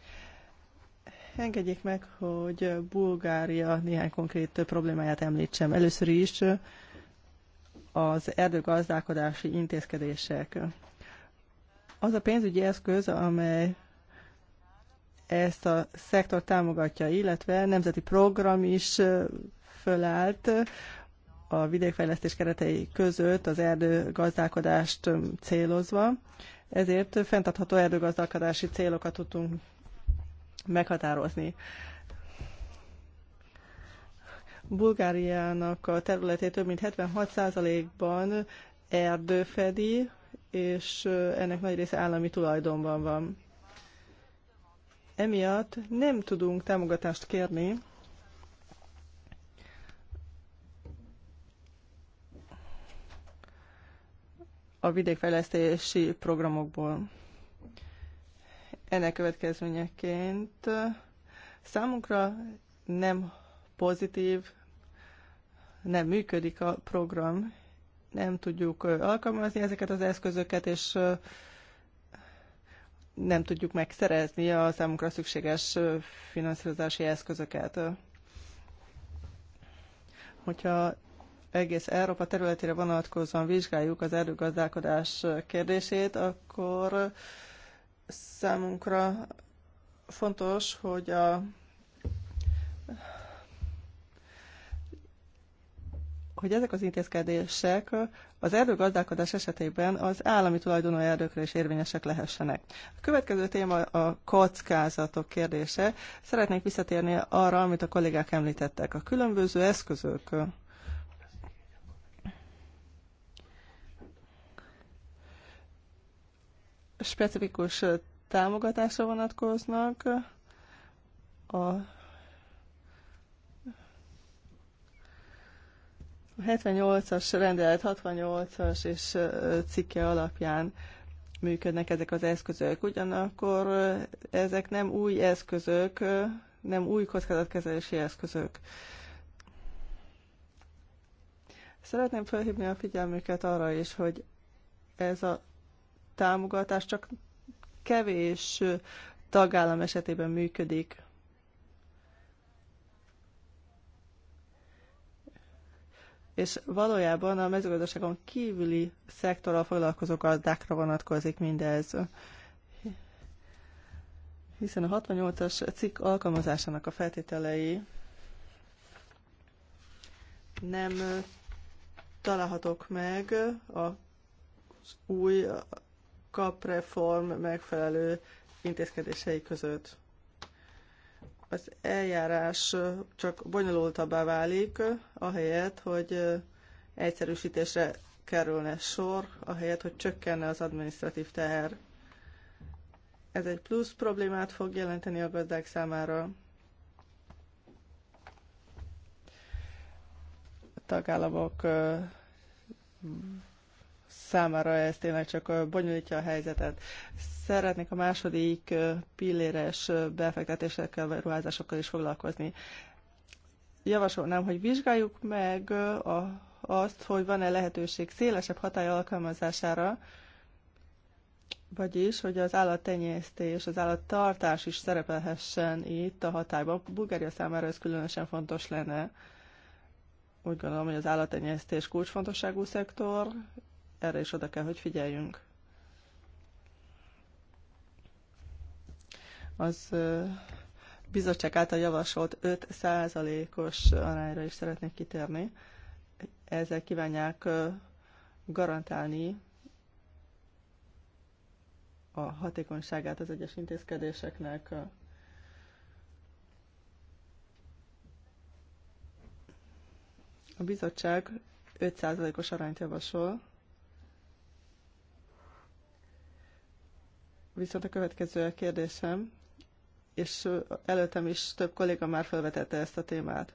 Engedjék meg, hogy Bulgária néhány konkrét problémáját említsem. Először is az erdőgazdálkodási intézkedések. Az a pénzügyi eszköz, amely ezt a szektor támogatja, illetve nemzeti program is fölállt a vidékfejlesztés keretei között az erdőgazdálkodást célozva. Ezért fenntartható erdőgazdálkodási célokat tudtunk meghatározni. Bulgáriának a területét több mint 76%-ban erdő fedi, és ennek nagy része állami tulajdonban van. Emiatt nem tudunk támogatást kérni a vidékfejlesztési programokból. Ennek következményeként számunkra nem pozitív, nem működik a program, nem tudjuk alkalmazni ezeket az eszközöket, és nem tudjuk megszerezni a számunkra szükséges finanszírozási eszközöket. Hogyha egész Európa területére vonatkozóan vizsgáljuk az erdőgazdálkodás kérdését, akkor Számunkra fontos, hogy a hogy ezek az intézkedések az erdőgazdálkodás esetében az állami tulajdonú erdőkre is érvényesek lehessenek. A következő téma a kockázatok kérdése. Szeretnék visszatérni arra, amit a kollégák említettek. A különböző eszközök, specifikus támogatásra vonatkoznak a 78-as rendelet 68-as és cikke alapján működnek ezek az eszközök. Ugyanakkor ezek nem új eszközök, nem új kockázatkezelési eszközök. Szeretném felhívni a figyelmüket arra is, hogy ez a támogatás csak kevés tagállam esetében működik. És valójában a mezőgazdaságon kívüli szektorral foglalkozó gazdákra vonatkozik mindez. Hiszen a 68-as cikk alkalmazásának a feltételei nem találhatók meg a új kapreform megfelelő intézkedései között. Az eljárás csak bonyolultabbá válik, ahelyett, hogy egyszerűsítésre kerülne sor, ahelyett, hogy csökkenne az administratív teher. Ez egy plusz problémát fog jelenteni a gazdák számára. A tagállamok számára ez tényleg csak bonyolítja a helyzetet. Szeretnék a második pilléres befektetésekkel, ruházásokkal is foglalkozni. Javasolnám, hogy vizsgáljuk meg a, azt, hogy van-e lehetőség szélesebb hatály alkalmazására, vagyis, hogy az állattenyésztés, az állattartás is szerepelhessen itt a hatályban. Bulgária számára ez különösen fontos lenne. Úgy gondolom, hogy az állattenyésztés kulcsfontosságú szektor, erre is oda kell, hogy figyeljünk. Az bizottság által javasolt 5%-os arányra is szeretnék kitérni. Ezzel kívánják garantálni a hatékonyságát az egyes intézkedéseknek. A bizottság 5%-os arányt javasol, Viszont a következő a kérdésem, és előttem is több kolléga már felvetette ezt a témát.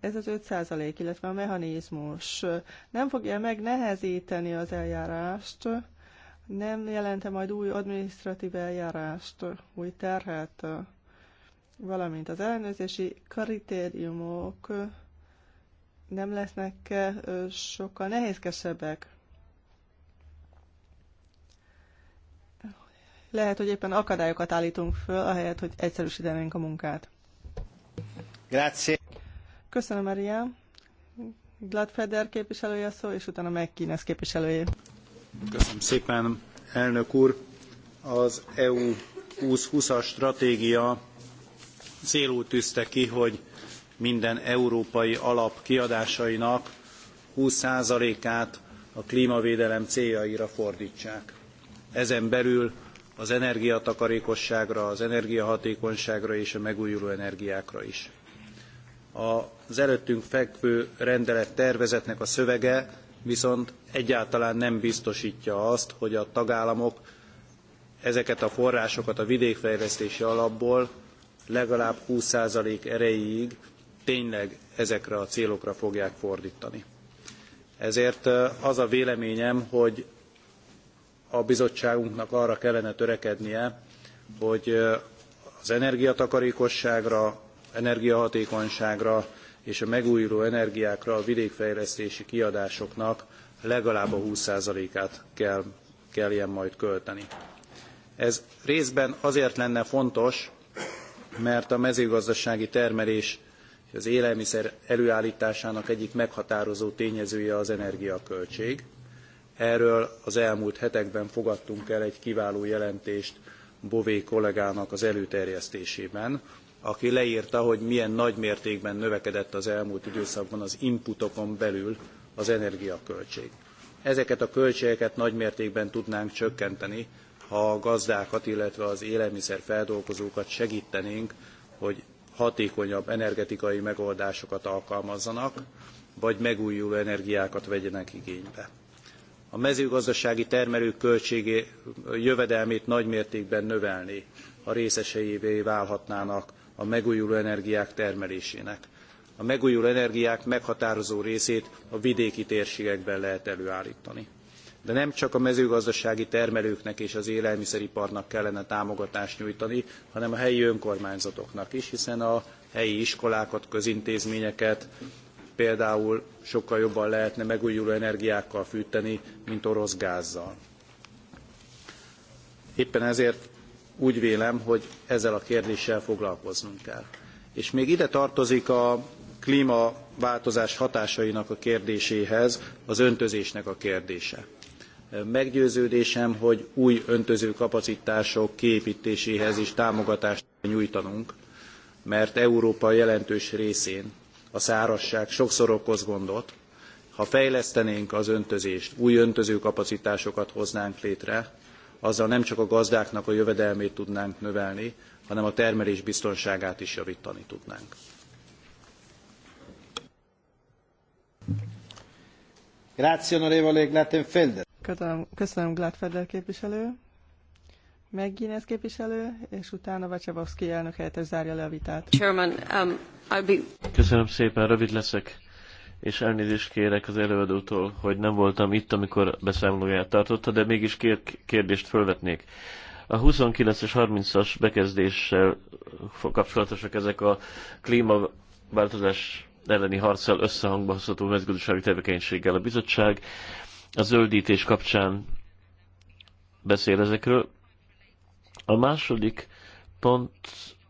Ez az 5 százalék, illetve a mechanizmus nem fogja megnehezíteni az eljárást, nem jelente majd új adminisztratív eljárást, új terhet, valamint az ellenőrzési kritériumok nem lesznek sokkal nehézkesebbek. lehet, hogy éppen akadályokat állítunk föl, ahelyett, hogy egyszerűsítenénk a munkát. Grazie. Köszönöm, Maria. Gladfeder képviselője szó, és utána megkínez képviselője. Köszönöm szépen, elnök úr. Az EU 2020-as stratégia célul tűzte ki, hogy minden európai alap kiadásainak 20%-át a klímavédelem céljaira fordítsák. Ezen belül az energiatakarékosságra, az energiahatékonyságra és a megújuló energiákra is. Az előttünk fekvő rendelet tervezetnek a szövege viszont egyáltalán nem biztosítja azt, hogy a tagállamok ezeket a forrásokat a vidékfejlesztési alapból legalább 20% erejéig tényleg ezekre a célokra fogják fordítani. Ezért az a véleményem, hogy a bizottságunknak arra kellene törekednie, hogy az energiatakarékosságra, energiahatékonyságra és a megújuló energiákra a vidékfejlesztési kiadásoknak legalább a 20%-át kell, kelljen majd költeni. Ez részben azért lenne fontos, mert a mezőgazdasági termelés és az élelmiszer előállításának egyik meghatározó tényezője az energiaköltség. Erről az elmúlt hetekben fogadtunk el egy kiváló jelentést Bové kollégának az előterjesztésében, aki leírta, hogy milyen nagy mértékben növekedett az elmúlt időszakban az inputokon belül az energiaköltség. Ezeket a költségeket nagy mértékben tudnánk csökkenteni, ha a gazdákat, illetve az élelmiszerfeldolgozókat segítenénk, hogy hatékonyabb energetikai megoldásokat alkalmazzanak, vagy megújuló energiákat vegyenek igénybe a mezőgazdasági termelők költségé, jövedelmét nagymértékben növelni, ha részeseivé válhatnának a megújuló energiák termelésének. A megújuló energiák meghatározó részét a vidéki térségekben lehet előállítani. De nem csak a mezőgazdasági termelőknek és az élelmiszeriparnak kellene támogatást nyújtani, hanem a helyi önkormányzatoknak is, hiszen a helyi iskolákat, közintézményeket, például sokkal jobban lehetne megújuló energiákkal fűteni, mint orosz gázzal. Éppen ezért úgy vélem, hogy ezzel a kérdéssel foglalkoznunk kell. És még ide tartozik a klímaváltozás hatásainak a kérdéséhez az öntözésnek a kérdése. Meggyőződésem, hogy új öntöző kapacitások kiépítéséhez is támogatást nyújtanunk, mert Európa jelentős részén a szárazság sokszor okoz gondot. Ha fejlesztenénk az öntözést, új öntözőkapacitásokat hoznánk létre, azzal nem csak a gazdáknak a jövedelmét tudnánk növelni, hanem a termelés biztonságát is javítani tudnánk. Glattenfelder. Köszönöm, köszönöm képviselő. Megginez képviselő, és utána Vacsevovszki elnök helyettes zárja le a vitát. Chairman, um, I'll be... Köszönöm szépen, rövid leszek, és elnézést kérek az előadótól, hogy nem voltam itt, amikor beszámolóját tartotta, de mégis kér kérdést felvetnék. A 29 és 30-as bekezdéssel kapcsolatosak ezek a klímaváltozás elleni harccal összehangba hozható mezgazdasági tevékenységgel. A bizottság a zöldítés kapcsán beszél ezekről. A második pont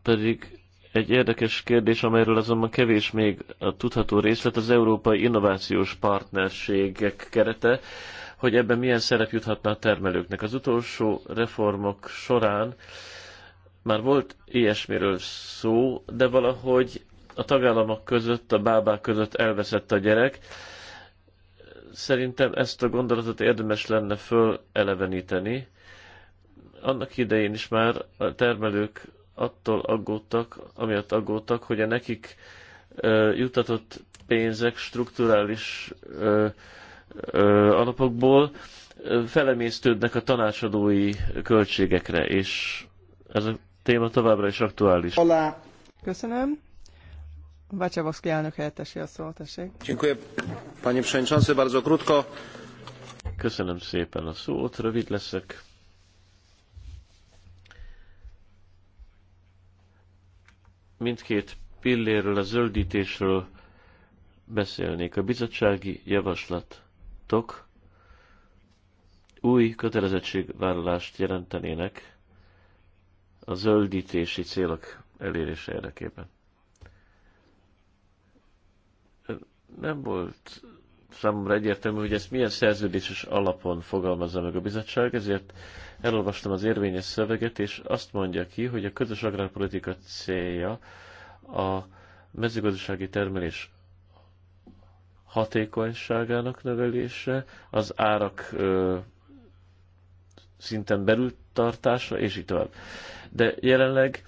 pedig egy érdekes kérdés, amelyről azonban kevés még a tudható részlet, az Európai Innovációs Partnerségek kerete, hogy ebben milyen szerep juthatna a termelőknek. Az utolsó reformok során már volt ilyesmiről szó, de valahogy a tagállamok között, a bábák között elveszett a gyerek. Szerintem ezt a gondolatot érdemes lenne föleleveníteni, annak idején is már a termelők attól aggódtak, amiatt aggódtak, hogy a nekik ö, jutatott pénzek strukturális ö, ö, alapokból felemésztődnek a tanácsadói költségekre, és ez a téma továbbra is aktuális. Hola, Köszönöm. Bacsavoszki elnök helyettesi a szót, tessék. Dziękuję, panie przewodniczący, bardzo krótko. Köszönöm szépen a szót, rövid leszek. mindkét pilléről, a zöldítésről beszélnék. A bizottsági javaslatok új kötelezettségvállalást jelentenének a zöldítési célok elérése érdekében. Nem volt számomra egyértelmű, hogy ezt milyen szerződéses alapon fogalmazza meg a bizottság, ezért elolvastam az érvényes szöveget, és azt mondja ki, hogy a közös agrárpolitika célja a mezőgazdasági termelés hatékonyságának növelése, az árak ö, szinten belül tartása, és így tovább. De jelenleg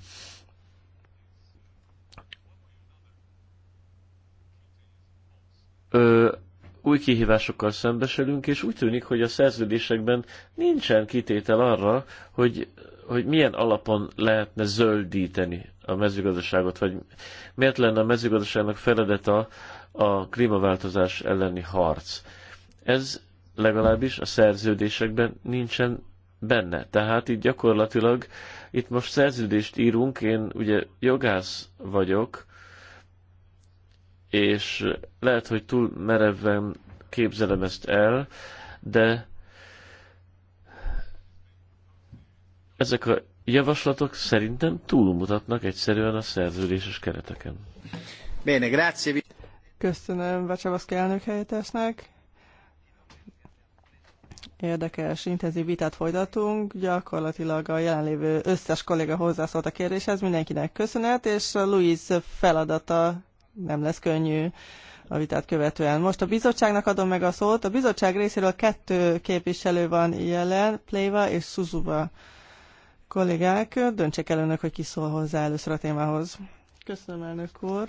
ö, új kihívásokkal szembesülünk, és úgy tűnik, hogy a szerződésekben nincsen kitétel arra, hogy, hogy milyen alapon lehetne zöldíteni a mezőgazdaságot, vagy miért lenne a mezőgazdaságnak feladata a klímaváltozás elleni harc. Ez legalábbis a szerződésekben nincsen benne. Tehát itt gyakorlatilag, itt most szerződést írunk, én ugye jogász vagyok, és lehet, hogy túl merevben képzelem ezt el, de ezek a javaslatok szerintem túlmutatnak egyszerűen a szerződéses kereteken. Bene, grazie. Köszönöm Vacsavaszki elnök helyettesnek. Érdekes, intenzív vitát folytatunk. Gyakorlatilag a jelenlévő összes kolléga hozzászólt a kérdéshez. Mindenkinek köszönet, és Louise feladata nem lesz könnyű a vitát követően. Most a bizottságnak adom meg a szót. A bizottság részéről kettő képviselő van jelen, Pléva és Suzuba kollégák. Döntsék el önök, hogy ki szól hozzá először a témához. Köszönöm, elnök úr.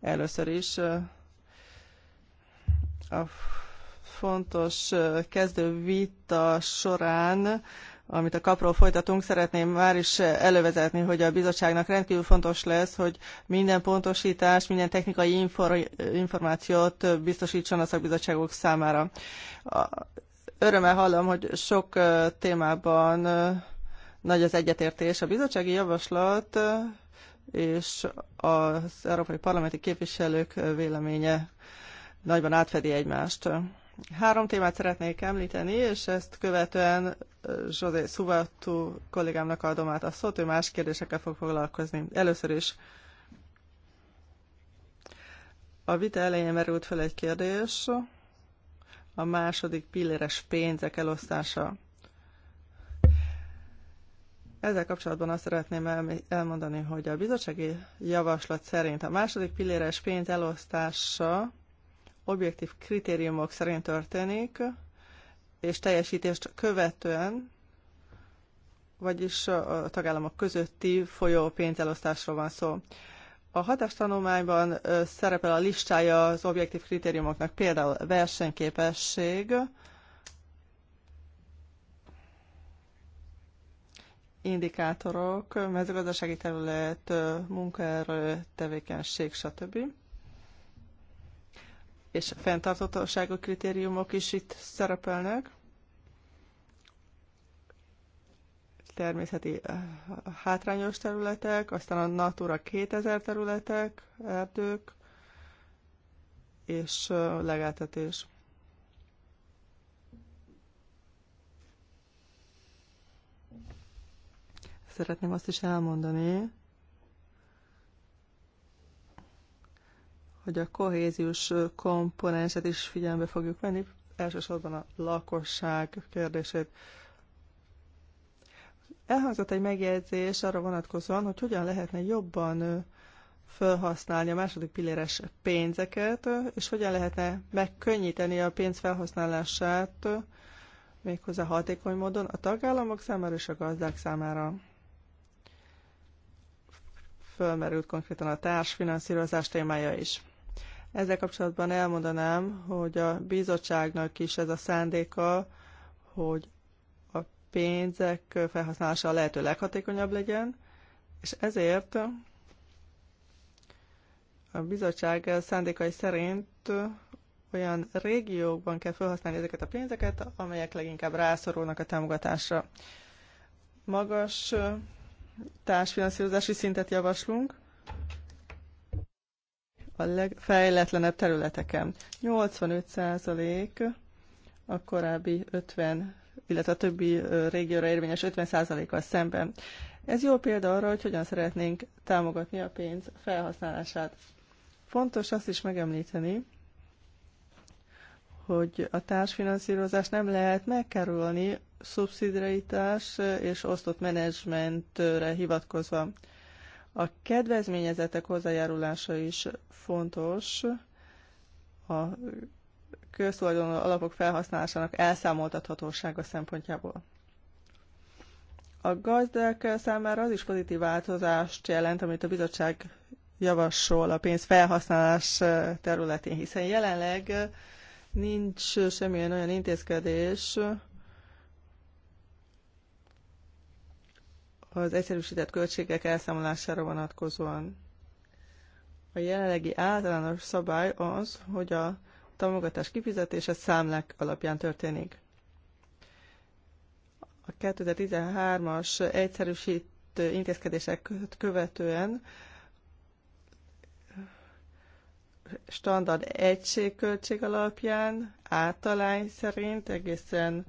Először is a fontos kezdő vita során amit a kapról folytatunk, szeretném már is elővezetni, hogy a bizottságnak rendkívül fontos lesz, hogy minden pontosítás, minden technikai infor- információt biztosítson a szakbizottságok számára. Örömmel hallom, hogy sok témában nagy az egyetértés. A bizottsági javaslat és az európai parlamenti képviselők véleménye nagyban átfedi egymást. Három témát szeretnék említeni, és ezt követően José Szuvatú kollégámnak adom át a szót, ő más kérdésekkel fog foglalkozni. Először is a vita elején merült fel egy kérdés, a második pilléres pénzek elosztása. Ezzel kapcsolatban azt szeretném elmondani, hogy a bizottsági javaslat szerint a második pilléres pénz elosztása objektív kritériumok szerint történik, és teljesítést követően, vagyis a tagállamok közötti folyó pénzelosztásról van szó. A hatástanulmányban szerepel a listája az objektív kritériumoknak, például versenyképesség, indikátorok, mezőgazdasági terület, munkaerő, tevékenység, stb és a fenntarthatósági kritériumok is itt szerepelnek. Természeti eh, hátrányos területek, aztán a Natura 2000 területek, erdők és eh, legeltetés. Szeretném azt is elmondani, hogy a kohéziós komponenset is figyelembe fogjuk venni, elsősorban a lakosság kérdését. Elhangzott egy megjegyzés arra vonatkozóan, hogy hogyan lehetne jobban felhasználni a második pilléres pénzeket, és hogyan lehetne megkönnyíteni a pénz felhasználását méghozzá hatékony módon a tagállamok számára és a gazdák számára. Fölmerült konkrétan a társfinanszírozás témája is. Ezzel kapcsolatban elmondanám, hogy a bizottságnak is ez a szándéka, hogy a pénzek felhasználása a lehető leghatékonyabb legyen, és ezért a bizottság szándékai szerint olyan régiókban kell felhasználni ezeket a pénzeket, amelyek leginkább rászorulnak a támogatásra. Magas társfinanszírozási szintet javaslunk, a legfejletlenebb területeken. 85% a korábbi 50, illetve a többi régióra érvényes 50%-kal szemben. Ez jó példa arra, hogy hogyan szeretnénk támogatni a pénz felhasználását. Fontos azt is megemlíteni, hogy a társfinanszírozás nem lehet megkerülni szubszidreitás és osztott menedzsmentre hivatkozva. A kedvezményezetek hozzájárulása is fontos. A köztulajdonú alapok felhasználásának elszámoltathatósága szempontjából. A gazdák számára az is pozitív változást jelent, amit a bizottság javasol a pénz felhasználás területén, hiszen jelenleg nincs semmilyen olyan intézkedés, az egyszerűsített költségek elszámolására vonatkozóan. A jelenlegi általános szabály az, hogy a támogatás kifizetése számlák alapján történik. A 2013-as egyszerűsít intézkedések követően standard egységköltség alapján, általány szerint egészen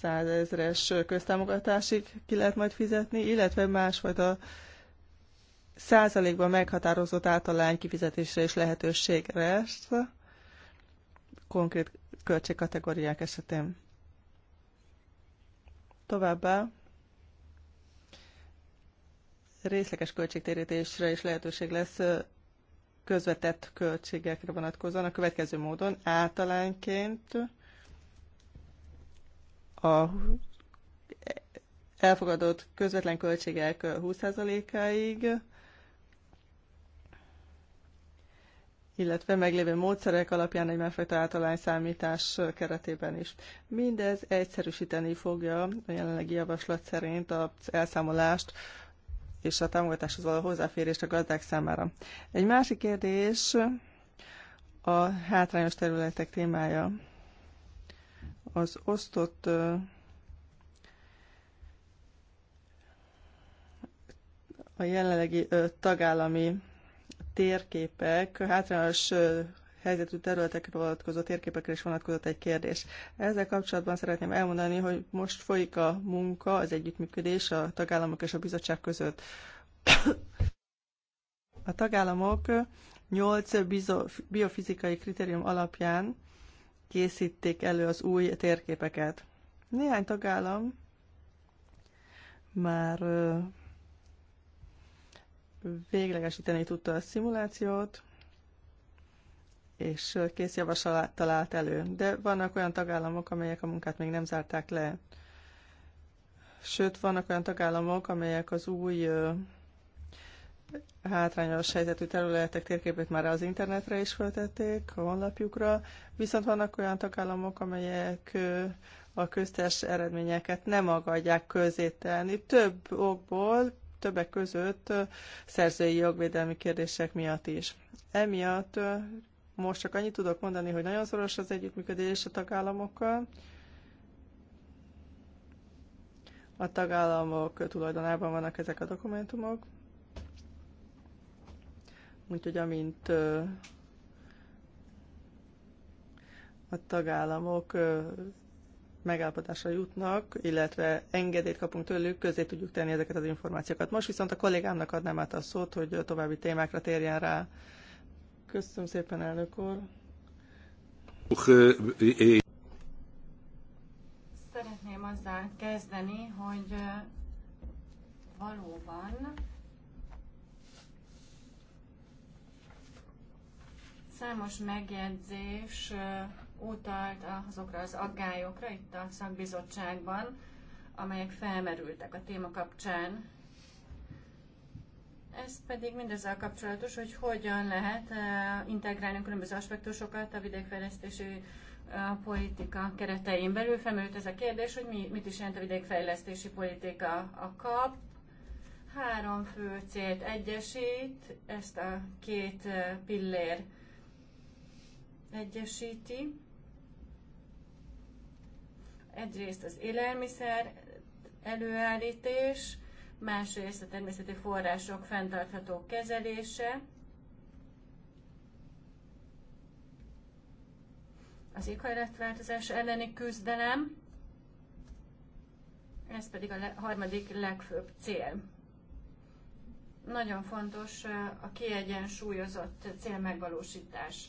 százezres köztámogatásig ki lehet majd fizetni, illetve másfajta százalékban meghatározott általány kifizetésre és lehetőségre ezt konkrét költségkategóriák esetén. Továbbá részleges költségtérítésre is lehetőség lesz közvetett költségekre vonatkozóan a következő módon általánként a elfogadott közvetlen költségek 20%-áig, illetve meglévő módszerek alapján egy megfelelő általány számítás keretében is. Mindez egyszerűsíteni fogja a jelenlegi javaslat szerint az elszámolást és a támogatáshoz való hozzáférést a gazdák számára. Egy másik kérdés a hátrányos területek témája az osztott a jelenlegi tagállami térképek, hátrányos helyzetű területekre vonatkozó térképekre is vonatkozott egy kérdés. Ezzel kapcsolatban szeretném elmondani, hogy most folyik a munka, az együttműködés a tagállamok és a bizottság között. A tagállamok 8 biofizikai kritérium alapján készítik elő az új térképeket. Néhány tagállam már véglegesíteni tudta a szimulációt, és kész javaslat talált elő. De vannak olyan tagállamok, amelyek a munkát még nem zárták le. Sőt, vannak olyan tagállamok, amelyek az új hátrányos helyzetű területek térképét már az internetre is föltették, a honlapjukra, viszont vannak olyan tagállamok, amelyek a köztes eredményeket nem agadják közételni. Több okból, többek között szerzői jogvédelmi kérdések miatt is. Emiatt most csak annyit tudok mondani, hogy nagyon szoros az együttműködés a tagállamokkal. A tagállamok tulajdonában vannak ezek a dokumentumok. Úgyhogy amint a tagállamok megállapodásra jutnak, illetve engedélyt kapunk tőlük, közé tudjuk tenni ezeket az információkat. Most viszont a kollégámnak adnám át a szót, hogy további témákra térjen rá. Köszönöm szépen, elnök úr. Szeretném azzal kezdeni, hogy valóban Számos megjegyzés utalt azokra az aggályokra itt a szakbizottságban, amelyek felmerültek a téma kapcsán. Ez pedig mindezzel kapcsolatos, hogy hogyan lehet integrálni a különböző aspektusokat a vidékfejlesztési politika keretein belül. Felmerült ez a kérdés, hogy mi, mit is jelent a vidékfejlesztési politika a kap. Három fő célt egyesít, ezt a két pillér egyesíti. Egyrészt az élelmiszer előállítás, másrészt a természeti források fenntartható kezelése, az éghajlatváltozás elleni küzdelem, ez pedig a harmadik legfőbb cél. Nagyon fontos a kiegyensúlyozott cél megvalósítás.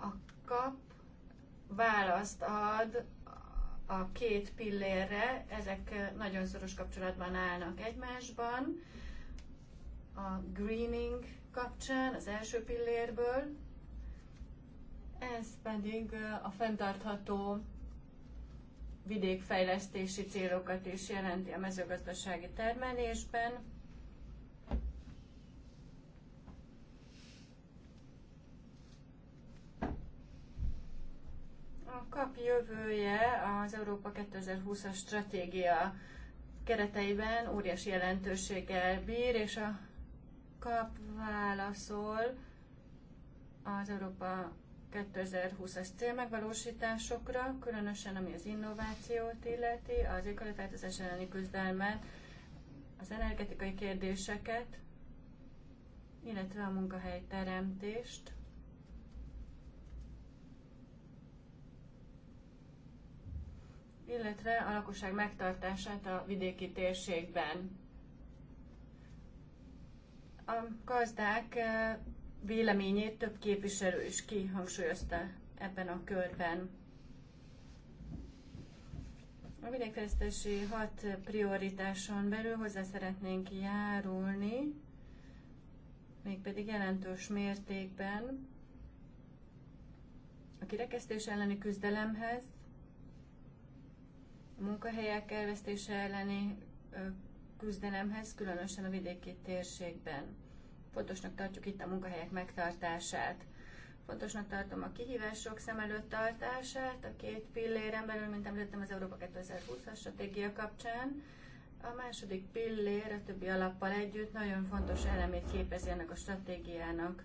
A kap választ ad a két pillérre, ezek nagyon szoros kapcsolatban állnak egymásban. A greening kapcsán, az első pillérből, ez pedig a fenntartható vidékfejlesztési célokat is jelenti a mezőgazdasági termelésben A kap jövője az Európa 2020-as stratégia kereteiben óriási jelentőséggel bír, és a kap válaszol az Európa 2020-as cél megvalósításokra, különösen ami az innovációt illeti, az éghajlatváltozás elleni küzdelmet, az energetikai kérdéseket, illetve a munkahelyteremtést illetve a lakosság megtartását a vidéki térségben. A gazdák eh, véleményét több képviselő is kihangsúlyozta ebben a körben. A vidékfejlesztési hat prioritáson belül hozzá szeretnénk járulni, mégpedig jelentős mértékben a kirekesztés elleni küzdelemhez, munkahelyek elvesztése elleni küzdelemhez, különösen a vidéki térségben. Fontosnak tartjuk itt a munkahelyek megtartását. Fontosnak tartom a kihívások szem előtt tartását a két pilléren belül, mint említettem az Európa 2020-as stratégia kapcsán. A második pillér a többi alappal együtt nagyon fontos elemét képezi ennek a stratégiának.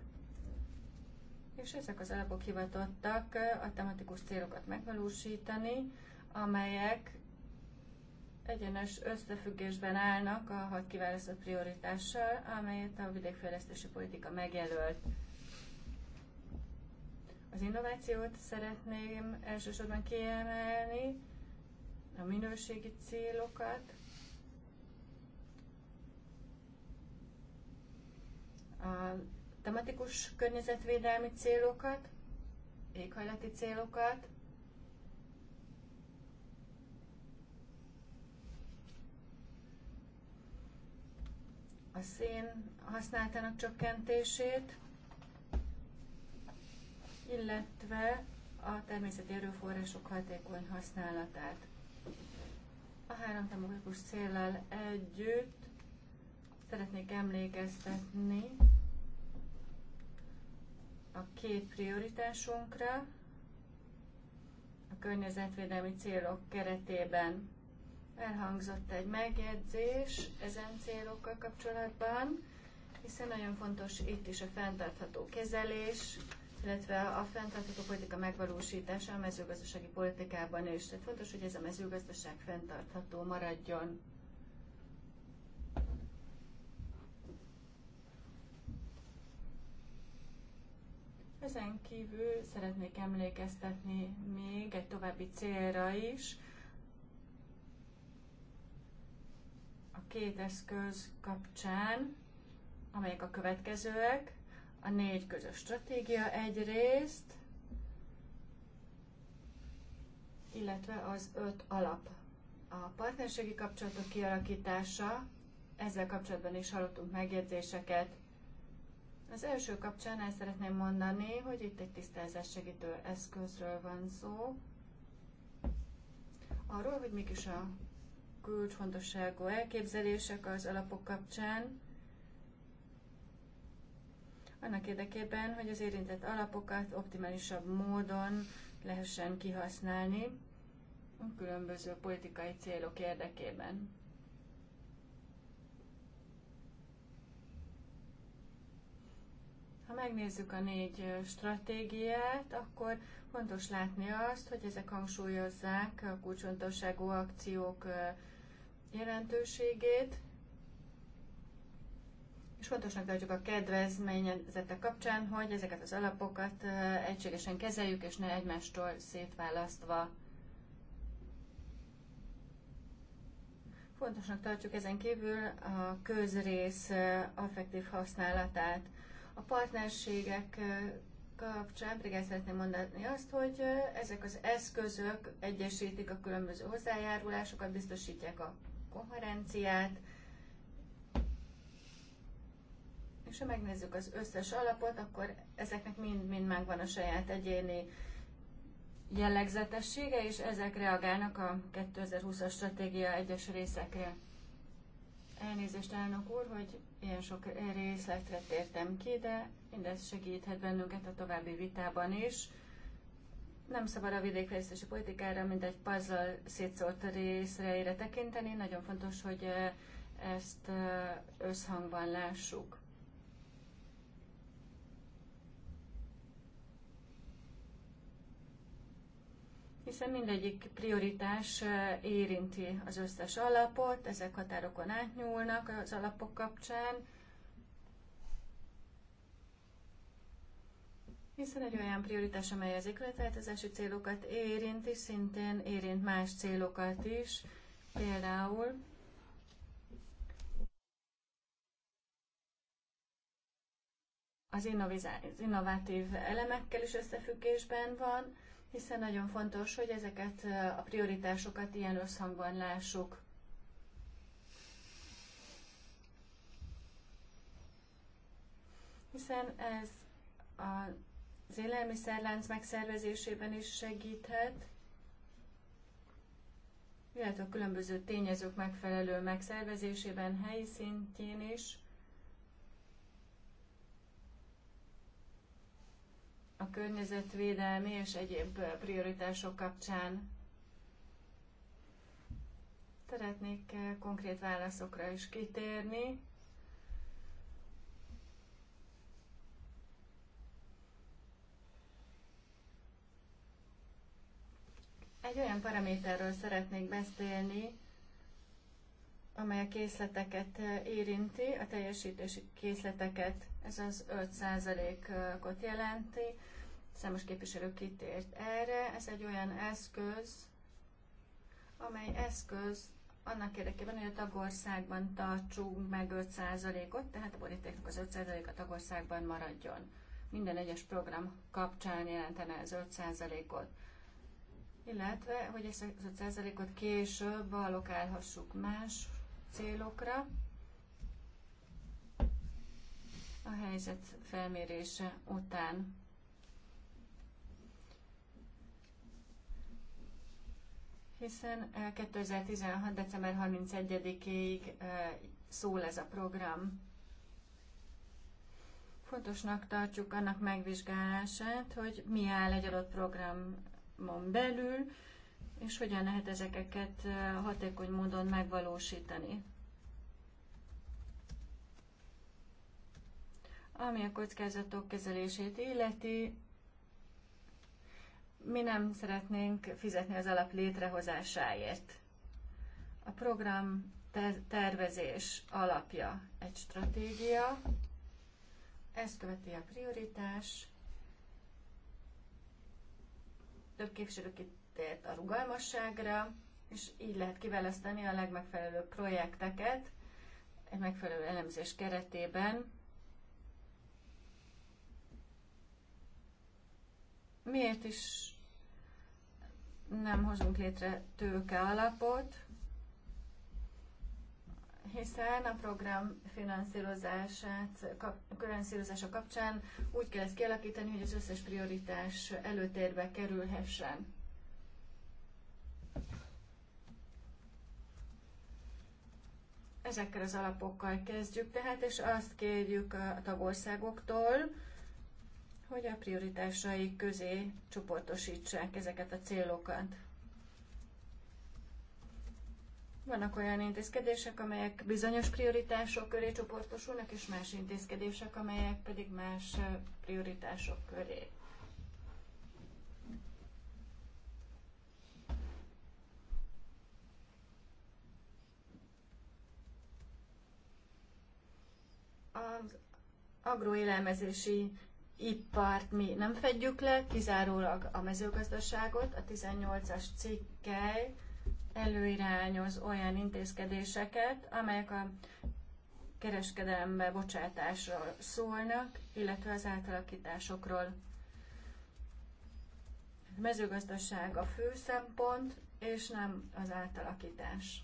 És ezek az alapok hivatottak a tematikus célokat megvalósítani, amelyek egyenes összefüggésben állnak a hat kiválasztott prioritással, amelyet a vidékfejlesztési politika megjelölt. Az innovációt szeretném elsősorban kiemelni, a minőségi célokat, a tematikus környezetvédelmi célokat, éghajlati célokat, a szén használatának csökkentését, illetve a természeti erőforrások hatékony használatát. A három demokratikus céllal együtt szeretnék emlékeztetni a két prioritásunkra a környezetvédelmi célok keretében. Elhangzott egy megjegyzés ezen célokkal kapcsolatban, hiszen nagyon fontos itt is a fenntartható kezelés, illetve a fenntartható politika megvalósítása a mezőgazdasági politikában is. Tehát fontos, hogy ez a mezőgazdaság fenntartható maradjon. Ezen kívül szeretnék emlékeztetni még egy további célra is, két eszköz kapcsán, amelyek a következőek. A négy közös stratégia egyrészt, illetve az öt alap. A partnerségi kapcsolatok kialakítása, ezzel kapcsolatban is hallottunk megjegyzéseket. Az első kapcsán el szeretném mondani, hogy itt egy tisztázás segítő eszközről van szó. Arról, hogy mik is a kulcsfontosságú elképzelések az alapok kapcsán, annak érdekében, hogy az érintett alapokat optimálisabb módon lehessen kihasználni a különböző politikai célok érdekében. Ha megnézzük a négy stratégiát, akkor fontos látni azt, hogy ezek hangsúlyozzák a kulcsontosságú akciók jelentőségét, és fontosnak tartjuk a kedvezményezettek kapcsán, hogy ezeket az alapokat egységesen kezeljük, és ne egymástól szétválasztva. Fontosnak tartjuk ezen kívül a közrész affektív használatát. A partnerségek kapcsán pedig el szeretném mondani azt, hogy ezek az eszközök egyesítik a különböző hozzájárulásokat, biztosítják a koherenciát, és ha megnézzük az összes alapot, akkor ezeknek mind-mind megvan a saját egyéni jellegzetessége, és ezek reagálnak a 2020-as stratégia egyes részekre. Elnézést, elnök úr, hogy ilyen sok részletre tértem ki, de mindez segíthet bennünket a további vitában is nem szabad a vidékfejlesztési politikára, mint egy puzzle szétszórt részreire tekinteni. Nagyon fontos, hogy ezt összhangban lássuk. hiszen mindegyik prioritás érinti az összes alapot, ezek határokon átnyúlnak az alapok kapcsán, hiszen egy olyan prioritás, amely az éghajlatváltozási célokat érint, és szintén érint más célokat is, például az, az innovatív elemekkel is összefüggésben van, hiszen nagyon fontos, hogy ezeket a prioritásokat ilyen összhangban lássuk. Hiszen ez a az élelmiszerlánc megszervezésében is segíthet, illetve a különböző tényezők megfelelő megszervezésében, helyi szintjén is. a környezetvédelmi és egyéb prioritások kapcsán. Szeretnék konkrét válaszokra is kitérni. Egy olyan paraméterről szeretnék beszélni, amely a készleteket eh, érinti, a teljesítési készleteket, ez az 5%-ot jelenti. Számos képviselő kitért erre. Ez egy olyan eszköz, amely eszköz annak érdekében, hogy a tagországban tartsunk meg 5%-ot, tehát a borítéknak az 5% a tagországban maradjon. Minden egyes program kapcsán jelentene ez 5%-ot illetve hogy ezt a százalékot később allokálhassuk más célokra. A helyzet felmérése után. Hiszen 2016. Eh, december 31-ig eh, szól ez a program fontosnak tartjuk annak megvizsgálását, hogy mi áll egy adott program man belül, és hogyan lehet ezeket hatékony módon megvalósítani. Ami a kockázatok kezelését illeti, mi nem szeretnénk fizetni az alap létrehozásáért. A program tervezés alapja egy stratégia, ezt követi a prioritás, több képviselő a rugalmasságra, és így lehet kiválasztani a legmegfelelőbb projekteket egy megfelelő elemzés keretében. Miért is nem hozunk létre tőke alapot? hiszen a program finanszírozását, kap, finanszírozása kapcsán úgy kell ezt kialakítani, hogy az összes prioritás előtérbe kerülhessen. Ezekkel az alapokkal kezdjük tehát, és azt kérjük a tagországoktól, hogy a prioritásaik közé csoportosítsák ezeket a célokat. Vannak olyan intézkedések, amelyek bizonyos prioritások köré csoportosulnak, és más intézkedések, amelyek pedig más prioritások köré. Az agroélelmezési ipart mi nem fedjük le, kizárólag a mezőgazdaságot, a 18-as cikkely előirányoz olyan intézkedéseket, amelyek a kereskedelembe bocsátásról szólnak, illetve az átalakításokról. A mezőgazdaság a fő szempont, és nem az átalakítás.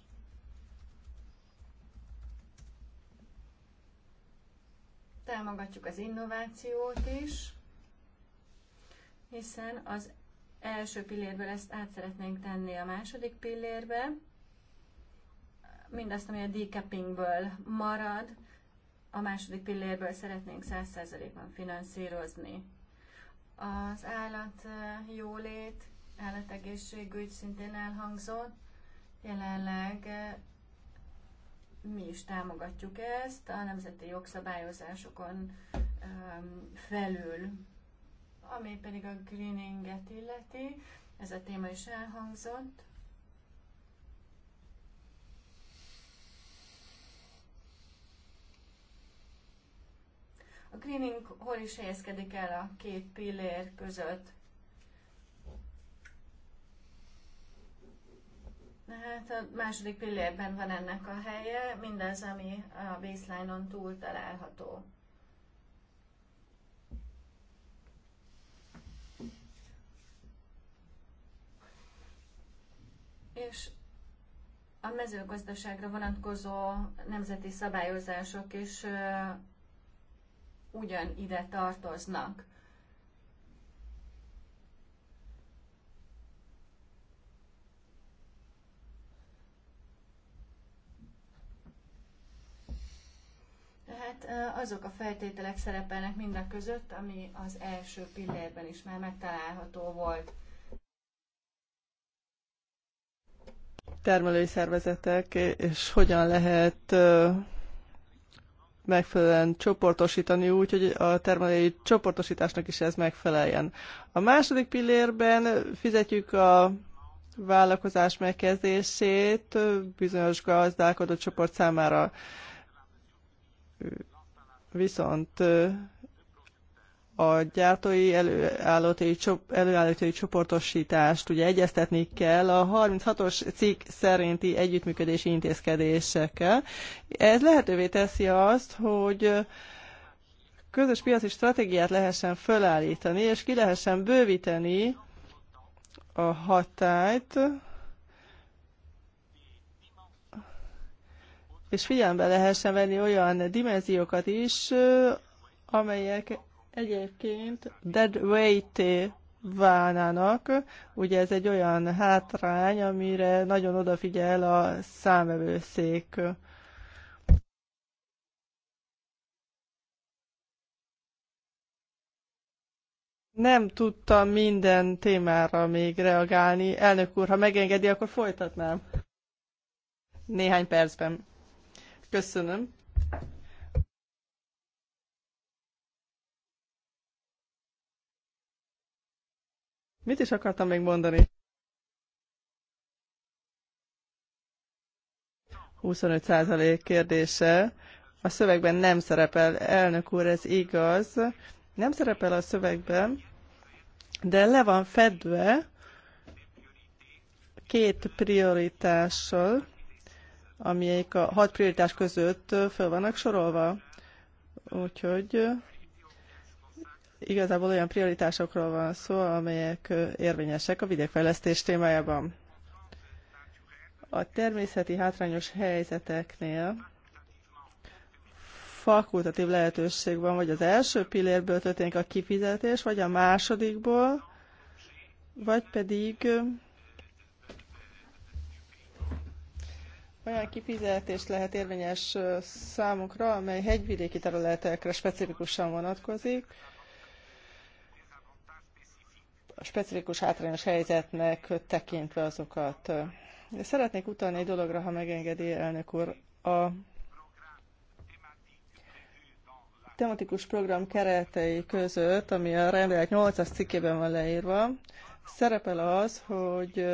Támogatjuk az innovációt is, hiszen az első pillérből ezt át szeretnénk tenni a második pillérbe. Mindazt, ami a decappingből marad, a második pillérből szeretnénk 100%-ban finanszírozni. Az állat jólét, állategészségügy szintén elhangzott. Jelenleg mi is támogatjuk ezt a nemzeti jogszabályozásokon felül. Ami pedig a greeninget illeti, ez a téma is elhangzott. A greening hol is helyezkedik el a két pillér között? Hát a második pillérben van ennek a helye, mindaz, ami a baseline-on túl található. és a mezőgazdaságra vonatkozó nemzeti szabályozások is ugyan ide tartoznak. Tehát azok a feltételek szerepelnek mind a között, ami az első pillérben is már megtalálható volt. termelői szervezetek, és hogyan lehet megfelelően csoportosítani úgy, hogy a termelői csoportosításnak is ez megfeleljen. A második pillérben fizetjük a vállalkozás megkezdését bizonyos gazdálkodó csoport számára. Viszont a gyártói előállítói, előállítói csoportosítást ugye egyeztetni kell a 36-os cikk szerinti együttműködési intézkedésekkel. Ez lehetővé teszi azt, hogy közös piaci stratégiát lehessen fölállítani, és ki lehessen bővíteni a hatályt, és figyelembe lehessen venni olyan dimenziókat is, amelyek Egyébként dead weight válnának. Ugye ez egy olyan hátrány, amire nagyon odafigyel a számvevőszék. Nem tudtam minden témára még reagálni. Elnök úr, ha megengedi, akkor folytatnám. Néhány percben. Köszönöm. Mit is akartam még mondani? 25% kérdése. A szövegben nem szerepel, elnök úr, ez igaz. Nem szerepel a szövegben, de le van fedve két prioritással, amelyik a hat prioritás között föl vannak sorolva. Úgyhogy Igazából olyan prioritásokról van szó, amelyek érvényesek a vidékfejlesztés témájában. A természeti hátrányos helyzeteknél fakultatív lehetőség van, vagy az első pillérből történik a kifizetés, vagy a másodikból, vagy pedig olyan kifizetés lehet érvényes számukra, amely hegyvidéki területekre specifikusan vonatkozik, specifikus hátrányos helyzetnek tekintve azokat. De szeretnék utalni egy dologra, ha megengedi, elnök úr. A tematikus program keretei között, ami a rendelet 8-as cikkében van leírva, szerepel az, hogy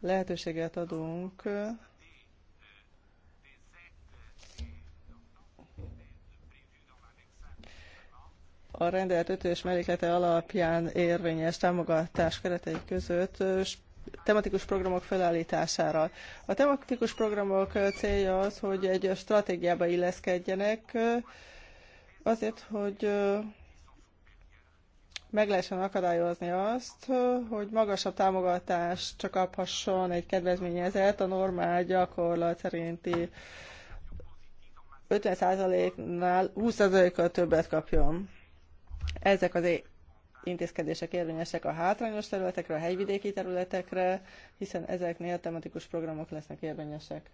lehetőséget adunk a rendelet 5 és melléklete alapján érvényes támogatás keretei között tematikus programok felállítására. A tematikus programok célja az, hogy egy stratégiába illeszkedjenek, azért, hogy meg lehessen akadályozni azt, hogy magasabb támogatást csak kaphasson egy kedvezményezett a normál gyakorlat szerinti 50%-nál 20%-kal többet kapjon. Ezek az intézkedések érvényesek a hátrányos területekre, a hegyvidéki területekre, hiszen ezeknél tematikus programok lesznek érvényesek.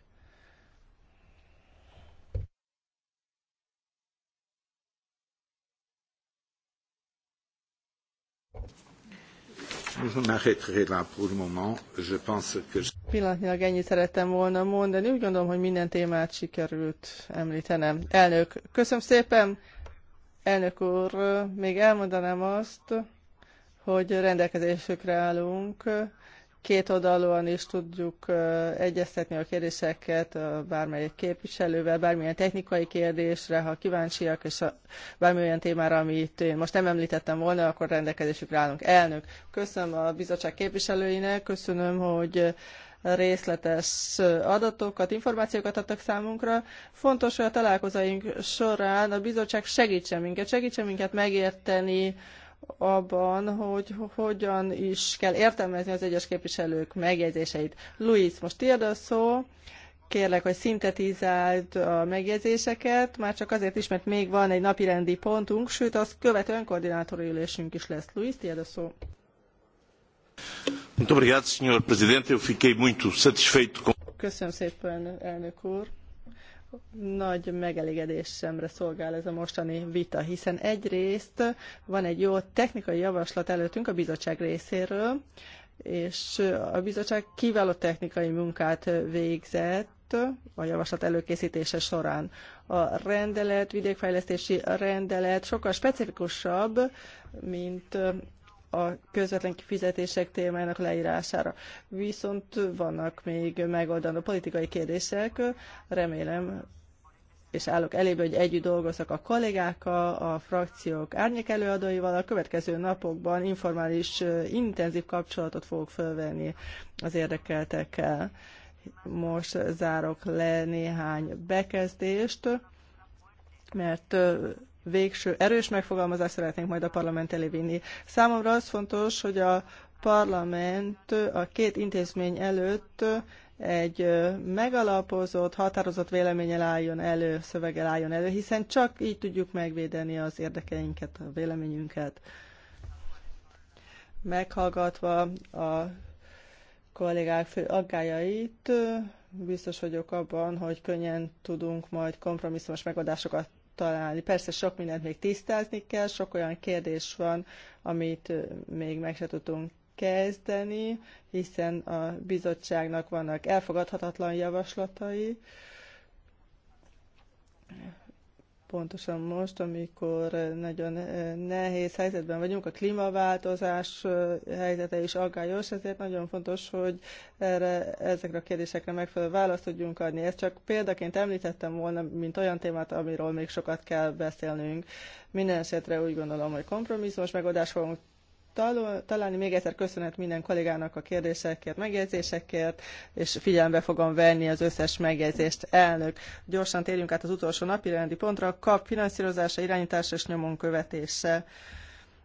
Pillanatnyilag ennyit szerettem volna mondani. Úgy gondolom, hogy minden témát sikerült említenem. Elnök, köszönöm szépen! Elnök úr, még elmondanám azt, hogy rendelkezésükre állunk, két oldalon is tudjuk egyeztetni a kérdéseket bármelyik képviselővel, bármilyen technikai kérdésre, ha kíváncsiak, és a, bármilyen témára, amit én most nem említettem volna, akkor rendelkezésükre állunk. Elnök, köszönöm a bizottság képviselőinek, köszönöm, hogy részletes adatokat, információkat adtak számunkra. Fontos, hogy a találkozóink során a bizottság segítsen minket, segítsen minket megérteni abban, hogy hogyan is kell értelmezni az egyes képviselők megjegyzéseit. Luis, most tiéd a szó, kérlek, hogy szintetizáld a megjegyzéseket, már csak azért is, mert még van egy napirendi pontunk, sőt, az követően koordinátori ülésünk is lesz. Luis, tiéd a szó. Muito obrigado, Sr. Presidente. Eu fiquei muito satisfeito com... Köszönöm szépen, elnök úr. Nagy megelégedésemre szolgál ez a mostani vita, hiszen egyrészt van egy jó technikai javaslat előttünk a bizottság részéről, és a bizottság kiváló technikai munkát végzett a javaslat előkészítése során. A rendelet, vidékfejlesztési rendelet sokkal specifikusabb, mint a közvetlen kifizetések témának leírására. Viszont vannak még megoldandó politikai kérdések, remélem, és állok elébe, hogy együtt dolgozok a kollégákkal, a frakciók árnyék előadóival. A következő napokban informális, intenzív kapcsolatot fogok fölvenni az érdekeltekkel. Most zárok le néhány bekezdést, mert végső erős megfogalmazást szeretnénk majd a parlament elé vinni. Számomra az fontos, hogy a parlament a két intézmény előtt egy megalapozott, határozott véleményel álljon elő, szöveggel álljon elő, hiszen csak így tudjuk megvédeni az érdekeinket, a véleményünket. Meghallgatva a kollégák fő aggájait, biztos vagyok abban, hogy könnyen tudunk majd kompromisszumos megoldásokat találni. Persze sok mindent még tisztázni kell, sok olyan kérdés van, amit még meg se tudunk kezdeni, hiszen a bizottságnak vannak elfogadhatatlan javaslatai pontosan most, amikor nagyon eh, nehéz helyzetben vagyunk, a klímaváltozás eh, helyzete is aggályos, ezért nagyon fontos, hogy erre, ezekre a kérdésekre megfelelő választ tudjunk adni. Ezt csak példaként említettem volna, mint olyan témát, amiről még sokat kell beszélnünk. Minden esetre úgy gondolom, hogy kompromisszumos megoldást fogunk találni. Még egyszer köszönet minden kollégának a kérdésekért, megjegyzésekért, és figyelembe fogom venni az összes megjegyzést. Elnök, gyorsan térjünk át az utolsó napi rendi pontra. Kap finanszírozása, irányítása és nyomon követése.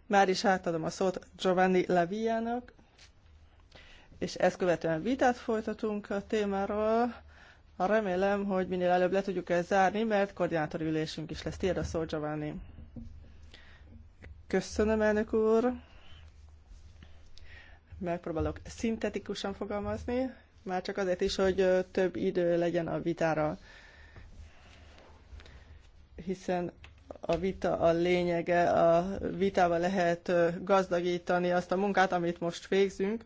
Már is átadom a szót Giovanni Laviának, és ezt követően vitát folytatunk a témáról. Remélem, hogy minél előbb le tudjuk ezt zárni, mert koordinátori ülésünk is lesz. Tiéd a szó, Giovanni. Köszönöm, elnök úr! megpróbálok szintetikusan fogalmazni, már csak azért is, hogy több idő legyen a vitára, hiszen a vita a lényege, a vitával lehet gazdagítani azt a munkát, amit most végzünk.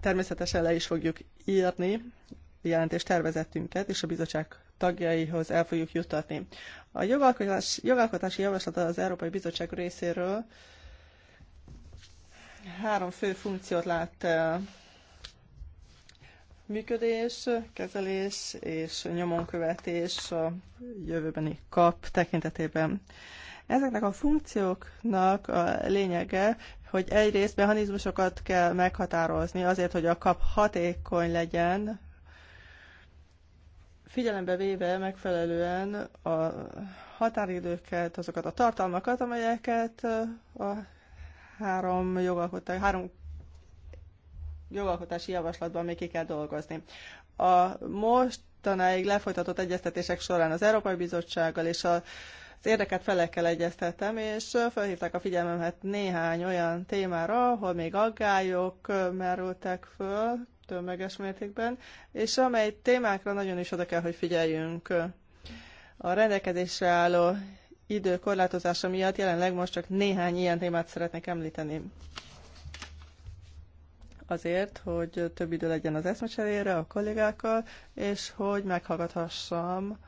Természetesen le is fogjuk írni jelentés tervezetünket, és a bizottság tagjaihoz el fogjuk juttatni. A jogalkotási, jogalkotási az Európai Bizottság részéről Három fő funkciót lát el. Eh, működés, kezelés és nyomonkövetés a jövőbeni kap tekintetében. Ezeknek a funkcióknak a lényege, hogy egyrészt mechanizmusokat kell meghatározni azért, hogy a kap hatékony legyen, figyelembe véve megfelelően a határidőket, azokat a tartalmakat, amelyeket eh, a három jogalkotás, három jogalkotási javaslatban még ki kell dolgozni. A mostanáig lefolytatott egyeztetések során az Európai Bizottsággal és a az érdeket felekkel egyeztettem, és felhívták a figyelmemet néhány olyan témára, ahol még aggályok merültek föl tömeges mértékben, és amely témákra nagyon is oda kell, hogy figyeljünk. A rendelkezésre álló idő korlátozása miatt jelenleg most csak néhány ilyen témát szeretnék említeni. Azért, hogy több idő legyen az eszmecserére a kollégákkal, és hogy meghallgathassam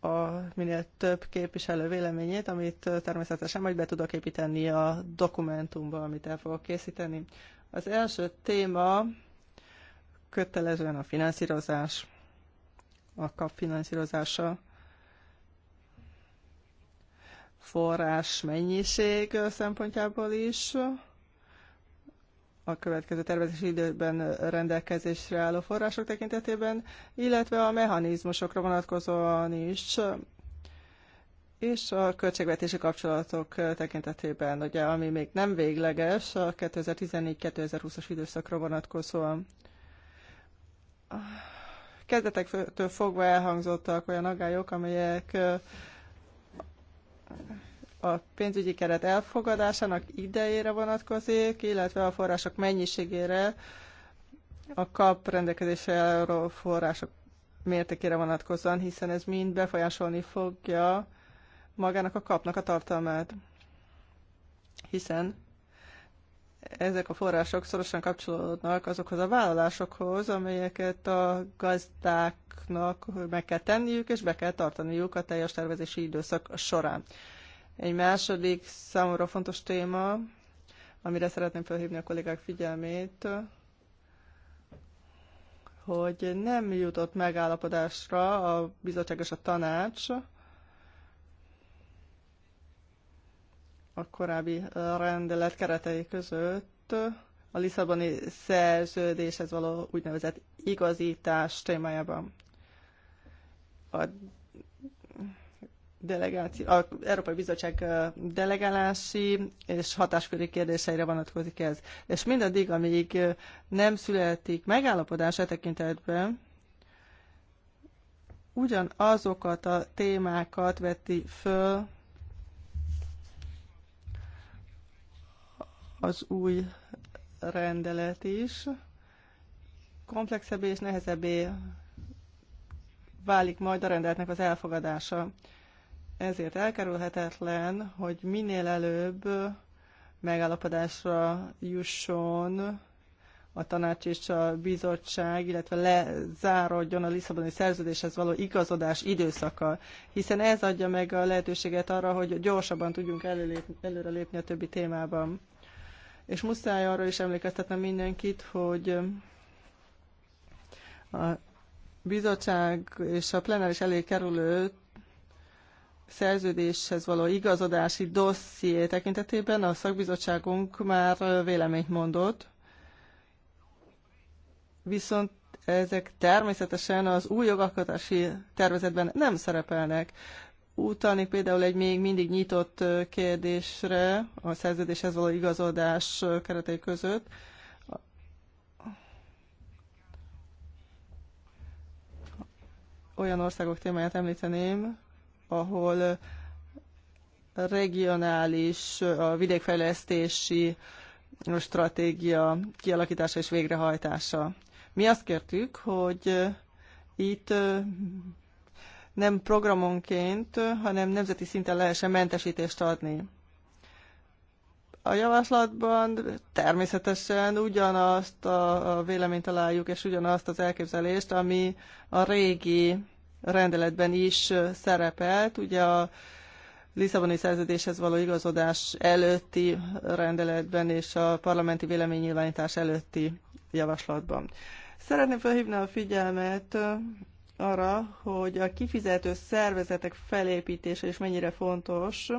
a minél több képviselő véleményét, amit természetesen majd be tudok építeni a dokumentumba, amit el fogok készíteni. Az első téma kötelezően a finanszírozás, a kap finanszírozása forrás mennyiség szempontjából is a következő tervezési időben rendelkezésre álló források tekintetében, illetve a mechanizmusokra vonatkozóan is, és a költségvetési kapcsolatok tekintetében, ugye, ami még nem végleges, a 2014-2020-as időszakra vonatkozóan. Kezdetektől fogva elhangzottak olyan agályok, amelyek a pénzügyi keret elfogadásának idejére vonatkozik, illetve a források mennyiségére, a kap rendelkezésre álló források mértékére vonatkozóan, hiszen ez mind befolyásolni fogja magának a kapnak a tartalmát. Hiszen ezek a források szorosan kapcsolódnak azokhoz a vállalásokhoz, amelyeket a gazdáknak meg kell tenniük, és be kell tartaniuk a teljes tervezési időszak során. Egy második számomra fontos téma, amire szeretném felhívni a kollégák figyelmét, hogy nem jutott megállapodásra a bizottság és a tanács a korábbi rendelet keretei között a Lisszaboni szerződéshez való úgynevezett igazítás témájában. A delegáció, az Európai Bizottság delegálási és hatásköri kérdéseire vonatkozik ez. És mindaddig, amíg nem születik megállapodás e tekintetben, ugyanazokat a témákat veti föl az új rendelet is komplexebbé és nehezebbé válik majd a rendeletnek az elfogadása. Ezért elkerülhetetlen, hogy minél előbb megállapodásra jusson a tanács és a bizottság, illetve lezárodjon a Lisszaboni szerződéshez való igazodás időszaka, hiszen ez adja meg a lehetőséget arra, hogy gyorsabban tudjunk előre lépni a többi témában. És muszáj arra is emlékeztetnem mindenkit, hogy a bizottság és a plenáris elé kerülő szerződéshez való igazodási dosszié tekintetében a szakbizottságunk már véleményt mondott, viszont ezek természetesen az új jogalkotási tervezetben nem szerepelnek. Utalnék például egy még mindig nyitott kérdésre a szerződéshez való igazodás keretei között. Olyan országok témáját említeném, ahol regionális, a vidékfejlesztési stratégia kialakítása és végrehajtása. Mi azt kértük, hogy itt nem programonként, hanem nemzeti szinten lehessen mentesítést adni. A javaslatban természetesen ugyanazt a véleményt találjuk, és ugyanazt az elképzelést, ami a régi rendeletben is szerepelt. Ugye a Lisszaboni szerződéshez való igazodás előtti rendeletben és a parlamenti véleménynyilvánítás előtti javaslatban. Szeretném felhívni a figyelmet arra, hogy a kifizető szervezetek felépítése is mennyire fontos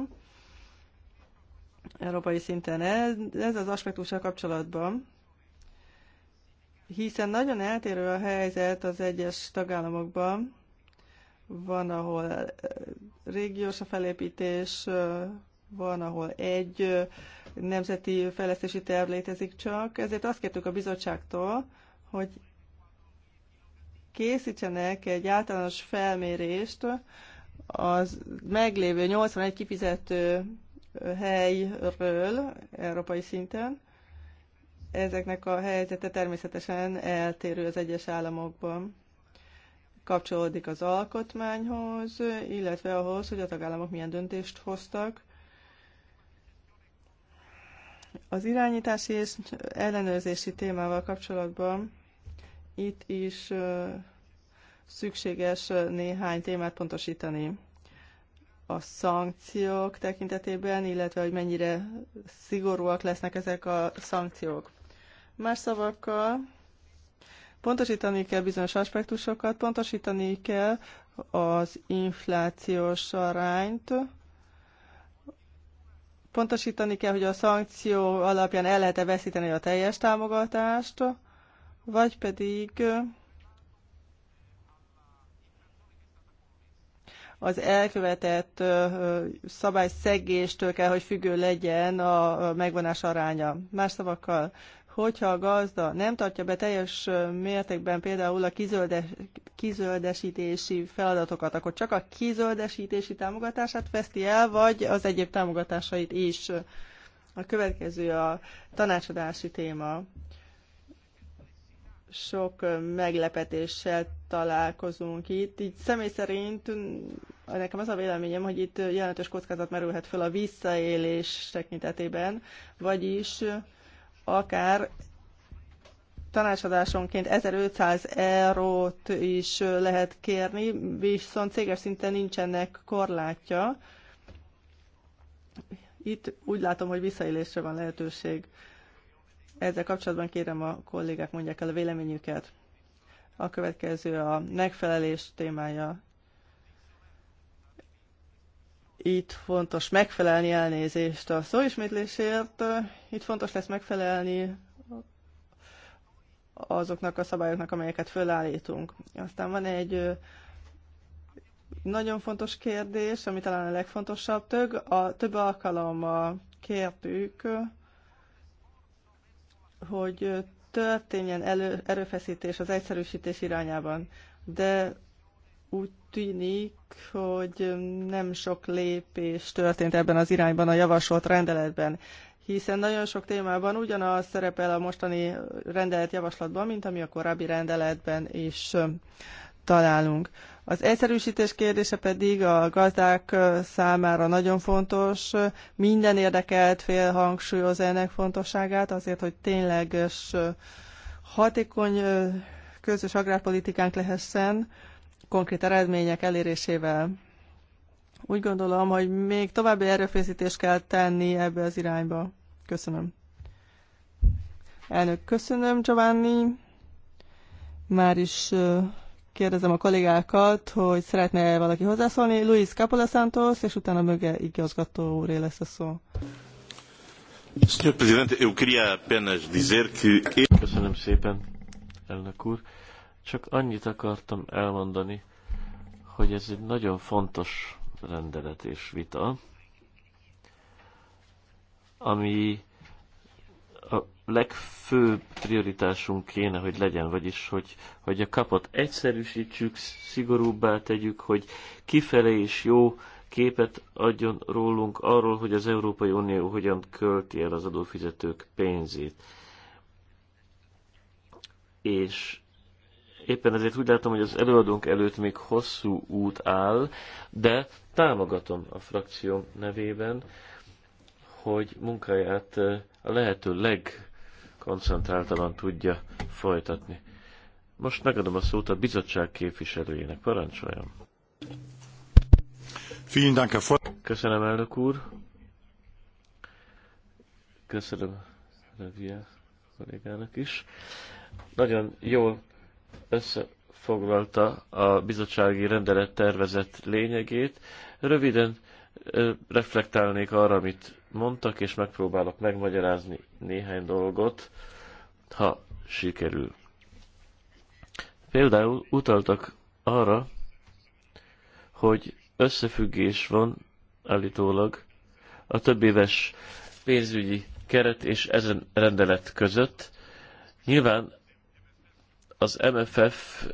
európai szinten. Ez, ez az aspektussal kapcsolatban, hiszen nagyon eltérő a helyzet az egyes tagállamokban. Van, ahol eh, régiós a felépítés, eh, van, ahol egy eh, nemzeti fejlesztési terv létezik csak. Ezért azt kértük a bizottságtól, hogy készítsenek egy általános felmérést az meglévő 81 kifizető helyről európai szinten. Ezeknek a helyzete természetesen eltérő az egyes államokban. Kapcsolódik az alkotmányhoz, illetve ahhoz, hogy a tagállamok milyen döntést hoztak. Az irányítási és ellenőrzési témával kapcsolatban itt is szükséges néhány témát pontosítani a szankciók tekintetében, illetve hogy mennyire szigorúak lesznek ezek a szankciók. Más szavakkal pontosítani kell bizonyos aspektusokat, pontosítani kell az inflációs arányt, pontosítani kell, hogy a szankció alapján el lehet-e veszíteni a teljes támogatást, vagy pedig az elkövetett szabályszegéstől kell, hogy függő legyen a megvonás aránya. Más szavakkal, hogyha a gazda nem tartja be teljes mértékben például a kizöldes, kizöldesítési feladatokat, akkor csak a kizöldesítési támogatását veszti el, vagy az egyéb támogatásait is. A következő a tanácsadási téma sok meglepetéssel találkozunk itt. Így személy szerint nekem az a véleményem, hogy itt jelentős kockázat merülhet föl a visszaélés tekintetében, vagyis akár tanácsadásonként 1500 eurót is lehet kérni, viszont céges szinten nincsenek korlátja. Itt úgy látom, hogy visszaélésre van lehetőség. Ezzel kapcsolatban kérem a kollégák mondják el a véleményüket. A következő a megfelelés témája. Itt fontos megfelelni elnézést a szóismétlésért. Itt fontos lesz megfelelni azoknak a szabályoknak, amelyeket fölállítunk. Aztán van egy nagyon fontos kérdés, ami talán a legfontosabb tög. A több alkalommal kértük hogy történjen elő, erőfeszítés az egyszerűsítés irányában, de úgy tűnik, hogy nem sok lépés történt ebben az irányban a javasolt rendeletben, hiszen nagyon sok témában ugyanaz szerepel a mostani rendelet javaslatban, mint ami a korábbi rendeletben is találunk. Az egyszerűsítés kérdése pedig a gazdák számára nagyon fontos. Minden érdekelt fél hangsúlyoz ennek fontosságát azért, hogy tényleges hatékony közös agrárpolitikánk lehessen konkrét eredmények elérésével. Úgy gondolom, hogy még további erőfeszítést kell tenni ebbe az irányba. Köszönöm. Elnök, köszönöm, Giovanni. Már is kérdezem a kollégákat, hogy szeretne -e valaki hozzászólni. Luis Capola Santos, és utána mögé igazgató úré lesz a szó. Sr. Presidente, eu queria apenas dizer que... Köszönöm szépen, elnök úr. Csak annyit akartam elmondani, hogy ez egy nagyon fontos rendelet és vita, ami a legfőbb prioritásunk kéne, hogy legyen, vagyis, hogy, hogy a kapot egyszerűsítsük, szigorúbbá tegyük, hogy kifele is jó képet adjon rólunk arról, hogy az Európai Unió hogyan költi el az adófizetők pénzét. És éppen ezért úgy látom, hogy az előadónk előtt még hosszú út áll, de támogatom a frakció nevében hogy munkáját a lehető legkoncentráltabban tudja folytatni. Most megadom a szót a bizottság képviselőjének. Parancsoljon! Köszönöm, elnök úr! Köszönöm Levia kollégának is. Nagyon jól összefoglalta a bizottsági rendelet tervezett lényegét. Röviden reflektálnék arra, amit mondtak, és megpróbálok megmagyarázni néhány dolgot, ha sikerül. Például utaltak arra, hogy összefüggés van állítólag a több éves pénzügyi keret és ezen rendelet között. Nyilván az MFF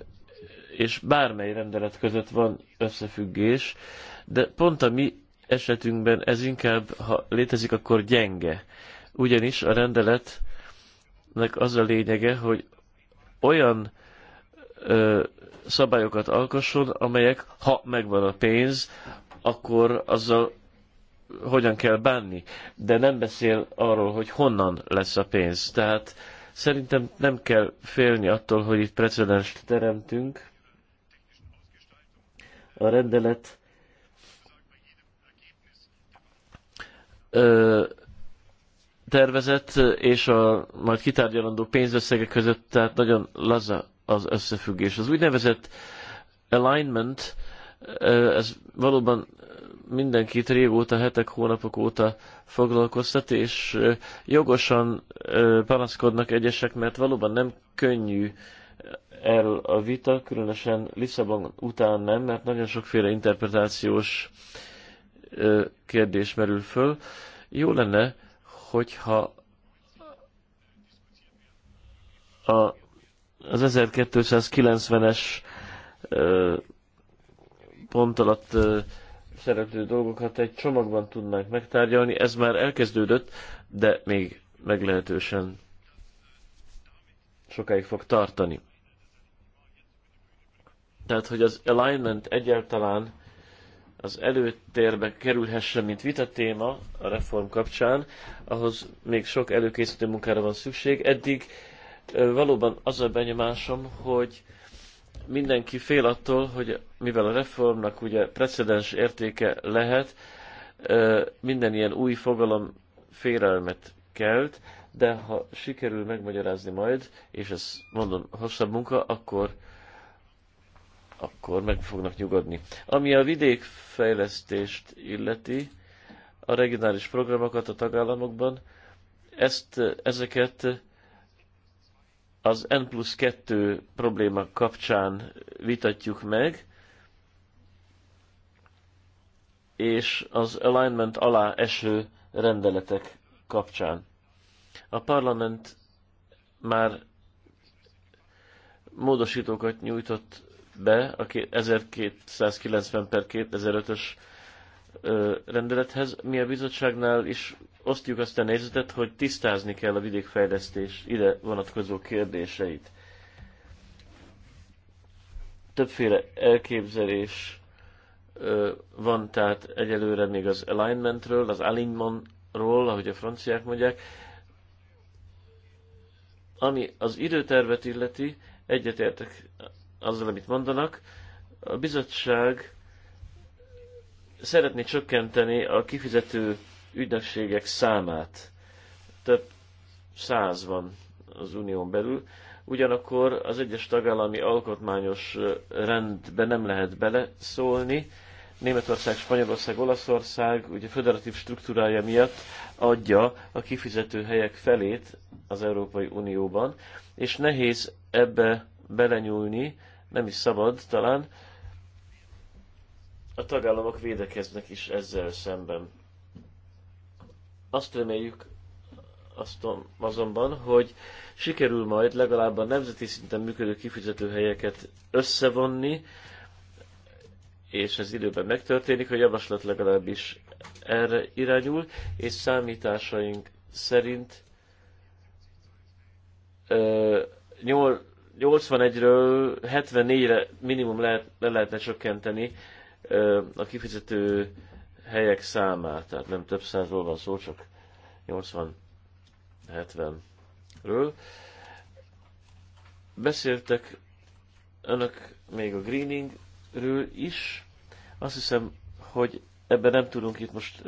és bármely rendelet között van összefüggés, de pont a mi esetünkben ez inkább, ha létezik, akkor gyenge. Ugyanis a rendeletnek az a lényege, hogy olyan ö, szabályokat alkosson, amelyek, ha megvan a pénz, akkor azzal hogyan kell bánni, de nem beszél arról, hogy honnan lesz a pénz. Tehát szerintem nem kell félni attól, hogy itt precedenst teremtünk. A rendelet tervezett és a majd kitárgyalandó pénzösszegek között, tehát nagyon laza az összefüggés. Az úgynevezett alignment, ez valóban mindenkit régóta, hetek, hónapok óta foglalkoztat, és jogosan panaszkodnak egyesek, mert valóban nem könnyű el a vita, különösen Lisszabon után nem, mert nagyon sokféle interpretációs uh, kérdés merül föl. Jó lenne, hogyha a, az 1290-es pont alatt ö, szereplő dolgokat egy csomagban tudnánk megtárgyalni. Ez már elkezdődött, de még meglehetősen sokáig fog tartani. Tehát, hogy az alignment egyáltalán az előtérbe kerülhessen, mint vitatéma a reform kapcsán, ahhoz még sok előkészítő munkára van szükség. Eddig valóban az a benyomásom, hogy mindenki fél attól, hogy mivel a reformnak ugye precedens értéke lehet, minden ilyen új fogalom félelmet kelt, de ha sikerül megmagyarázni majd, és ez mondom hosszabb munka, akkor akkor meg fognak nyugodni. Ami a vidékfejlesztést illeti, a regionális programokat a tagállamokban, ezt, ezeket az N plusz 2 probléma kapcsán vitatjuk meg, és az alignment alá eső rendeletek kapcsán. A parlament már módosítókat nyújtott be a 1290 per 2005-ös rendelethez. Mi a bizottságnál is osztjuk azt a nézetet, hogy tisztázni kell a vidékfejlesztés ide vonatkozó kérdéseit. Többféle elképzelés van tehát egyelőre még az alignmentről, az alignmentról, ahogy a franciák mondják. Ami az időtervet illeti, egyetértek azzal, amit mondanak. A bizottság szeretné csökkenteni a kifizető ügynökségek számát. Több száz van az unión belül. Ugyanakkor az egyes tagállami alkotmányos rendbe nem lehet beleszólni. Németország, Spanyolország, Olaszország ugye föderatív struktúrája miatt adja a kifizető helyek felét az Európai Unióban, és nehéz ebbe belenyúlni, nem is szabad talán. A tagállamok védekeznek is ezzel szemben. Azt reméljük azt azonban, hogy sikerül majd legalább a nemzeti szinten működő kifizetőhelyeket összevonni, és ez időben megtörténik, a javaslat legalábbis erre irányul, és számításaink szerint 8, 81-ről 74-re minimum lehet, le lehetne csökkenteni a kifizető helyek számát, tehát nem több százról van szó, csak 80-70-ről. Beszéltek önök még a greeningről is. Azt hiszem, hogy ebben nem tudunk itt most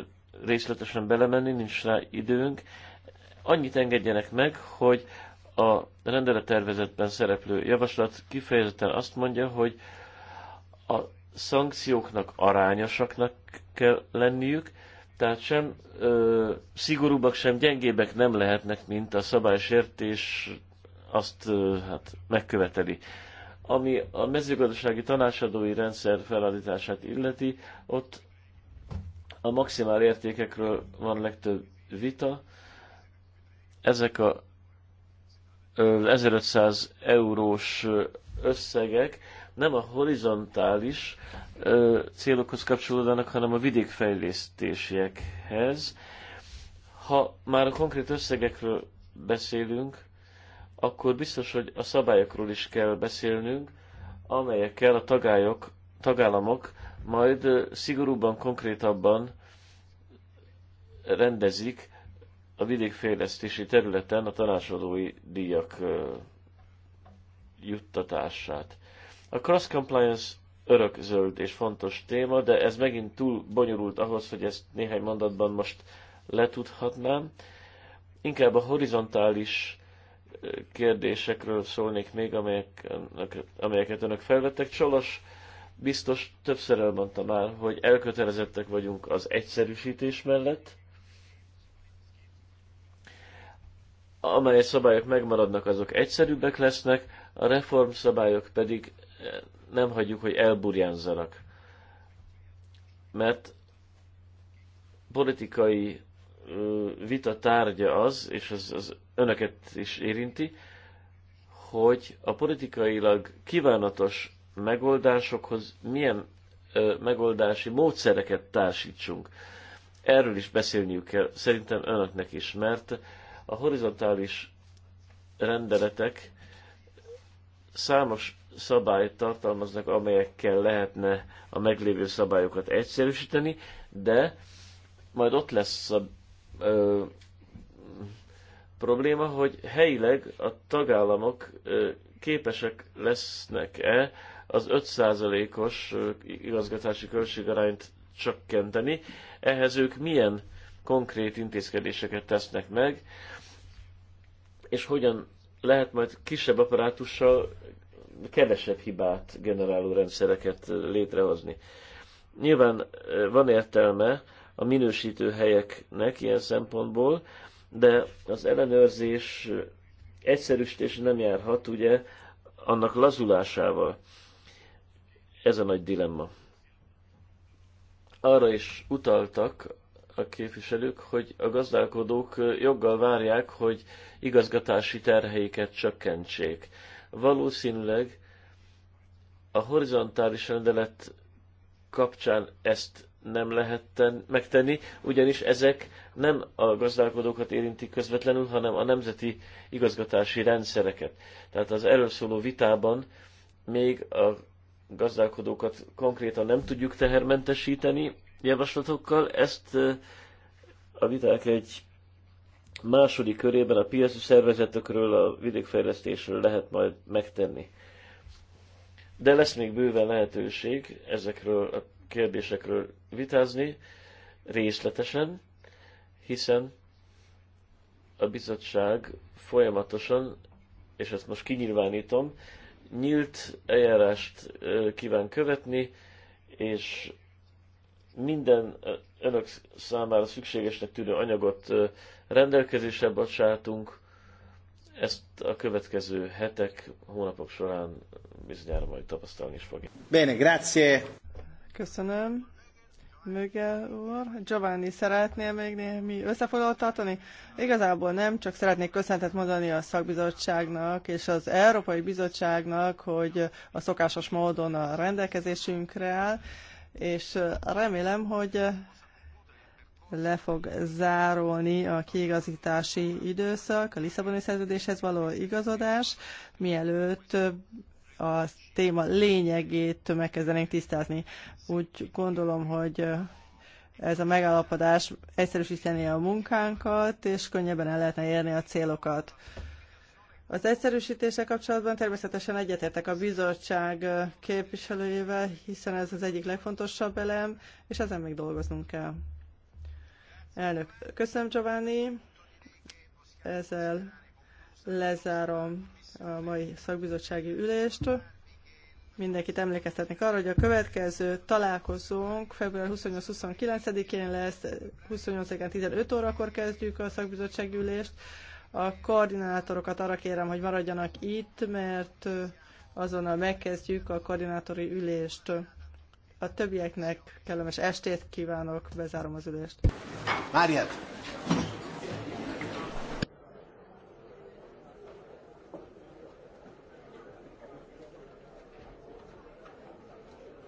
részletesen belemenni, nincs rá időnk. Annyit engedjenek meg, hogy a rendelettervezetben szereplő javaslat kifejezetten azt mondja, hogy a szankcióknak arányosaknak kell lenniük, tehát sem ö, szigorúbbak, sem gyengébbek nem lehetnek, mint a szabálysértés azt ö, hát megköveteli. Ami a mezőgazdasági tanácsadói rendszer felállítását illeti, ott a maximál értékekről van legtöbb vita. Ezek a 1500 eurós összegek nem a horizontális célokhoz kapcsolódnak, hanem a vidékfejlesztésiekhez. Ha már a konkrét összegekről beszélünk, akkor biztos, hogy a szabályokról is kell beszélnünk, amelyekkel a tagályok, tagállamok majd szigorúbban, konkrétabban rendezik a vidékfejlesztési területen a tanácsadói díjak juttatását. A cross compliance örök zöld és fontos téma, de ez megint túl bonyolult ahhoz, hogy ezt néhány mondatban most letudhatnám. Inkább a horizontális kérdésekről szólnék még, amelyek, amelyeket önök felvettek. Csolos biztos többször elmondta már, hogy elkötelezettek vagyunk az egyszerűsítés mellett, amely szabályok megmaradnak, azok egyszerűbbek lesznek, a reform szabályok pedig eh, nem hagyjuk, hogy elburjánzzanak. Mert politikai vita tárgya az, és az, az önöket is érinti, hogy a politikailag kívánatos megoldásokhoz milyen ö, megoldási módszereket társítsunk. Erről is beszélniük kell, szerintem önöknek is, mert a horizontális rendeletek számos szabályt tartalmaznak, amelyekkel lehetne a meglévő szabályokat egyszerűsíteni, de majd ott lesz a ö, probléma, hogy helyileg a tagállamok ö, képesek lesznek-e az 5%-os igazgatási költségarányt csökkenteni, ehhez ők milyen konkrét intézkedéseket tesznek meg, és hogyan lehet majd kisebb apparátussal kevesebb hibát generáló rendszereket létrehozni. Nyilván van értelme a minősítő helyeknek ilyen szempontból, de az ellenőrzés egyszerűsítés nem járhat, ugye, annak lazulásával. Ez a nagy dilemma. Arra is utaltak a képviselők, hogy a gazdálkodók joggal várják, hogy igazgatási terheiket csökkentsék. Valószínűleg a horizontális rendelet kapcsán ezt nem lehet ten, megtenni, ugyanis ezek nem a gazdálkodókat érintik közvetlenül, hanem a nemzeti igazgatási rendszereket. Tehát az erről szóló vitában még a gazdálkodókat konkrétan nem tudjuk tehermentesíteni, javaslatokkal. Ezt a viták egy második körében a piaci szervezetekről, a vidékfejlesztésről lehet majd megtenni. De lesz még bőven lehetőség ezekről a kérdésekről vitázni részletesen, hiszen a bizottság folyamatosan, és ezt most kinyilvánítom, nyílt eljárást kíván követni, és minden önök számára szükségesnek tűnő anyagot rendelkezésre bocsátunk. Ezt a következő hetek, hónapok során bizonyára majd tapasztalni is fogjuk. Bene, grazie! Köszönöm. Möge úr, Giovanni, szeretnél még némi összefoglalót tartani? Igazából nem, csak szeretnék köszönetet mondani a szakbizottságnak és az Európai Bizottságnak, hogy a szokásos módon a rendelkezésünkre áll, és remélem, hogy le fog zárulni a kiigazítási időszak, a Lisszaboni szerződéshez való igazodás, mielőtt a téma lényegét megkezdenénk tisztázni. Úgy gondolom, hogy ez a megállapodás egyszerűsíteni a munkánkat, és könnyebben el lehetne érni a célokat. Az egyszerűsítése kapcsolatban természetesen egyetértek a bizottság képviselőjével, hiszen ez az egyik legfontosabb elem, és ezen még dolgoznunk kell. Elnök, köszönöm Giovanni, ezzel lezárom a mai szakbizottsági ülést. Mindenkit emlékeztetnék arra, hogy a következő találkozónk február 28-29-én lesz, 28-án 15 órakor kezdjük a szakbizottsági ülést, a koordinátorokat arra kérem, hogy maradjanak itt, mert azonnal megkezdjük a koordinátori ülést. A többieknek kellemes estét kívánok, bezárom az ülést. Várját!